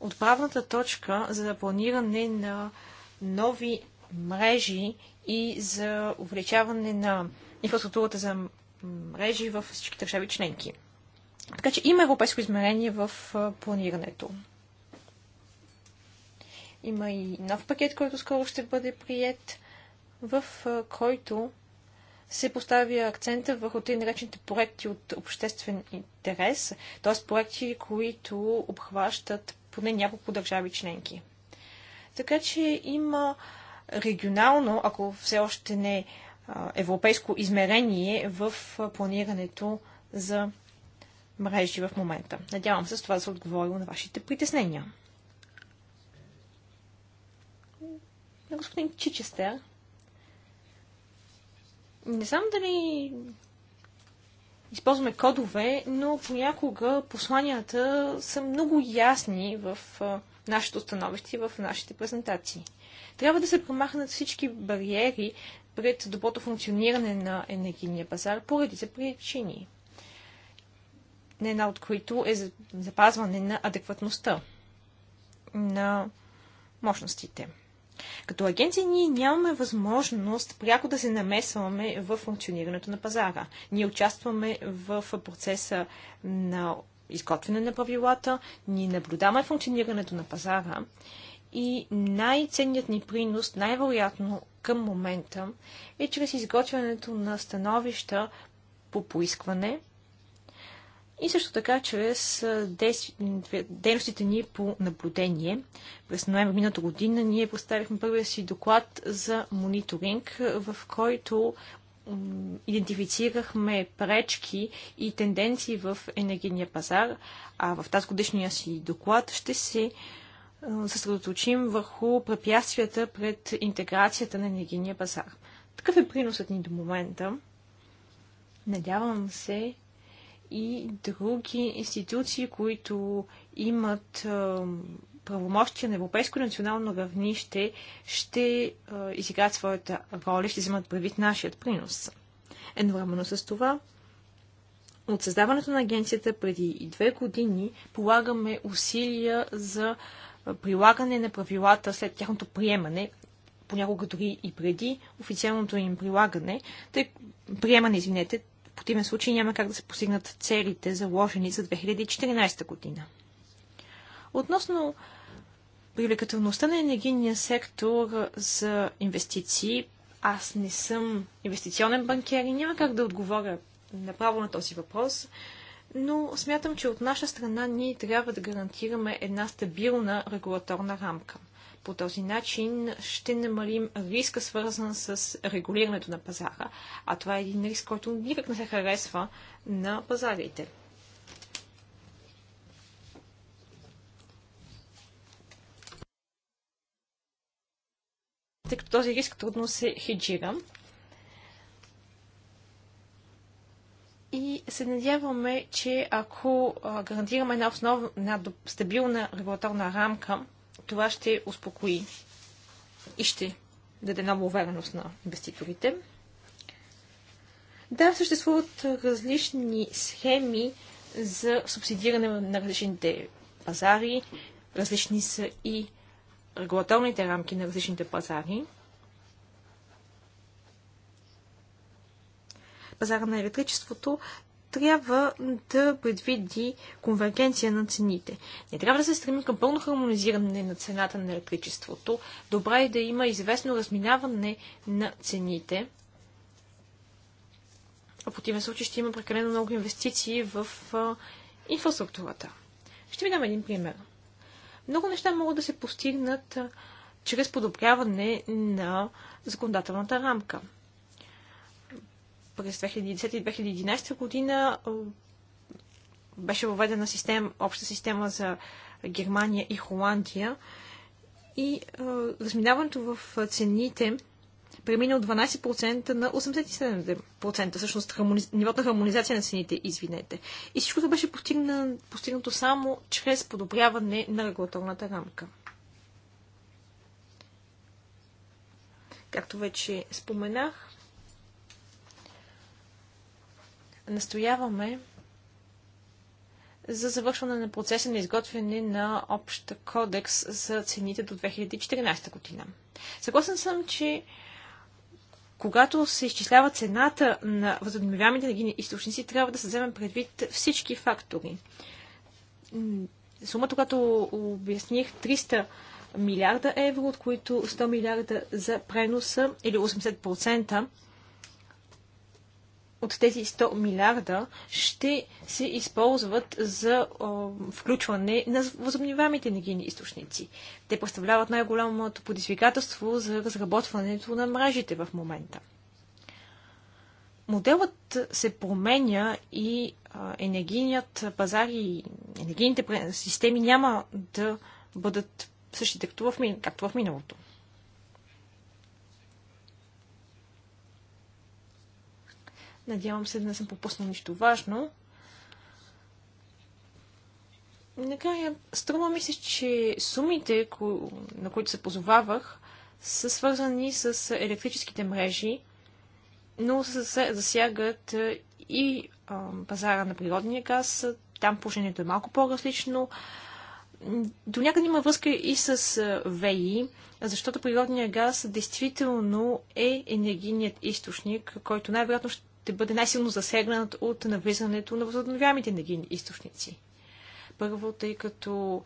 [SPEAKER 2] отправната точка за планиране на нови мрежи и за увеличаване на инфраструктурата за мрежи в всички държави членки. Така че има европейско измерение в планирането. Има и нов пакет, който скоро ще бъде прият, в който се поставя акцента върху тъй наречените проекти от обществен интерес, т.е. проекти, които обхващат поне няколко държави членки. Така че има регионално, ако все още не европейско измерение в планирането за мрежи в момента. Надявам се с това да се отговорило на вашите притеснения. На господин Чичестер. Не знам дали използваме кодове, но понякога посланията са много ясни в нашето становище и в нашите презентации. Трябва да се промахнат всички бариери пред доброто функциониране на енергийния пазар поради за причини. Не една от които е запазване на адекватността на мощностите. Като агенция ние нямаме възможност пряко да се намесваме в функционирането на пазара. Ние участваме в процеса на изготвяне на правилата, ние наблюдаваме функционирането на пазара и най-ценният ни принос, най-вероятно към момента, е чрез изготвянето на становища по поискване и също така чрез дейностите ни по наблюдение. През ноември миналата година ние представихме първия си доклад за мониторинг, в който идентифицирахме пречки и тенденции в енергийния пазар, а в тази годишния си доклад ще се съсредоточим върху препятствията пред интеграцията на енергийния пазар. Такъв е приносът ни до момента. Надявам се и други институции, които имат правомощия на европейско и национално равнище, ще изиграят своята роля, ще вземат предвид нашият принос. Едновременно с това, от създаването на агенцията преди две години полагаме усилия за прилагане на правилата след тяхното приемане, понякога дори и преди официалното им прилагане, тъй, приемане, извинете, в противен случай няма как да се постигнат целите, заложени за 2014 година. Относно привлекателността на енергийния сектор за инвестиции, аз не съм инвестиционен банкер и няма как да отговоря направо на този въпрос но смятам, че от наша страна ние трябва да гарантираме една стабилна регулаторна рамка. По този начин ще намалим риска, свързан с регулирането на пазара, а това е един риск, който никак не се харесва на пазарите. Тъй като този риск трудно се хеджира, и се надяваме, че ако гарантираме една основна, една стабилна регулаторна рамка, това ще успокои и ще даде нова увереност на инвеститорите. Да, съществуват различни схеми за субсидиране на различните пазари, различни са и регулаторните рамки на различните пазари. пазара на електричеството, трябва да предвиди конвергенция на цените. Не трябва да се стремим към пълно хармонизиране на цената на електричеството. Добре е да има известно разминаване на цените. А в противен случай ще има прекалено много инвестиции в инфраструктурата. Ще ви дам един пример. Много неща могат да се постигнат чрез подобряване на законодателната рамка. През 2010 и 2011 година беше въведена систем, обща система за Германия и Холандия и а, разминаването в цените премина от 12% на 87%, всъщност хармониз... нивото на хармонизация на цените, извинете. И всичкото беше постигна... постигнато само чрез подобряване на регулаторната рамка. Както вече споменах, настояваме за завършване на процеса на изготвяне на общ кодекс за цените до 2014 година. Съгласен съм, че когато се изчислява цената на възобновяемите енергийни източници, трябва да се вземе предвид всички фактори. Сумата, която обясних, 300 милиарда евро, от които 100 милиарда за преноса или 80%, от тези 100 милиарда ще се използват за о, включване на възобновяемите енергийни източници. Те представляват най-голямото предизвикателство за разработването на мрежите в момента. Моделът се променя и а, енергийният пазар и енергийните системи няма да бъдат същите, както в, както в миналото. Надявам се да не съм попуснал нищо важно. Накрая, струва ми се, че сумите, на които се позовавах, са свързани с електрическите мрежи, но се засягат и пазара на природния газ. Там положението е малко по-различно. До някъде има връзка и с веи, защото природния газ действително е енергийният източник, който най-вероятно ще ще бъде най-силно засегнат от навлизането на възобновяемите енергийни източници. Първо, тъй като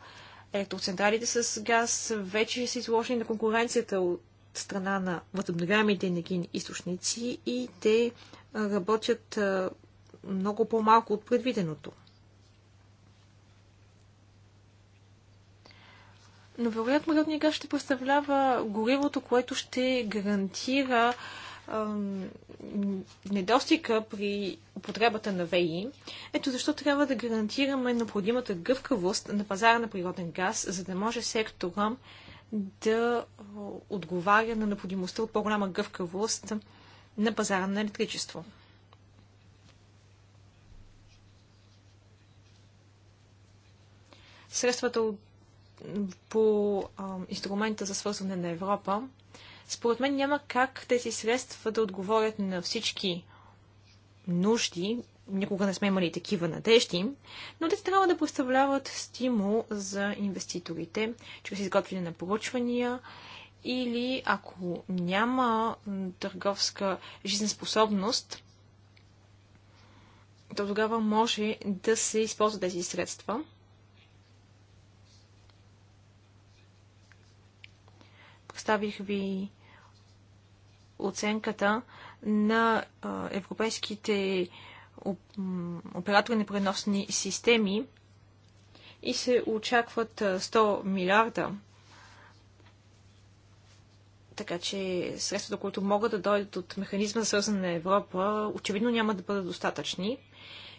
[SPEAKER 2] електроцентралите с газ вече са изложени на конкуренцията от страна на възобновяемите енергийни източници и те работят много по-малко от предвиденото. Но вероятно ръбния газ ще представлява горивото, което ще гарантира недостига при употребата на ВИ. Ето защо трябва да гарантираме необходимата гъвкавост на пазара на природен газ, за да може сектора да отговаря на необходимостта от по-голяма гъвкавост на пазара на електричество. Средствата по инструмента за свързване на Европа според мен няма как тези средства да отговорят на всички нужди. Никога не сме имали такива надежди, но те трябва да представляват стимул за инвеститорите чрез изготвяне на поручвания или ако няма търговска жизнеспособност, то тогава може да се използват тези средства. Представих ви оценката на европейските оператори на преносни системи и се очакват 100 милиарда. Така че средствата, които могат да дойдат от механизма за свързане на Европа, очевидно няма да бъдат достатъчни.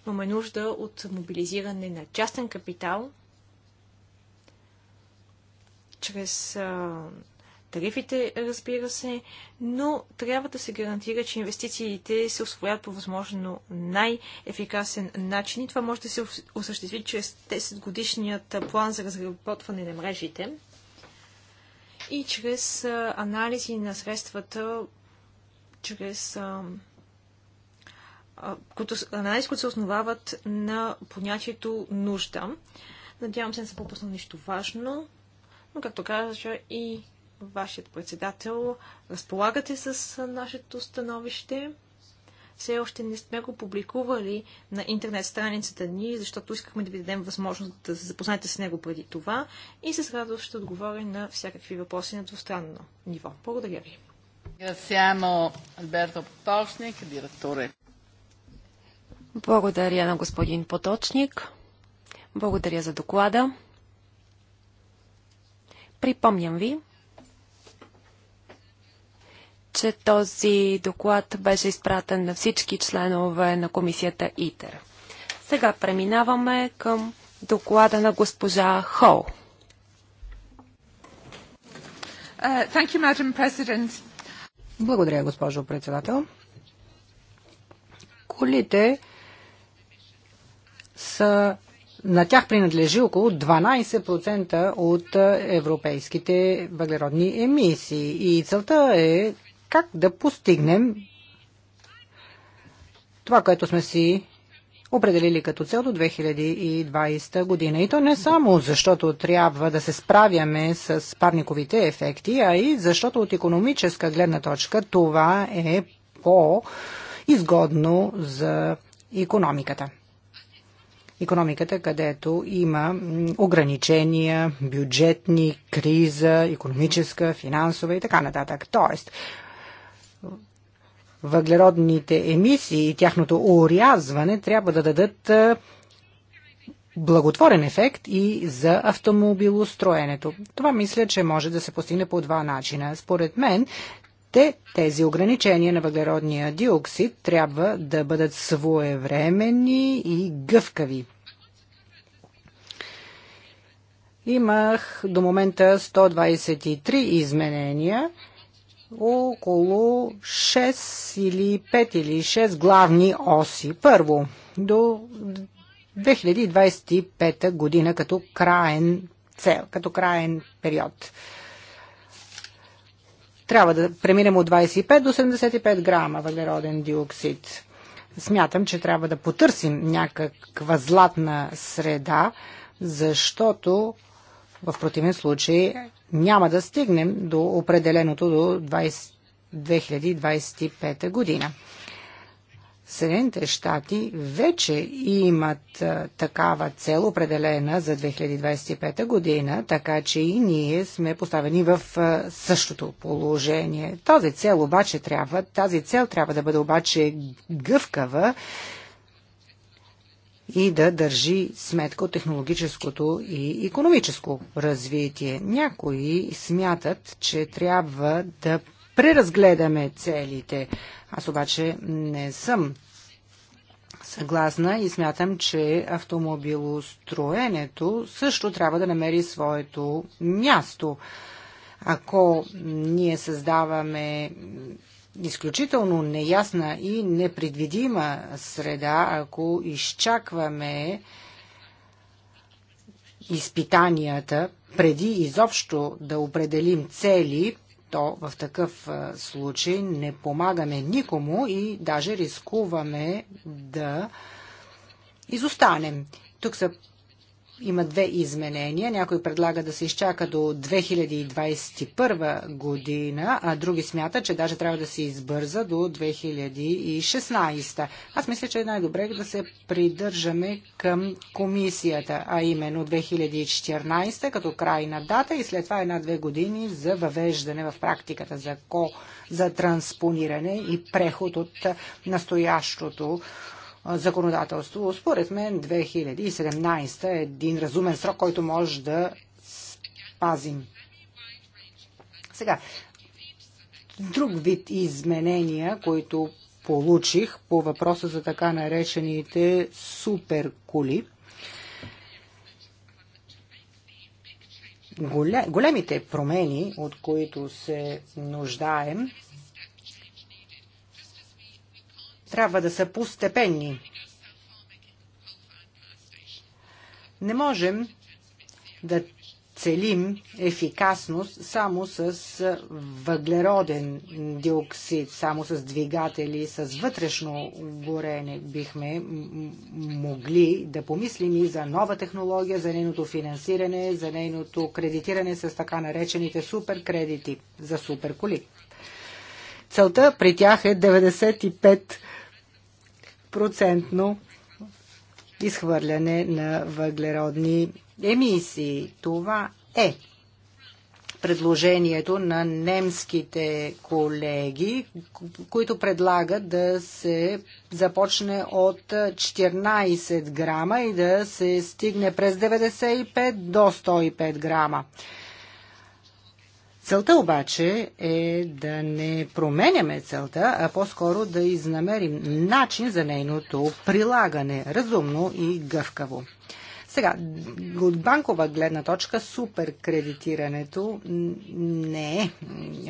[SPEAKER 2] Имаме нужда от мобилизиране на частен капитал чрез тарифите, разбира се, но трябва да се гарантира, че инвестициите се освоят по възможно най-ефикасен начин и това може да се осъществи чрез 10-годишният план за разработване на мрежите и чрез анализи на средствата, чрез които, анализ, които се основават на понятието нужда. Надявам се, не съм пропуснал нищо важно, но както кажа и вашият председател. Разполагате с нашето становище. Все още не сме го публикували на интернет страницата ни, защото искахме да ви дадем възможност да се запознаете с него преди това и с радост ще отговоря на всякакви въпроси на двустранно ниво. Благодаря ви.
[SPEAKER 3] Благодаря на господин Поточник. Благодаря за доклада. Припомням ви, че този доклад беше изпратен на всички членове на комисията ИТЕР. Сега преминаваме към доклада на госпожа Хол. Uh,
[SPEAKER 4] Благодаря, госпожо председател. Колите са на тях принадлежи около 12% от европейските въглеродни емисии. И целта е как да постигнем това, което сме си определили като цел до 2020 година. И то не само защото трябва да се справяме с парниковите ефекти, а и защото от економическа гледна точка това е по-изгодно за економиката. Економиката, където има ограничения, бюджетни, криза, економическа, финансова и така нататък. Тоест, въглеродните емисии и тяхното урязване трябва да дадат е, благотворен ефект и за автомобилостроенето. Това мисля, че може да се постигне по два начина. Според мен, те, тези ограничения на въглеродния диоксид трябва да бъдат своевременни и гъвкави. Имах до момента 123 изменения – около 6 или 5 или 6 главни оси. Първо, до 2025 година като краен цел, като краен период. Трябва да преминем от 25 до 75 грама въглероден диоксид. Смятам, че трябва да потърсим някаква златна среда, защото в противен случай няма да стигнем до определеното до 20, 2025 година. Съединените щати вече имат такава цел определена за 2025 година, така че и ние сме поставени в същото положение. Този цел обаче трябва, тази цел трябва да бъде обаче гъвкава, и да държи сметка от технологическото и економическо развитие. Някои смятат, че трябва да преразгледаме целите. Аз обаче не съм съгласна и смятам, че автомобилостроенето също трябва да намери своето място. Ако ние създаваме изключително неясна и непредвидима среда, ако изчакваме изпитанията преди изобщо да определим цели, то в такъв случай не помагаме никому и даже рискуваме да изостанем. Тук са има две изменения. Някой предлага да се изчака до 2021 година, а други смята, че даже трябва да се избърза до 2016. Аз мисля, че е най-добре да се придържаме към комисията, а именно 2014 като крайна дата и след това една-две години за въвеждане в практиката, за, ко, за транспониране и преход от настоящото законодателство. Според мен 2017 е един разумен срок, който може да спазим. Сега, друг вид изменения, които получих по въпроса за така наречените суперкули. Големите промени, от които се нуждаем, трябва да са постепенни. Не можем да целим ефикасност само с въглероден диоксид, само с двигатели, с вътрешно горене. Бихме могли да помислим и за нова технология, за нейното финансиране, за нейното кредитиране с така наречените суперкредити за суперколи. Целта при тях е 95 процентно изхвърляне на въглеродни емисии. Това е предложението на немските колеги, които предлагат да се започне от 14 грама и да се стигне през 95 до 105 грама. Целта обаче е да не променяме целта, а по-скоро да изнамерим начин за нейното прилагане разумно и гъвкаво. Сега, от банкова гледна точка суперкредитирането не е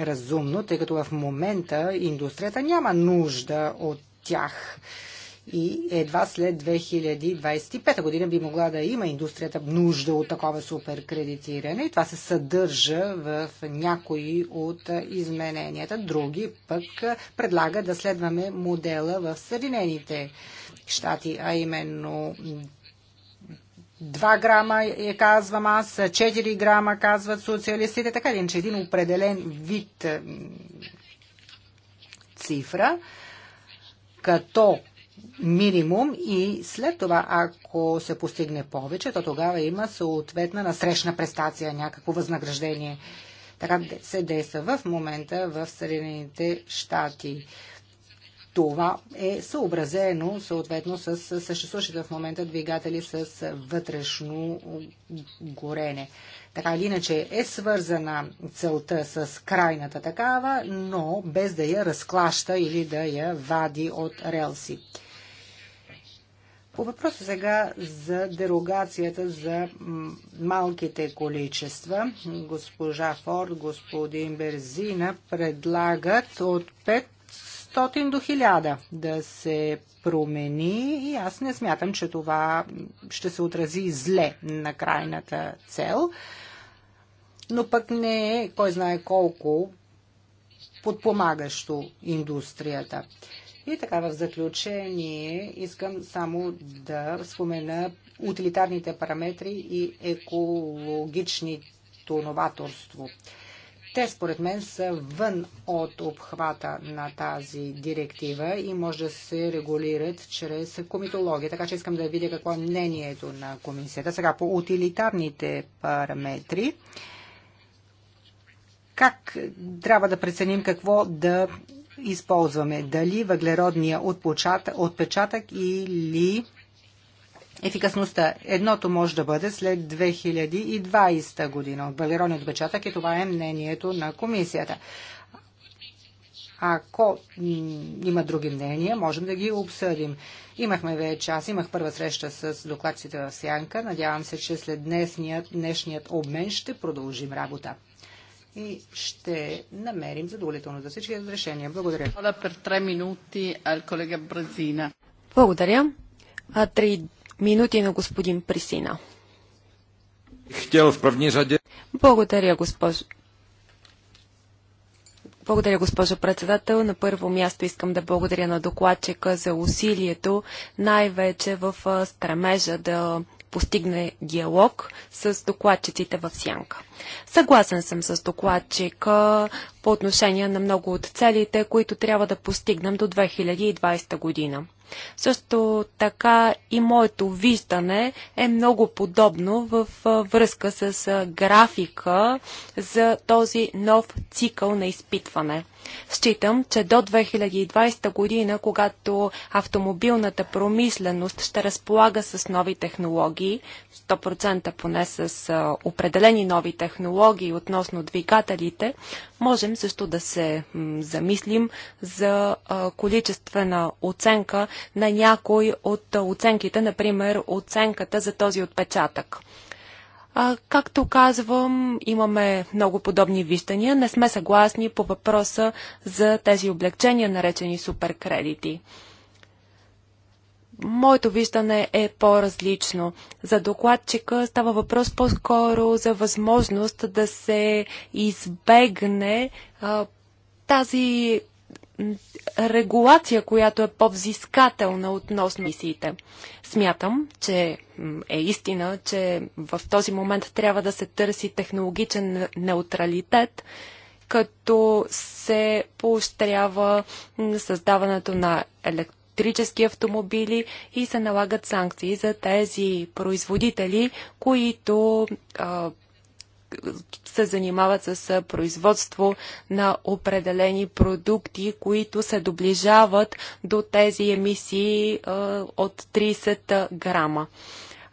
[SPEAKER 4] разумно, тъй като в момента индустрията няма нужда от тях и едва след 2025 година би могла да има индустрията нужда от такова суперкредитиране и това се съдържа в някои от измененията. Други пък предлага да следваме модела в Съединените щати, а именно 2 грама, е, казвам аз, 4 грама, казват социалистите, така един, че един определен вид цифра, като минимум и след това, ако се постигне повече, то тогава има съответна насрещна престация, някакво възнаграждение. Така се действа в момента в Съединените щати. Това е съобразено съответно с съществуващите в момента двигатели с вътрешно горене. Така или иначе е свързана целта с крайната такава, но без да я разклаща или да я вади от релси. По въпроса сега за дерогацията за малките количества, госпожа Форд, господин Берзина предлагат от 500 до 1000 да се промени и аз не смятам, че това ще се отрази зле на крайната цел, но пък не е кой знае колко подпомагащо индустрията. И така в заключение искам само да спомена утилитарните параметри и екологичното новаторство. Те според мен са вън от обхвата на тази директива и може да се регулират чрез комитология. Така че искам да видя какво е мнението на комисията. Сега по утилитарните параметри. Как трябва да преценим какво да използваме? Дали въглеродния отпечатък или ефикасността. Едното може да бъде след 2020 година от отпечатък и е, това е мнението на комисията. Ако има други мнения, можем да ги обсъдим. Имахме вече, аз имах първа среща с докладците в Сянка. Надявам се, че след днешният обмен ще продължим работа и ще намерим задоволително за всички
[SPEAKER 1] разрешения. Благодаря.
[SPEAKER 3] Благодаря. А три минути на господин Присина. Благодаря, госпожо. Благодаря, госпожо председател. На първо място искам да благодаря на докладчика за усилието, най-вече в стремежа да постигне диалог с докладчиците в Сянка. Съгласен съм с докладчика по отношение на много от целите, които трябва да постигнем до 2020 година. Също така и моето виждане е много подобно в връзка с графика за този нов цикъл на изпитване. Считам, че до 2020 година, когато автомобилната промисленост ще разполага с нови технологии, 100% поне с определени нови технологии относно двигателите, можем също да се замислим за количествена оценка на някой от оценките, например оценката за този отпечатък. А, както казвам, имаме много подобни виждания. Не сме съгласни по въпроса за тези облегчения, наречени суперкредити. Моето виждане е по-различно. За докладчика става въпрос по-скоро за възможност да се избегне а, тази регулация, която е по-взискателна относно мисиите. Смятам, че е истина, че в този момент трябва да се търси технологичен неутралитет, като се поощрява създаването на електрически автомобили и се налагат санкции за тези производители, които а, се занимават с производство на определени продукти, които се доближават до тези емисии от 30 грама.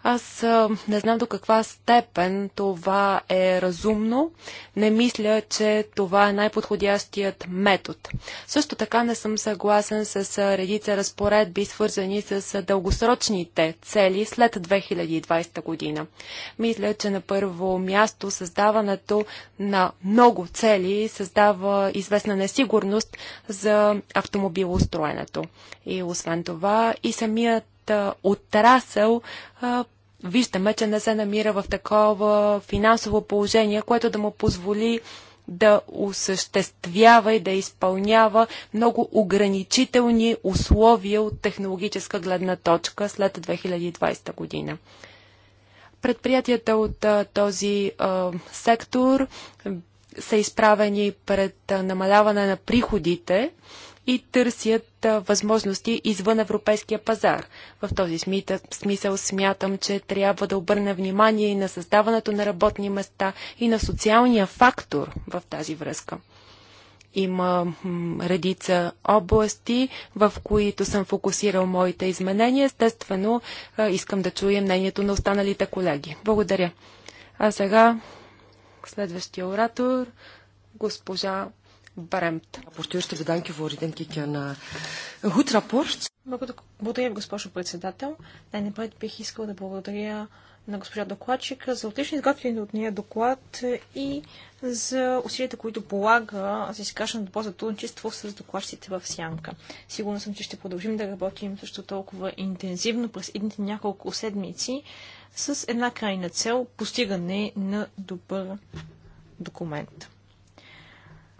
[SPEAKER 3] Аз не знам до каква степен това е разумно. Не мисля, че това е най-подходящият метод. Също така не съм съгласен с редица разпоредби, свързани с дългосрочните цели след 2020 година. Мисля, че на първо място създаването на много цели създава известна несигурност за автомобилостроенето. И освен това и самият отрасъл виждаме, че не се намира в такова финансово положение, което да му позволи да осъществява и да изпълнява много ограничителни условия от технологическа гледна точка след 2020 година. Предприятията от този а, сектор са изправени пред намаляване на приходите, и търсят възможности извън европейския пазар. В този смисъл смятам, че трябва да обърна внимание и на създаването на работни места и на социалния фактор в тази връзка. Има редица области, в които съм фокусирал моите изменения. Естествено, искам да чуя мнението на останалите колеги. Благодаря. А сега следващия оратор, госпожа Бремт. Рапортираща ви данки Вориден на Гуд рапорт. Благодаря ви, госпожо председател.
[SPEAKER 2] Най-напред бих искал да благодаря на госпожа докладчика за отлично изготвяне от нея доклад и за усилията, които полага за изкашено добро сътрудничество с докладчиците в Сянка. Сигурна съм, че ще продължим да работим също толкова интензивно през едните няколко седмици с една крайна цел постигане на добър документ.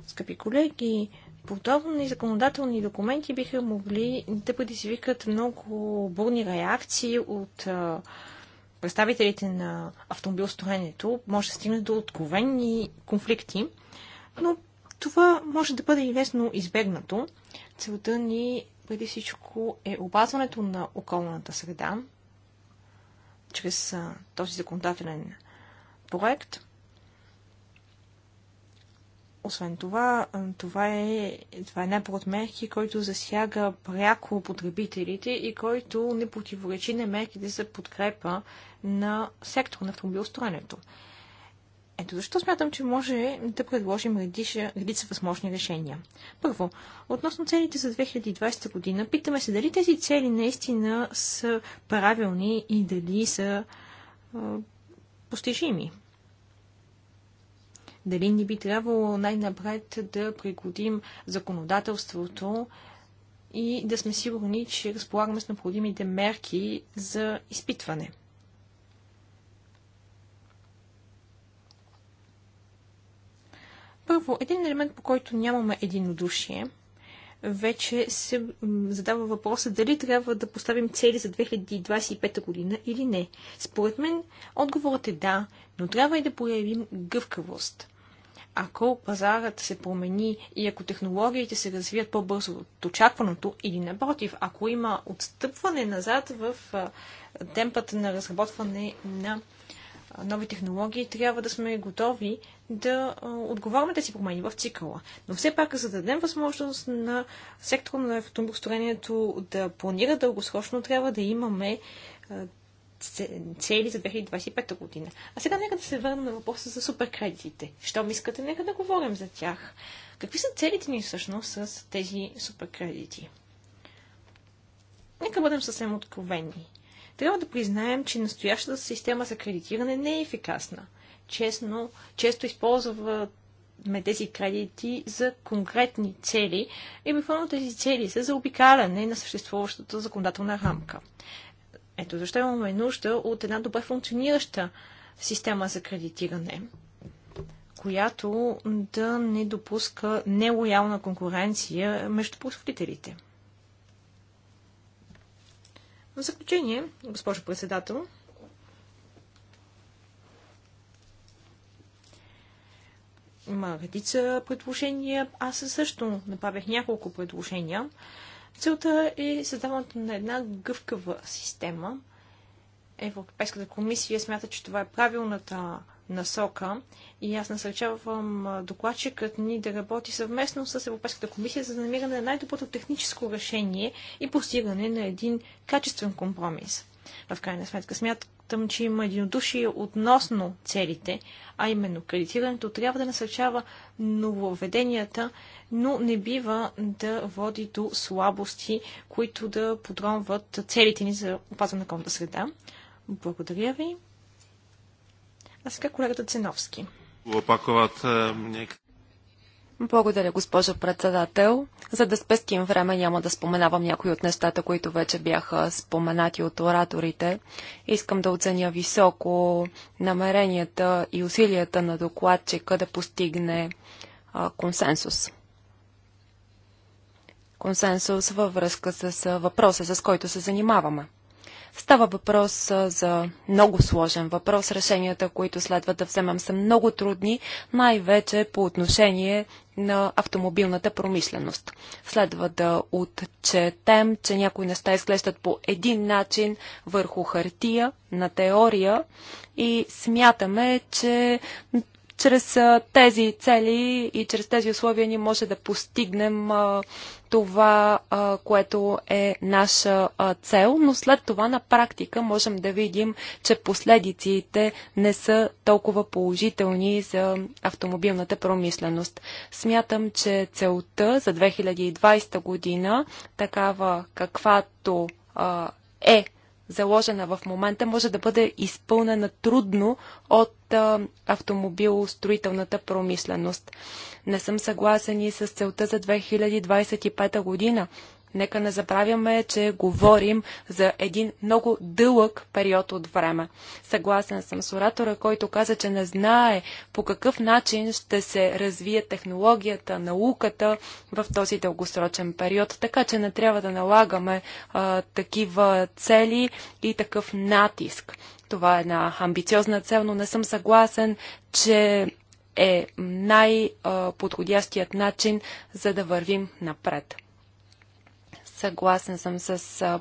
[SPEAKER 2] Скъпи колеги, подобни законодателни документи биха могли да предизвикат много бурни реакции от представителите на автомобилстроенето. Може да стигне до откровенни конфликти, но това може да бъде и лесно избегнато. Целта ни преди всичко е опазването на околната среда чрез този законодателен проект – освен това, това е, това е набор от мерки, който засяга пряко потребителите и който не противоречи на мерките за подкрепа на сектора на автомобилостроенето. Ето защо смятам, че може да предложим редиша, редица възможни решения. Първо, относно целите за 2020 година, питаме се дали тези цели наистина са правилни и дали са е, постижими дали ни би трябвало най-напред да пригодим законодателството и да сме сигурни, че разполагаме с необходимите мерки за изпитване. Първо, един елемент, по който нямаме единодушие, вече се задава въпроса дали трябва да поставим цели за 2025 година или не. Според мен отговорът е да, но трябва и да проявим гъвкавост. Ако пазарът се промени и ако технологиите се развият по-бързо от очакваното или напротив, ако има отстъпване назад в темпата на разработване на нови технологии, трябва да сме готови да отговаряме да си промени в цикъла. Но все пак, за да дадем възможност на сектора на автомобилостроението да планира дългосрочно, трябва да имаме цели за 2025 година. А сега нека да се върнем на въпроса за суперкредитите. Щом искате, нека да говорим за тях. Какви са целите ни всъщност с тези суперкредити? Нека бъдем съвсем откровени. Трябва да признаем, че настоящата система за кредитиране не е ефикасна. Честно, често използваме тези кредити за конкретни цели и буквално тези цели са за обикаляне на съществуващата законодателна рамка. Ето защо имаме нужда от една добре функционираща система за кредитиране, която да не допуска нелоялна конкуренция между производителите. В заключение, госпожо председател, има редица предложения. Аз също направих няколко предложения. Целта е създаването на една гъвкава система. Европейската комисия смята, че това е правилната насока и аз насърчавам докладчикът ни да работи съвместно с Европейската комисия за намиране на най-доброто техническо решение и постигане на един качествен компромис. В крайна сметка смят, смятам, че има единодушие относно целите, а именно кредитирането трябва да насърчава нововведенията, но не бива да води до слабости, които да подронват целите ни за опазване на околната среда. Благодаря ви. А сега колегата
[SPEAKER 4] Ценовски. Опакуват е,
[SPEAKER 3] благодаря, госпожа председател. За да спестим време, няма да споменавам някои от нещата, които вече бяха споменати от ораторите. Искам да оценя високо намеренията и усилията на докладчика да постигне а, консенсус. Консенсус във връзка с въпроса, с който се занимаваме. Става въпрос за много сложен въпрос. Решенията, които следва да вземам, са много трудни, най-вече по отношение на автомобилната промишленост. Следва да отчетем, че някои неща изглеждат по един начин върху хартия, на теория и смятаме, че чрез тези цели и чрез тези условия ние може да постигнем това, което е наша цел, но след това на практика можем да видим, че последиците не са толкова положителни за автомобилната промишленост. Смятам, че целта за 2020 година, такава каквато е заложена в момента, може да бъде изпълнена трудно от автомобилостроителната промишленост. Не съм съгласен и с целта за 2025 година. Нека не забравяме, че говорим за един много дълъг период от време. Съгласен съм с оратора, който каза, че не знае по какъв начин ще се развие технологията, науката в този дългосрочен период, така че не трябва да налагаме а, такива цели и такъв натиск. Това е една амбициозна цел, но не съм съгласен, че е най-подходящият начин за да вървим напред. Съгласен съм с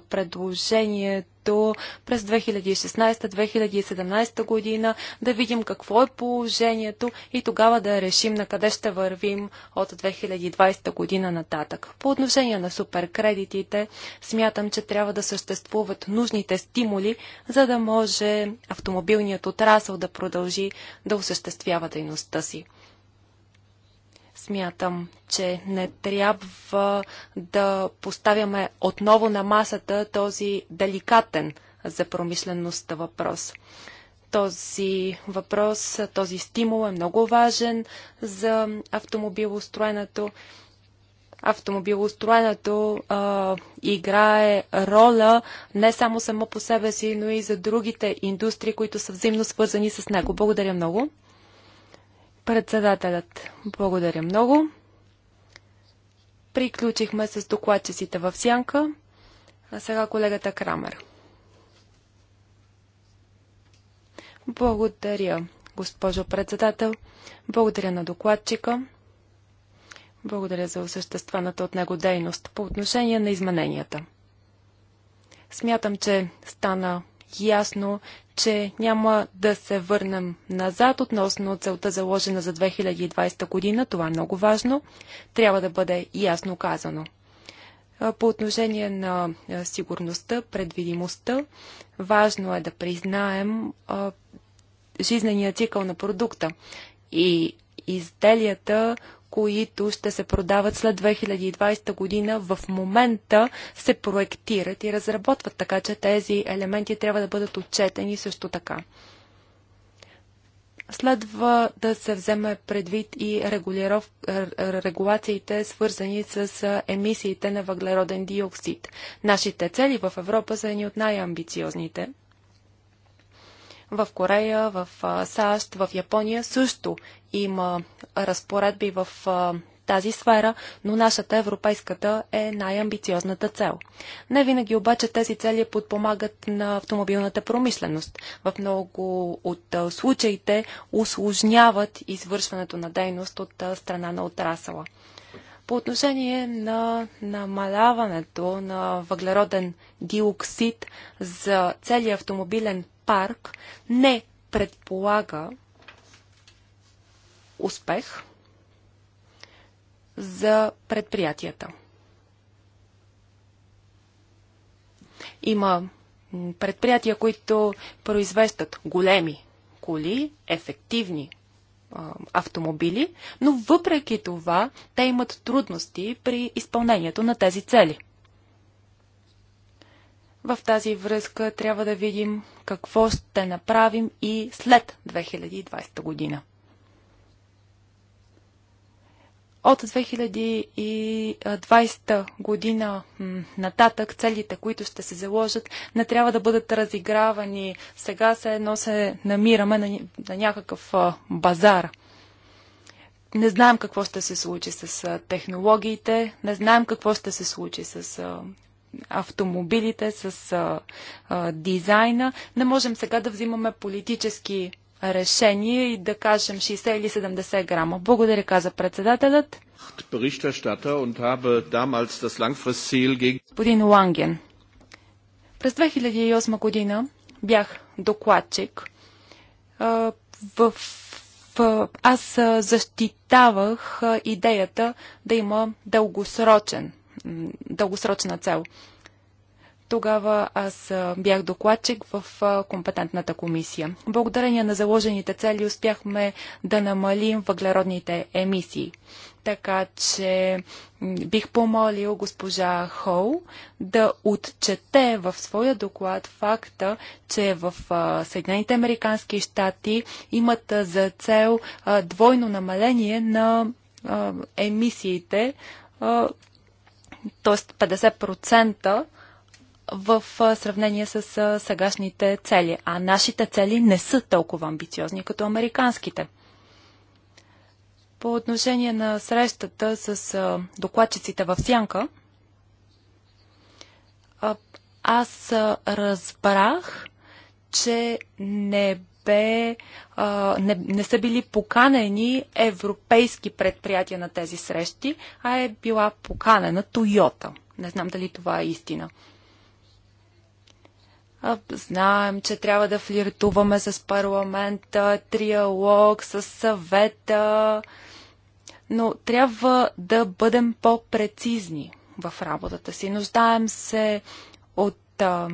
[SPEAKER 3] предложението през 2016-2017 година да видим какво е положението и тогава да решим на къде ще вървим от 2020 година нататък. По отношение на суперкредитите, смятам, че трябва да съществуват нужните стимули, за да може автомобилният отрасъл да продължи да осъществява дейността си. Смятам, че не трябва да поставяме отново на масата този деликатен за промишлеността въпрос. Този въпрос, този стимул е много важен за автомобилостроенето. Автомобилостроенето а, играе роля не само само по себе си, но и за другите индустрии, които са взаимно свързани с него. Благодаря много. Председателят, благодаря много. Приключихме с докладчиците в сянка, а сега колегата Крамер. Благодаря, госпожо председател. Благодаря на докладчика. Благодаря за осъществената от него дейност по отношение на измененията. Смятам, че стана ясно, че няма да се върнем назад относно целта заложена за 2020 година. Това е много важно. Трябва да бъде ясно казано. По отношение на сигурността, предвидимостта, важно е да признаем жизнения цикъл на продукта и изделията, които ще се продават след 2020 година, в момента се проектират и разработват, така че тези елементи трябва да бъдат отчетени също така. Следва да се вземе предвид и регулиров... регулациите, свързани с емисиите на въглероден диоксид. Нашите цели в Европа са едни от най-амбициозните – в Корея, в САЩ, в Япония също има разпоредби в тази сфера, но нашата европейската е най-амбициозната цел. Не винаги обаче тези цели подпомагат на автомобилната промишленост. В много от случаите усложняват извършването на дейност от страна на отрасъла. По отношение на намаляването на въглероден диоксид за целия автомобилен парк не предполага успех за предприятията. Има предприятия, които произвеждат големи коли, ефективни автомобили, но въпреки това те имат трудности при изпълнението на тези цели – в тази връзка трябва да видим какво ще направим и след 2020 година. От 2020 година нататък целите, които ще се заложат, не трябва да бъдат разигравани. Сега се едно се намираме на, на някакъв базар. Не знаем какво ще се случи с технологиите, не знаем какво ще се случи с автомобилите, с а, а, дизайна. Не можем сега да взимаме политически решения и да кажем 60 или 70 грама. Благодаря, каза председателят. Господин Ланген, през 2008 година бях докладчик. в, в, аз защитавах идеята да има дългосрочен дългосрочна цел. Тогава аз бях докладчик в компетентната комисия. Благодарение на заложените цели успяхме да намалим въглеродните емисии. Така че бих помолил госпожа Хол да отчете в своя доклад факта, че в Съединените Американски щати имат за цел двойно намаление на емисиите т.е. 50% в сравнение с сегашните цели. А нашите цели не са толкова амбициозни като американските. По отношение на срещата с докладчиците в Сянка, аз разбрах, че не бе, а, не, не са били поканени европейски предприятия на тези срещи, а е била поканена Тойота. Не знам дали това е истина. Знаем, че трябва да флиртуваме с парламента, триалог, с съвета, но трябва да бъдем по-прецизни в работата си. Нуждаем се от а,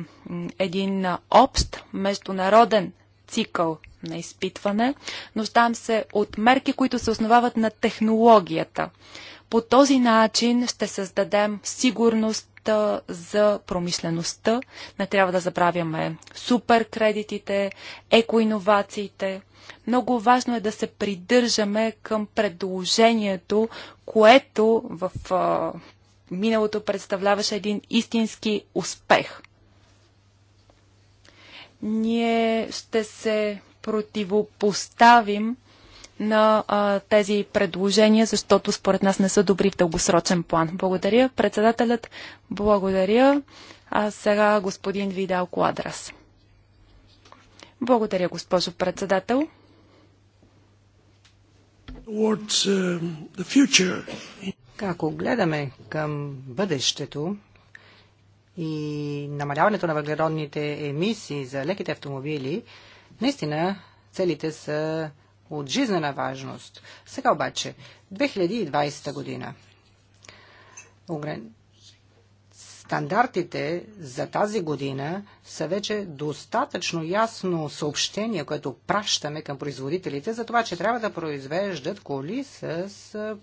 [SPEAKER 3] един общ международен цикъл на изпитване. Нуждаем се от мерки, които се основават на технологията. По този начин ще създадем сигурност за промишлеността. Не трябва да забравяме суперкредитите, екоинновациите. Много важно е да се придържаме към предложението, което в а, миналото представляваше един истински успех ние ще се противопоставим на а, тези предложения, защото според нас не са добри в дългосрочен план. Благодаря, председателят. Благодаря. А сега господин Видал Куадрас. Благодаря, госпожо председател.
[SPEAKER 4] Uh, как гледаме към бъдещето, и намаляването на въглеродните емисии за леките автомобили, наистина целите са от жизнена важност. Сега обаче, 2020 година. Стандартите за тази година са вече достатъчно ясно съобщение, което пращаме към производителите за това, че трябва да произвеждат коли с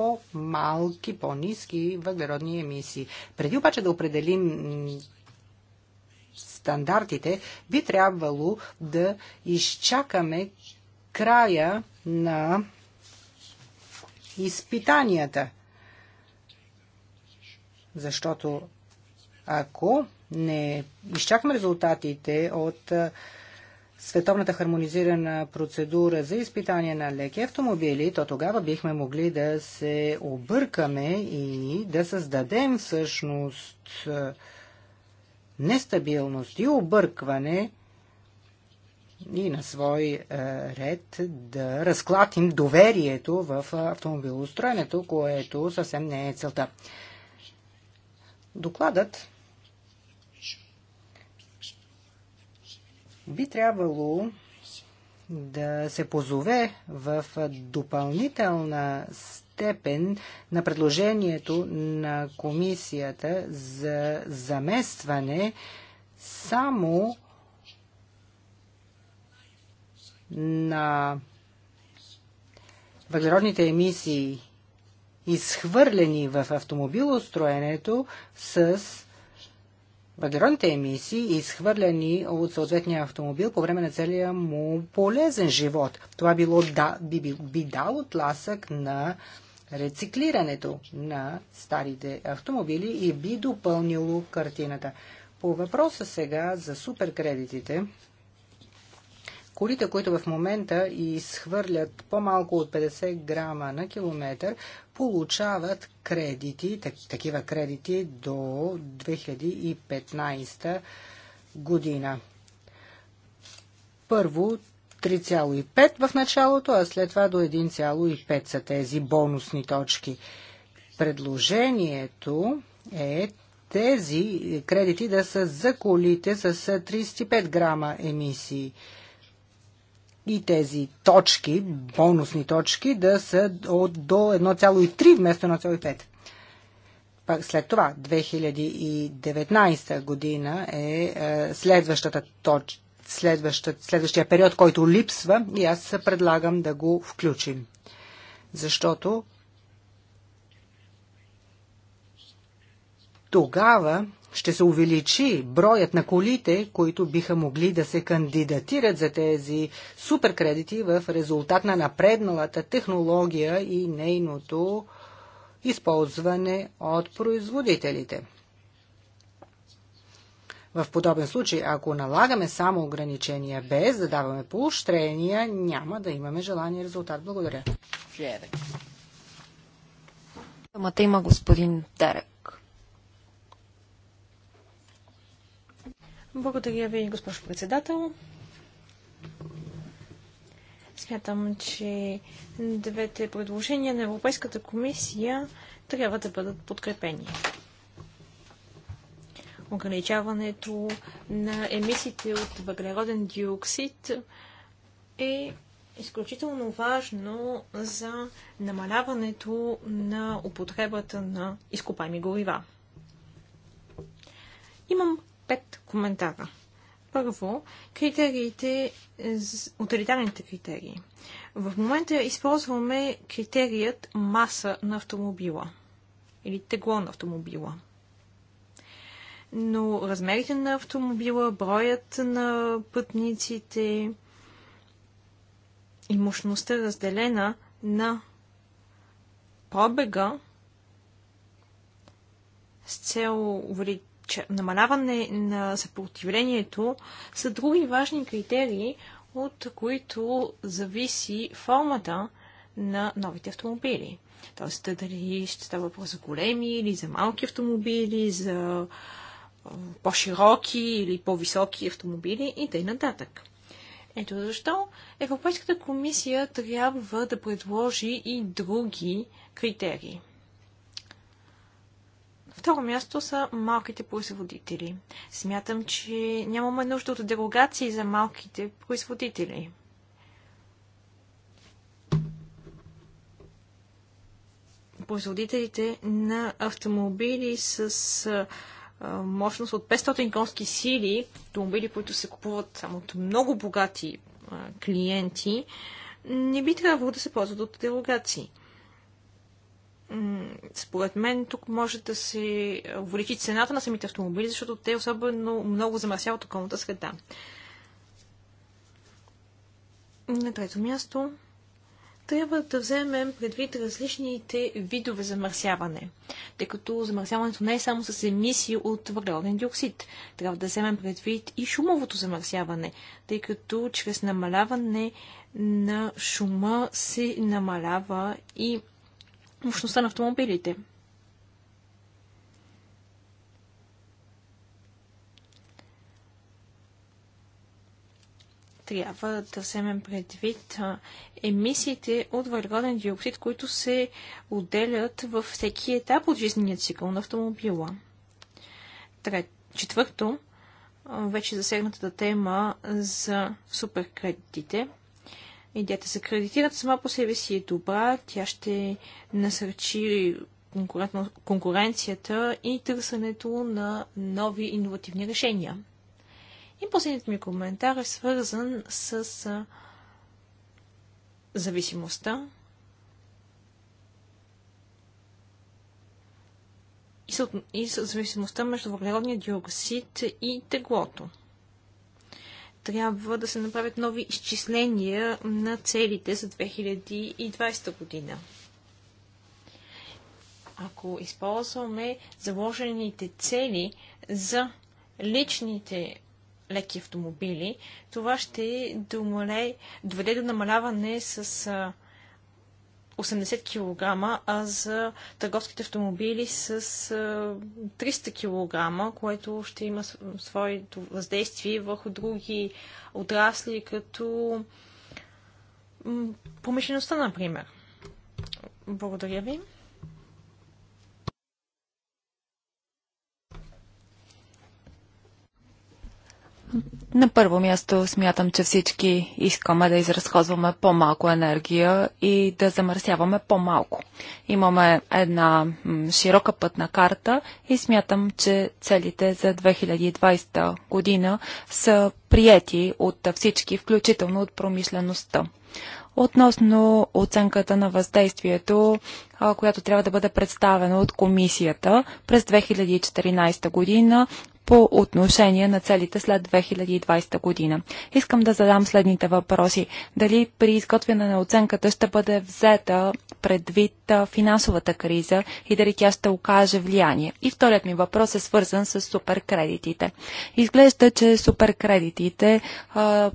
[SPEAKER 4] по-малки, по-низки въглеродни емисии. Преди обаче да определим стандартите, би трябвало да изчакаме края на изпитанията. Защото ако не изчакаме резултатите от световната хармонизирана процедура за изпитание на леки автомобили, то тогава бихме могли да се объркаме и да създадем всъщност нестабилност и объркване и на свой ред да разклатим доверието в автомобилостроенето, което съвсем не е целта. Докладът би трябвало да се позове в допълнителна степен на предложението на комисията за заместване само на въглеродните емисии, изхвърлени в автомобилостроенето с въглеродните емисии, изхвърляни от съответния автомобил по време на целия му полезен живот. Това било, да, би, би, би дало тласък на рециклирането на старите автомобили и би допълнило картината. По въпроса сега за суперкредитите, Колите, които в момента изхвърлят по-малко от 50 грама на километър, получават кредити, такива кредити до 2015 година. Първо 3,5 в началото, а след това до 1,5 са тези бонусни точки. Предложението е тези кредити да са за колите с 35 грама емисии и тези точки, бонусни точки, да са от, до 1,3 вместо 1,5. След това, 2019 година е, е следващата следващия период, който липсва и аз предлагам да го включим. Защото тогава ще се увеличи броят на колите, които биха могли да се кандидатират за тези суперкредити в резултат на напредналата технология и нейното използване от производителите. В подобен случай, ако налагаме само ограничения без да даваме поощрения, няма да имаме желания резултат. Благодаря. Дамата има
[SPEAKER 3] господин Дерек.
[SPEAKER 2] Благодаря ви, госпожо председател. Смятам, че двете предложения на Европейската комисия трябва да бъдат подкрепени. Ограничаването на емисиите от въглероден диоксид е изключително важно за намаляването на употребата на изкопаеми горива. Имам пет коментара. Първо, критериите, утилитарните критерии. В момента използваме критерият маса на автомобила или тегло на автомобила. Но размерите на автомобила, броят на пътниците и мощността разделена на пробега с цел намаляване на съпротивлението са други важни критерии, от които зависи формата на новите автомобили. Тоест, дали ще става въпрос за големи или за малки автомобили, за по-широки или по-високи автомобили и т.н. нататък. Ето защо Европейската комисия трябва да предложи и други критерии второ място са малките производители. Смятам, че нямаме нужда от дерогации за малките производители. Производителите на автомобили с мощност от 500 конски сили, автомобили, които се купуват само от много богати клиенти, не би трябвало да се ползват от дерогации според мен тук може да се увеличи цената на самите автомобили, защото те особено много замърсяват околната среда. На трето място трябва да вземем предвид различните видове замърсяване, тъй като замърсяването не е само с емисии от въглероден диоксид. Трябва да вземем предвид и шумовото замърсяване, тъй като чрез намаляване на шума се намалява и общността на автомобилите. трябва да вземем предвид емисиите от въглероден диоксид, които се отделят във всеки етап от жизнения цикъл на автомобила. Четвърто, вече засегнатата тема за суперкредитите – Идеята за кредитират сама по себе си е добра, тя ще насърчи конкуренцията и търсенето на нови иновативни решения. И последният ми коментар е свързан с зависимостта и зависимостта между въглеродния диоксид и теглото трябва да се направят нови изчисления на целите за 2020 година. Ако използваме заложените цели за личните леки автомобили, това ще е доведе до намаляване с 80 кг, а за търговските автомобили с 300 кг, което ще има своето въздействие върху други отрасли, като промишлеността, например. Благодаря ви.
[SPEAKER 3] На първо място смятам, че всички искаме да изразходваме по-малко енергия и да замърсяваме по-малко. Имаме една широка пътна карта и смятам, че целите за 2020 година са приети от всички, включително от промишлеността. Относно оценката на въздействието, която трябва да бъде представена от комисията през 2014 година, по отношение на целите след 2020 година. Искам да задам следните въпроси. Дали при изготвяне на оценката ще бъде взета предвид финансовата криза и дали тя ще окаже влияние? И вторият ми въпрос е свързан с суперкредитите. Изглежда, че суперкредитите а,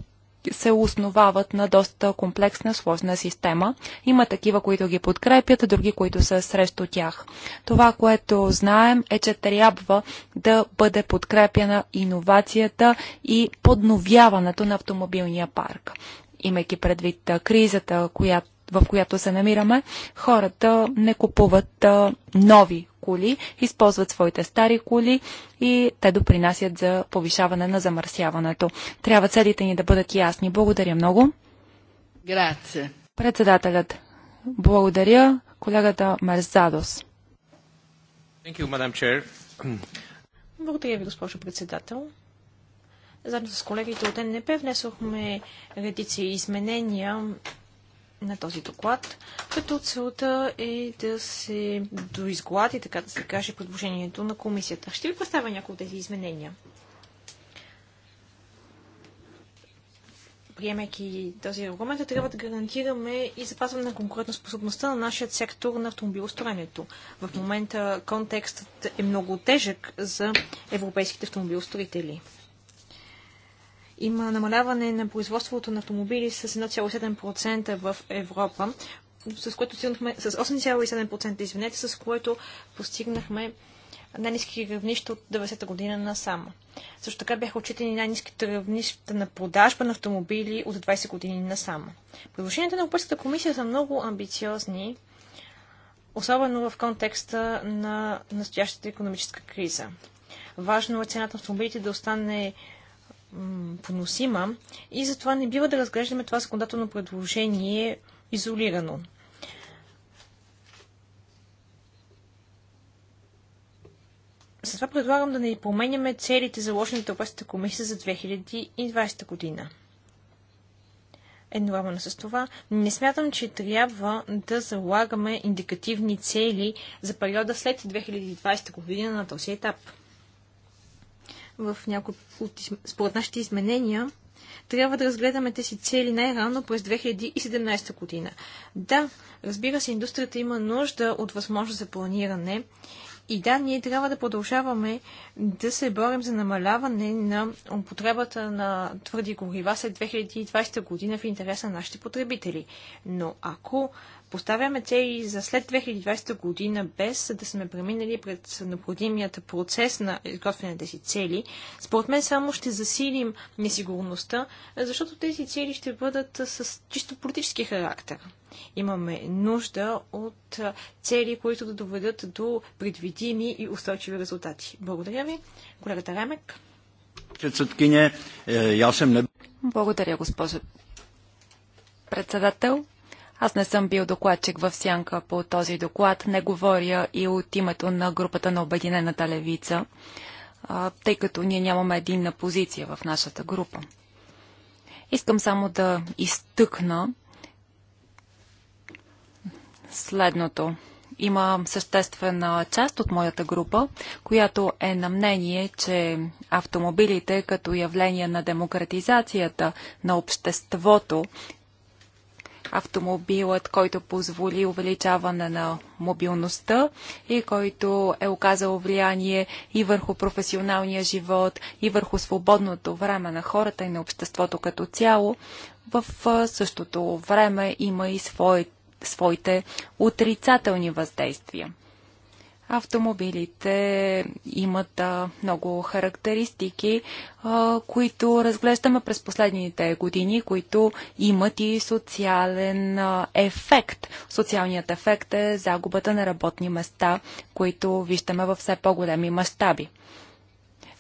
[SPEAKER 3] се основават на доста комплексна, сложна система. Има такива, които ги подкрепят, а други, които са срещу тях. Това, което знаем е, че трябва да бъде подкрепяна иновацията и подновяването на автомобилния парк. Имайки предвид кризата, която в която се намираме, хората не купуват нови коли, използват своите стари коли и те допринасят за повишаване на замърсяването. Трябва целите ни да бъдат ясни. Благодаря много.
[SPEAKER 1] Грация.
[SPEAKER 3] Председателят. Благодаря колегата Мерзадос.
[SPEAKER 2] You, Благодаря ви, госпожо председател. Заедно с колегите от НП внесохме редици изменения на този доклад, като целта е да се доизглади, така да се каже, предложението на комисията. Ще ви представя някои от тези изменения. приемайки този аргумент, трябва да гарантираме и запазване на конкурентоспособността на нашия сектор на автомобилостроенето. В момента контекстът е много тежък за европейските автомобилостроители. Има намаляване на производството на автомобили с 1,7% в Европа, с което стигнахме с 8,7%, извинете, с което постигнахме най-низки равнища от 90-та година насам. Също така бяха отчитани най-низките равнища на продажба на автомобили от 20 години насам. Предложенията на Европейската комисия са много амбициозни, особено в контекста на настоящата економическа криза. Важно е цената на автомобилите да остане поносима и затова не бива да разглеждаме това законодателно предложение изолирано. Затова предлагам да не променяме целите заложени от Европейската комисия за 2020 година. Едновременно с това, не смятам, че трябва да залагаме индикативни цели за периода след 2020 година на този етап в някои от, според нашите изменения, трябва да разгледаме тези цели най-рано през 2017 година. Да, разбира се, индустрията има нужда от възможност за планиране и да, ние трябва да продължаваме да се борим за намаляване на употребата на твърди горива след 2020 година в интерес на нашите потребители. Но ако поставяме цели за след 2020 година, без да сме преминали пред необходимият процес на изготвяне на тези цели, според мен само ще засилим несигурността, защото тези цели ще бъдат с чисто политически характер. Имаме нужда от цели, които да доведат до предвидими и устойчиви резултати. Благодаря ви, колегата Ремек.
[SPEAKER 4] Е,
[SPEAKER 3] Благодаря, госпожо председател. Аз не съм бил докладчик в сянка по този доклад, не говоря и от името на групата на Обединената левица, тъй като ние нямаме единна позиция в нашата група. Искам само да изтъкна следното. Има съществена част от моята група, която е на мнение, че автомобилите като явление на демократизацията на обществото автомобилът, който позволи увеличаване на мобилността и който е оказал влияние и върху професионалния живот, и върху свободното време на хората и на обществото като цяло. В същото време има и своите своите отрицателни въздействия. Автомобилите имат а, много характеристики, а, които разглеждаме през последните години, които имат и социален а, ефект. Социалният ефект е загубата на работни места, които виждаме във все по-големи мащаби.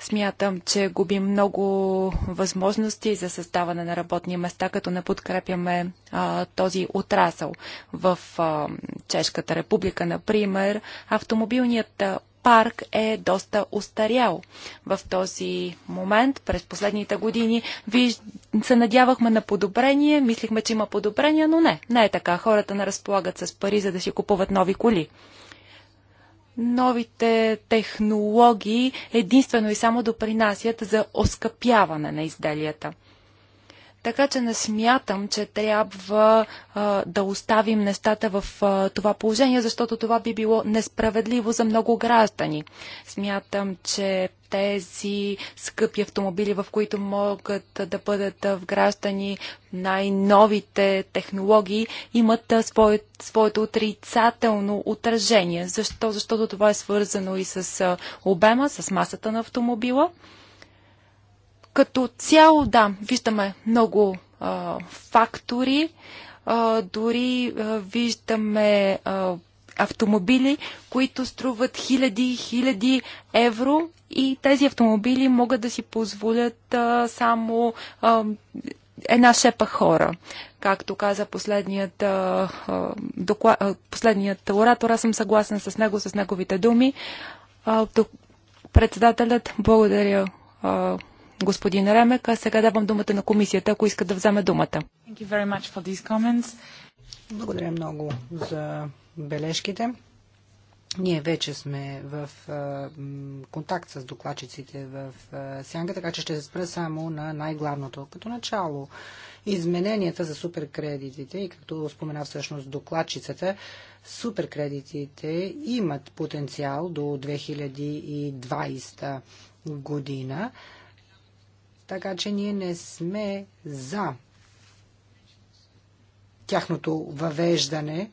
[SPEAKER 3] Смятам, че губим много възможности за създаване на работни места, като не подкрепяме а, този отрасъл. В а, Чешката република, например, автомобилният парк е доста устарял. В този момент, през последните години, виж... се надявахме на подобрение, мислихме, че има подобрение, но не. Не е така. Хората не разполагат с пари, за да си купуват нови коли новите технологии единствено и само допринасят за оскъпяване на изделията. Така че не смятам, че трябва а, да оставим нещата в а, това положение, защото това би било несправедливо за много граждани. Смятам, че тези скъпи автомобили, в които могат да бъдат вграждани най-новите технологии, имат свое, своето отрицателно отражение. Защо? Защото това е свързано и с обема, с масата на автомобила. Като цяло, да, виждаме много а, фактори, а, дори а, виждаме а, автомобили, които струват хиляди и хиляди евро и тези автомобили могат да си позволят а, само а, една шепа хора. Както каза последният, а, докла, а, последният оратор, аз съм съгласен с него, с неговите думи. А, председателят, благодаря. А, господин Ремек. А сега давам думата на комисията, ако иска да вземе думата.
[SPEAKER 1] Благодаря
[SPEAKER 4] много за бележките. Ние вече сме в а, контакт с докладчиците в а, Сянга, така че ще се спра само на най-главното. Като начало, измененията за суперкредитите и както спомена всъщност докладчицата, суперкредитите имат потенциал до 2020 година така че ние не сме за тяхното въвеждане,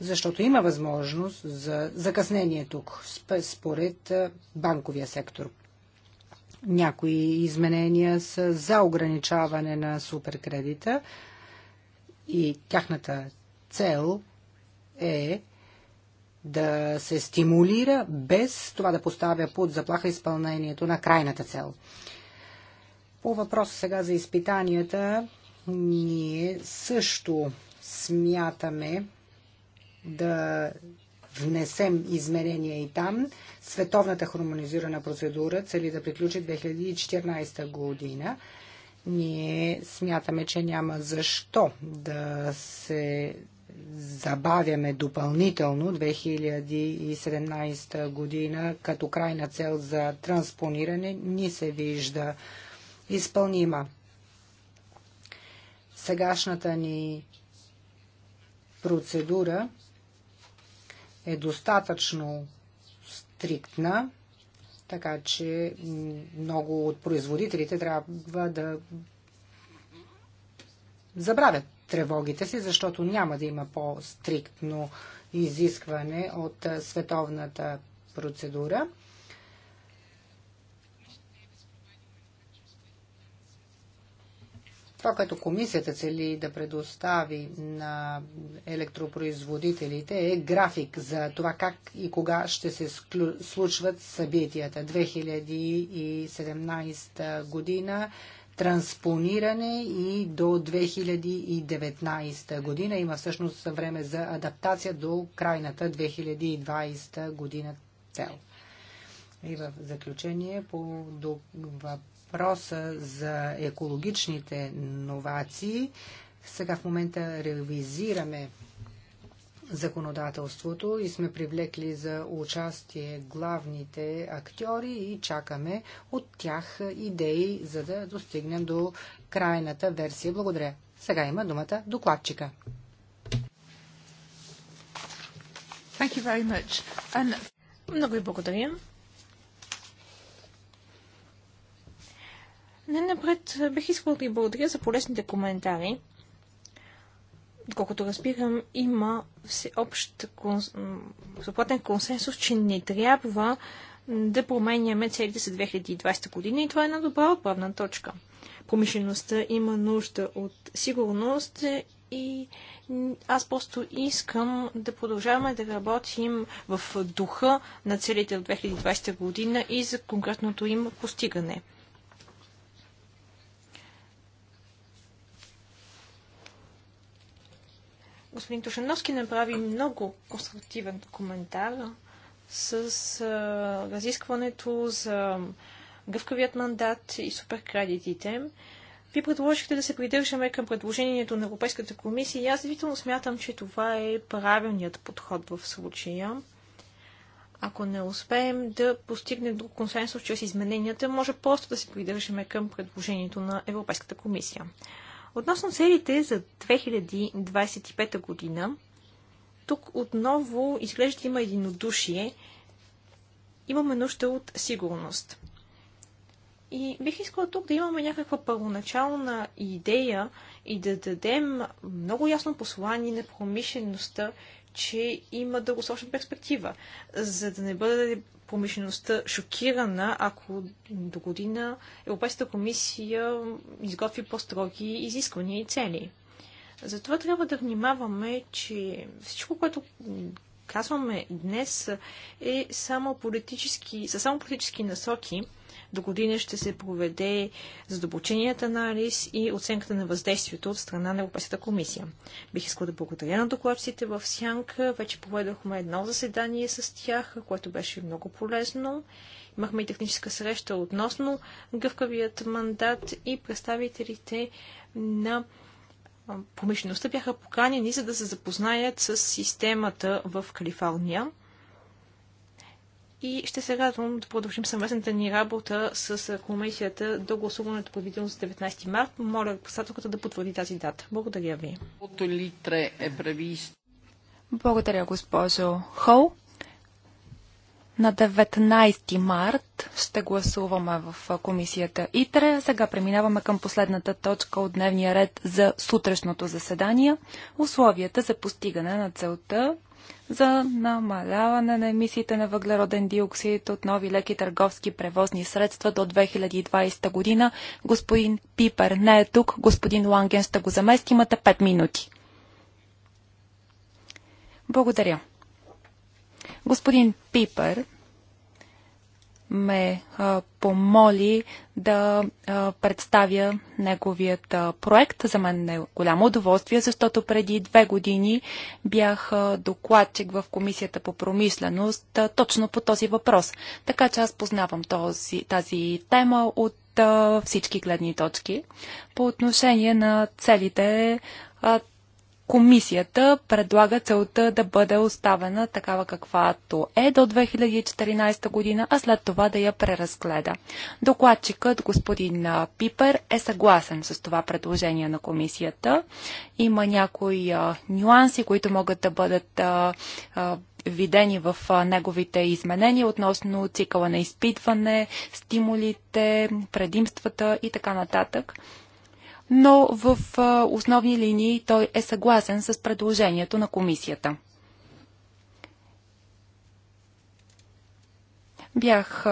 [SPEAKER 4] защото има възможност за закъснение тук, според банковия сектор. Някои изменения са за ограничаване на суперкредита и тяхната цел е да се стимулира, без това да поставя под заплаха изпълнението на крайната цел. По въпроса сега за изпитанията, ние също смятаме да внесем изменения и там. Световната хармонизирана процедура цели да приключи 2014 година. Ние смятаме, че няма защо да се забавяме допълнително 2017 година като крайна цел за транспониране, ни се вижда изпълнима. Сегашната ни процедура е достатъчно стриктна, така че много от производителите трябва да забравят тревогите си, защото няма да има по-стриктно изискване от световната процедура. Това, като комисията цели да предостави на електропроизводителите е график за това как и кога ще се случват събитията. 2017 година транспониране и до 2019 година. Има всъщност време за адаптация до крайната 2020 година цел. И в заключение по въпроса за екологичните новации, сега в момента ревизираме законодателството и сме привлекли за участие главните актьори и чакаме от тях идеи, за да достигнем до крайната версия. Благодаря. Сега има думата докладчика. Thank you very much. And...
[SPEAKER 2] Много ви благодаря. Не напред бих искал да ви благодаря за полезните коментари колкото разбирам, има всеобщ конс... съплатен консенсус, че не трябва да променяме целите за 2020 година и това е една добра отправна точка. Промишлеността има нужда от сигурност и аз просто искам да продължаваме да работим в духа на целите от 2020 година и за конкретното им постигане. Господин Тушеновски направи много конструктивен коментар с а, разискването за гъвкавият мандат и суперкредитите. Ви предложихте да се придържаме към предложението на Европейската комисия и аз действително смятам, че това е правилният подход в случая. Ако не успеем да постигнем друг консенсус чрез измененията, може просто да се придържаме към предложението на Европейската комисия. Относно целите за 2025 година, тук отново изглежда има единодушие. Имаме нужда от сигурност. И бих искала тук да имаме някаква първоначална идея и да дадем много ясно послание на промишлеността, че има дългосрочна перспектива, за да не бъде промишлеността шокирана, ако до година Европейската комисия изготви по-строги изисквания и цели. Затова трябва да внимаваме, че всичко, което казваме днес, е само политически, са само политически насоки до година ще се проведе задълбоченият анализ и оценката на въздействието от страна на Европейската комисия. Бих искал да благодаря на докладците в Сянка. Вече проведохме едно заседание с тях, което беше много полезно. Имахме и техническа среща относно гъвкавият мандат и представителите на промишлеността бяха поканени, за да се запознаят с системата в Калифорния и ще се радвам да продължим съвместната ни работа с комисията до гласуването предвидено за 19 март. Моля председателката да потвърди тази дата. Благодаря ви.
[SPEAKER 1] Е
[SPEAKER 3] Благодаря, госпожо Хол. На 19 март ще гласуваме в комисията ИТРЕ. Сега преминаваме към последната точка от дневния ред за сутрешното заседание. Условията за постигане на целта за намаляване на емисиите на въглероден диоксид от нови леки търговски превозни средства до 2020 година. Господин Пипер не е тук, господин Ланген ще го замести, имате 5 минути. Благодаря. Господин Пипер ме помоли да представя неговият проект. За мен е голямо удоволствие, защото преди две години бях докладчик в Комисията по промишленост точно по този въпрос. Така че аз познавам този, тази тема от всички гледни точки. По отношение на целите, комисията предлага целта да бъде оставена такава каквато е до 2014 година, а след това да я преразгледа. Докладчикът господин Пипер е съгласен с това предложение на комисията. Има някои а, нюанси, които могат да бъдат а, а, видени в неговите изменения относно цикъла на изпитване, стимулите, предимствата и така нататък но в основни линии той е съгласен с предложението на комисията. Бях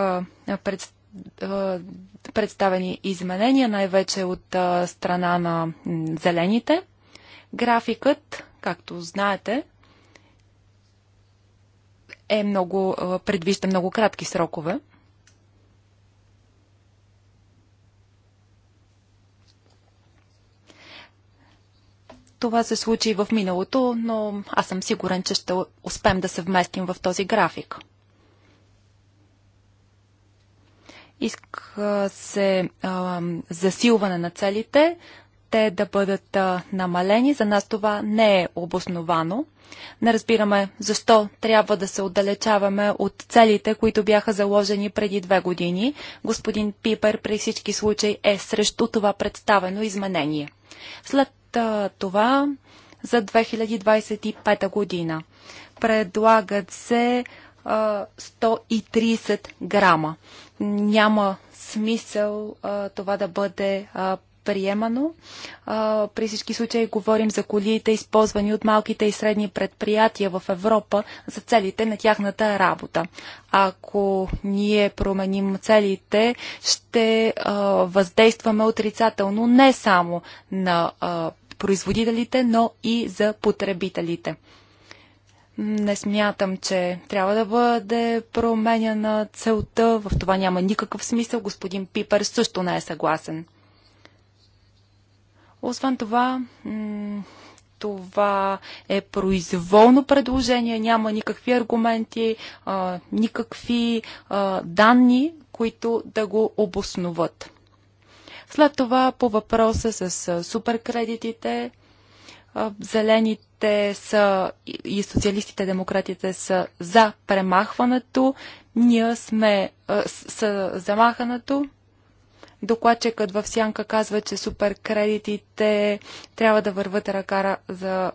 [SPEAKER 3] представени изменения, най-вече от страна на зелените. Графикът, както знаете, е много, предвижда много кратки срокове. Това се случи и в миналото, но аз съм сигурен, че ще успеем да се вместим в този график. Иска се а, засилване на целите, те да бъдат а, намалени. За нас това не е обосновано. Не разбираме защо трябва да се отдалечаваме от целите, които бяха заложени преди две години. Господин Пипер при всички случаи е срещу това представено изменение. След това за 2025 година. Предлагат се 130 грама. Няма смисъл а, това да бъде а, приемано. А, при всички случаи говорим за колиите, използвани от малките и средни предприятия в Европа за целите на тяхната работа. Ако ние променим целите, ще а, въздействаме отрицателно не само на а, производителите, но и за потребителите. Не смятам, че трябва да бъде променена целта. В това няма никакъв смисъл. Господин Пипер също не е съгласен. Освен това, това е произволно предложение, няма никакви аргументи, никакви данни, които да го обосноват. След това по въпроса с суперкредитите, зелените са и социалистите, демократите са за премахването, ние сме а, с замахането. Докладчикът в сянка казва, че суперкредитите трябва да върват ръка за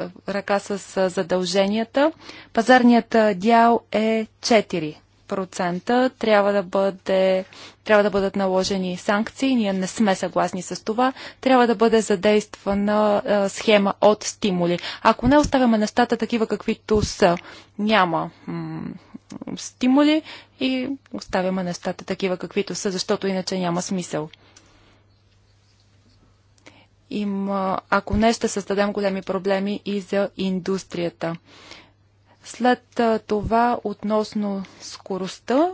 [SPEAKER 3] е, ръка с е, задълженията. Пазарният е, дял е 4%. Трябва да, бъде, трябва да бъдат наложени санкции. Ние не сме съгласни с това. Трябва да бъде задействана схема от стимули. Ако не оставяме нещата такива каквито са, няма стимули и оставяме нещата такива каквито са, защото иначе няма смисъл. Им, ако не, ще създадем големи проблеми и за индустрията. След това относно скоростта,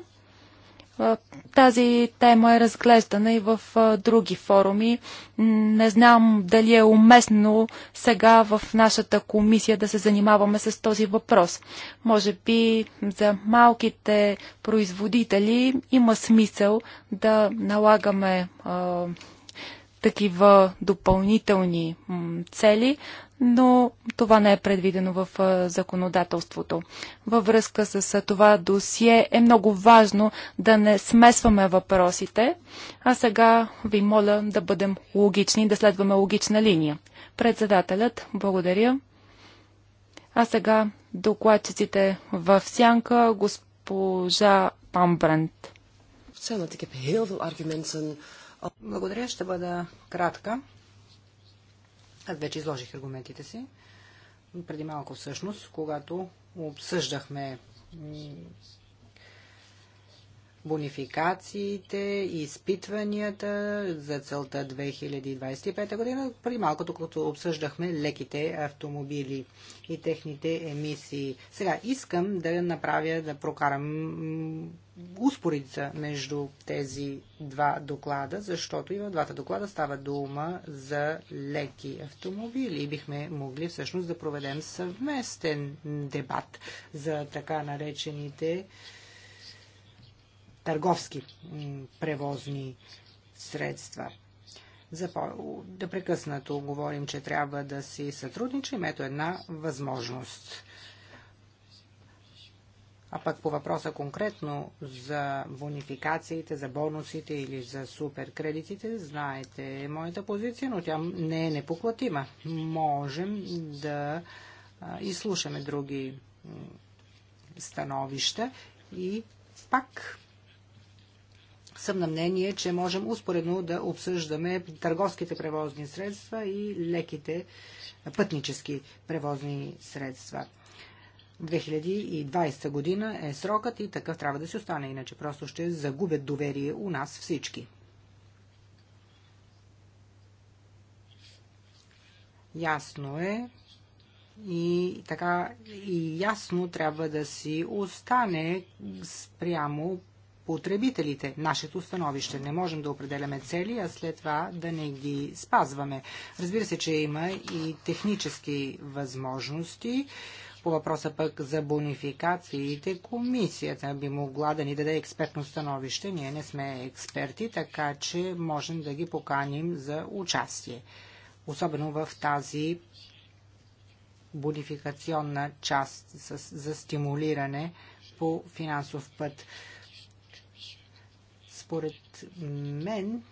[SPEAKER 3] тази тема е разглеждана и в други форуми. Не знам дали е уместно сега в нашата комисия да се занимаваме с този въпрос. Може би за малките производители има смисъл да налагаме такива допълнителни цели, но това не е предвидено в законодателството. Във връзка с това досие е много важно да не смесваме въпросите, а сега ви моля да бъдем логични, да следваме логична линия. Председателят, благодаря. А сега докладчиците в сянка, госпожа Памбрент. Е,
[SPEAKER 4] благодаря, ще бъда кратка. Аз вече изложих аргументите си. Преди малко всъщност, когато обсъждахме бонификациите, изпитванията за целта 2025 година. преди малко, докато обсъждахме леките автомобили и техните емисии. Сега искам да направя, да прокарам успоредица между тези два доклада, защото и в двата доклада става дума за леки автомобили. Бихме могли всъщност да проведем съвместен дебат за така наречените търговски превозни средства. За по- прекъснато говорим, че трябва да си сътрудничим. Ето една възможност а пък по въпроса конкретно за бонификациите, за бонусите или за суперкредитите, знаете моята позиция, но тя не е непоклатима. Можем да изслушаме други становища и пак съм на мнение, че можем успоредно да обсъждаме търговските превозни средства и леките пътнически превозни средства. 2020 година е срокът и такъв трябва да се остане, иначе просто ще загубят доверие у нас всички. Ясно е, и така и ясно трябва да си остане спрямо потребителите. Нашето становище не можем да определяме цели, а след това да не ги спазваме. Разбира се, че има и технически възможности, по въпроса пък за бонификациите, комисията би могла да ни даде експертно становище. Ние не сме експерти, така че можем да ги поканим за участие. Особено в тази бонификационна част за стимулиране по финансов път. Според мен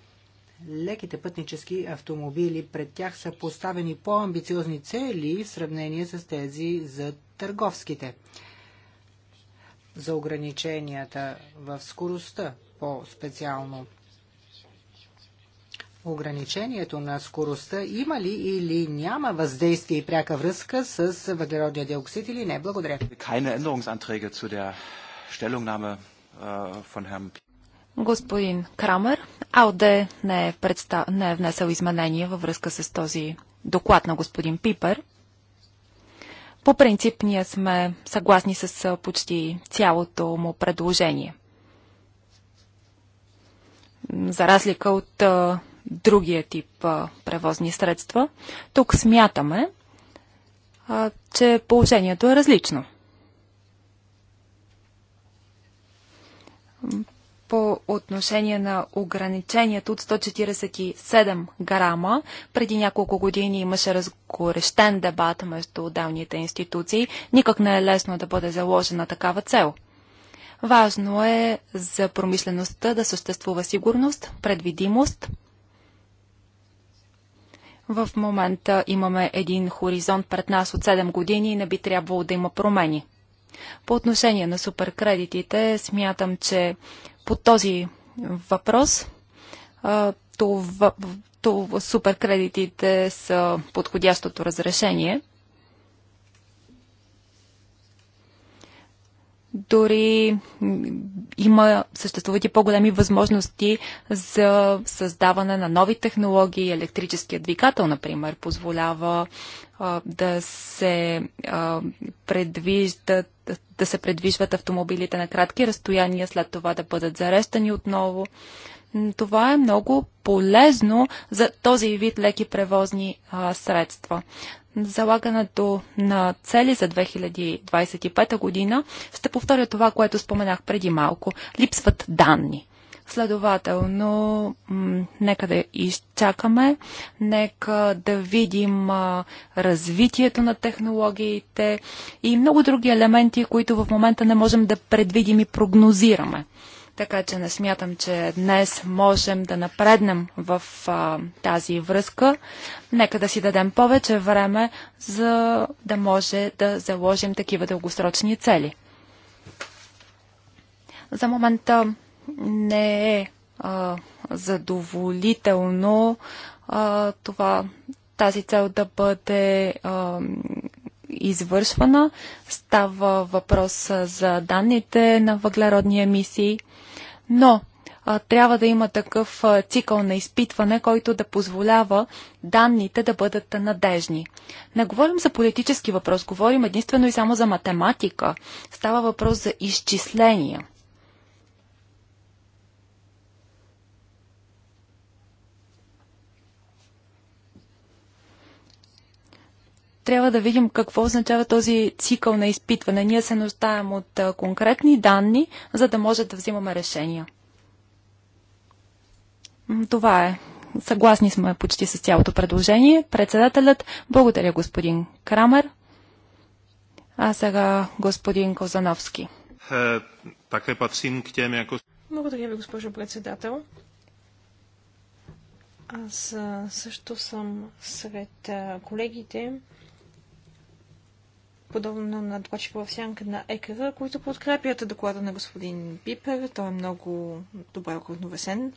[SPEAKER 4] леките пътнически автомобили. Пред тях са поставени по-амбициозни цели в сравнение с тези за търговските. За ограниченията в скоростта по-специално. Ограничението на скоростта има ли или няма въздействие и пряка връзка с въглеродния диоксид или не? Благодаря.
[SPEAKER 3] Господин Крамер, АОД не е, представ... не е внесъл изменения във връзка с този доклад на господин Пипер. По принцип ние сме съгласни с почти цялото му предложение. За разлика от а, другия тип а, превозни средства, тук смятаме, а, че положението е различно по отношение на ограничението от 147 грама. Преди няколко години имаше разгорещен дебат между отделните институции. Никак не е лесно да бъде заложена такава цел. Важно е за промишлеността да съществува сигурност, предвидимост. В момента имаме един хоризонт пред нас от 7 години и не би трябвало да има промени. По отношение на суперкредитите, смятам, че по този въпрос това, това, суперкредитите са подходящото разрешение. дори има, съществуват и по-големи възможности за създаване на нови технологии. Електрическият двигател, например, позволява а, да се а, предвиждат да се предвижват автомобилите на кратки разстояния, след това да бъдат зарещани отново. Това е много полезно за този вид леки превозни а, средства залагането на цели за 2025 година, ще повторя това, което споменах преди малко. Липсват данни. Следователно, нека да изчакаме, нека да видим развитието на технологиите и много други елементи, които в момента не можем да предвидим и прогнозираме. Така че не смятам, че днес можем да напреднем в а, тази връзка. Нека да си дадем повече време, за да може да заложим такива дългосрочни цели. За момента не е а, задоволително а, това, тази цел да бъде а, извършвана. Става въпрос за данните на въглеродни емисии но а, трябва да има такъв а, цикъл на изпитване, който да позволява данните да бъдат надежни. Не говорим за политически въпрос, говорим единствено и само за математика. Става въпрос за изчисления. трябва да видим какво означава този цикъл на изпитване. Ние се нуждаем от конкретни данни, за да може да взимаме решения. Това е. Съгласни сме почти с цялото предложение. Председателят, благодаря господин Крамер. А сега господин Козановски.
[SPEAKER 4] Е, така е пацин к теми, ако...
[SPEAKER 3] Благодаря ви, госпожо
[SPEAKER 2] председател. Аз също съм сред колегите, подобно на това, че в сянка на ЕКР, които подкрепят доклада на господин Пипер. Той е много добре уравновесен.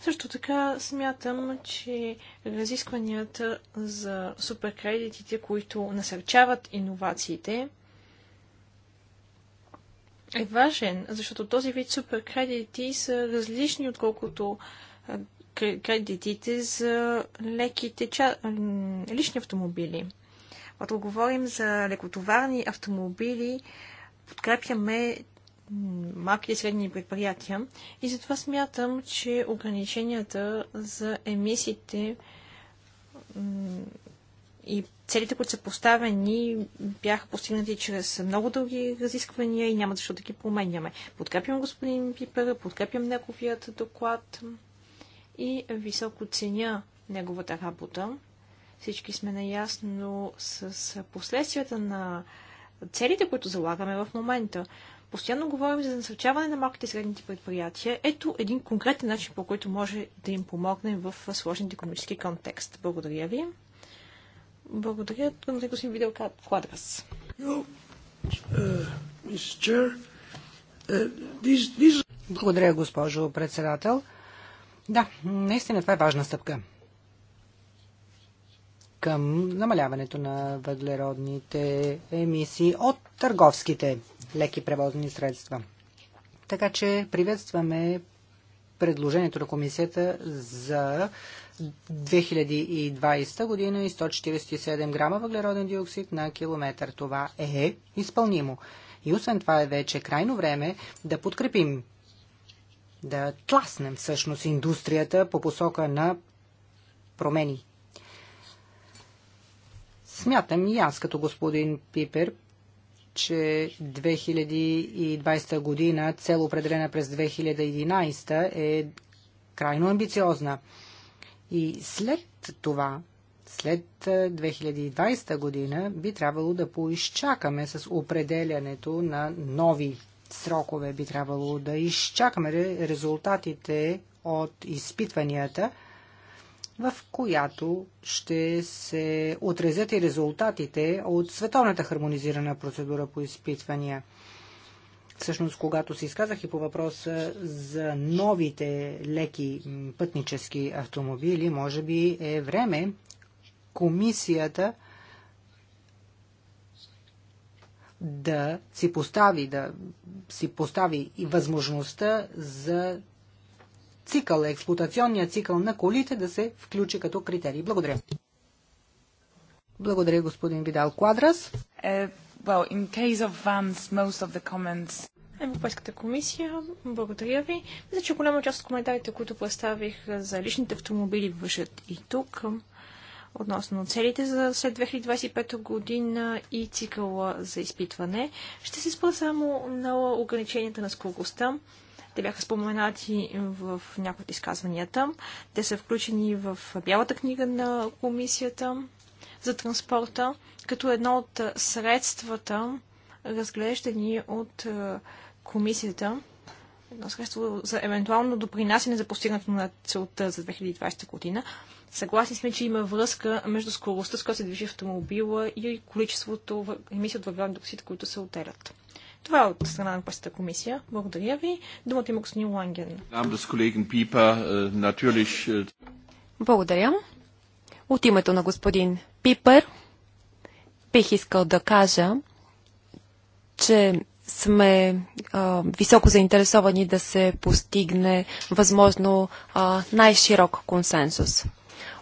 [SPEAKER 2] Също така смятам, че разискванията за суперкредитите, които насърчават иновациите, е важен, защото този вид суперкредити са различни, отколкото кредитите за леките ча... лични автомобили. Когато говорим за лекотоварни автомобили, подкрепяме малки и средни предприятия и затова смятам, че ограниченията за емисиите и целите, които са поставени, бяха постигнати чрез много дълги разисквания и няма защо да ги променяме. Подкрепям господин Пипер, подкрепям неговият доклад и високо ценя неговата работа. Всички сме наясно с последствията на целите, които залагаме в момента. Постоянно говорим за насърчаване на малките и средните предприятия. Ето един конкретен начин, по който може да им помогнем в сложен економически контекст. Благодаря ви. Благодаря. Благодаря, господин Видео Квадрас.
[SPEAKER 4] Uh, uh, Благодаря, госпожо председател. Да, наистина това е важна стъпка към намаляването на въглеродните емисии от търговските леки превозни средства. Така че приветстваме предложението на комисията за 2020 година и 147 грама въглероден диоксид на километър. Това е изпълнимо. И освен това е вече крайно време да подкрепим, да тласнем всъщност индустрията по посока на промени Смятам и аз като господин Пипер, че 2020 година, цел определена през 2011, е крайно амбициозна. И след това, след 2020 е, година, би трябвало да поизчакаме с определянето на нови срокове. Би трябвало да изчакаме резултатите от изпитванията – в която ще се отрезят и резултатите от световната хармонизирана процедура по изпитвания. Всъщност, когато се изказах и по въпроса за новите леки пътнически автомобили, може би е време комисията да си постави, да си постави и възможността за цикъл, експлуатационния цикъл на колите да се включи като критерий. Благодаря. Благодаря, господин Видал Квадрас. Е, well, in case of vans, most of the comments... Европейската
[SPEAKER 2] комисия, благодаря ви. Мисля, че голяма част от коментарите, които представих за личните автомобили, вършат и тук относно целите за след 2025 година и цикъла за изпитване. Ще се спра само на ограниченията на скоростта. Те бяха споменати в някои от изказванията. Те са включени в Бялата книга на комисията за транспорта, като едно от средствата, разглеждани от е, комисията, едно средство за евентуално допринасяне за постигането на целта за 2020 година. Съгласни сме, че има връзка между скоростта, с която се движи автомобила и количеството емисии от въглероден диоксид, които се отделят. Това е от страна на Пъстата комисия. Благодаря ви. Думата има господин Ланген. Е,
[SPEAKER 1] е,
[SPEAKER 3] Благодаря. От името на господин Пипер бих искал да кажа, че сме а, високо заинтересовани да се постигне възможно най-широк консенсус.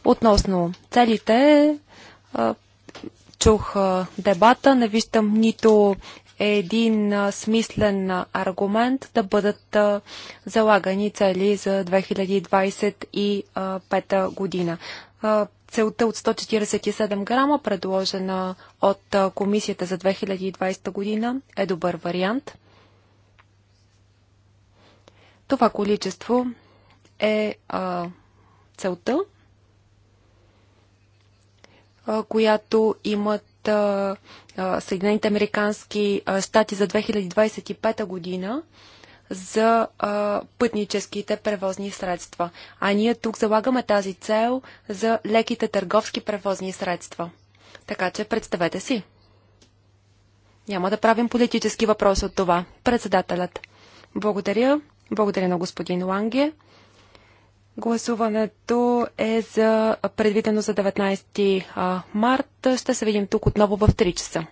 [SPEAKER 3] Относно целите, а, чух а, дебата, не виждам нито е един смислен аргумент да бъдат залагани цели за 2025 година. Целта от 147 грама, предложена от комисията за 2020 година, е добър вариант. Това количество е а, целта, а, която имат а, Съединените американски щати за 2025 година за пътническите превозни средства. А ние тук залагаме тази цел за леките търговски превозни средства. Така че представете си. Няма да правим политически въпрос от това. Председателят. Благодаря. Благодаря на господин Ланге. Гласуването е за предвидено за 19 март. Ще се видим тук отново в 3 часа.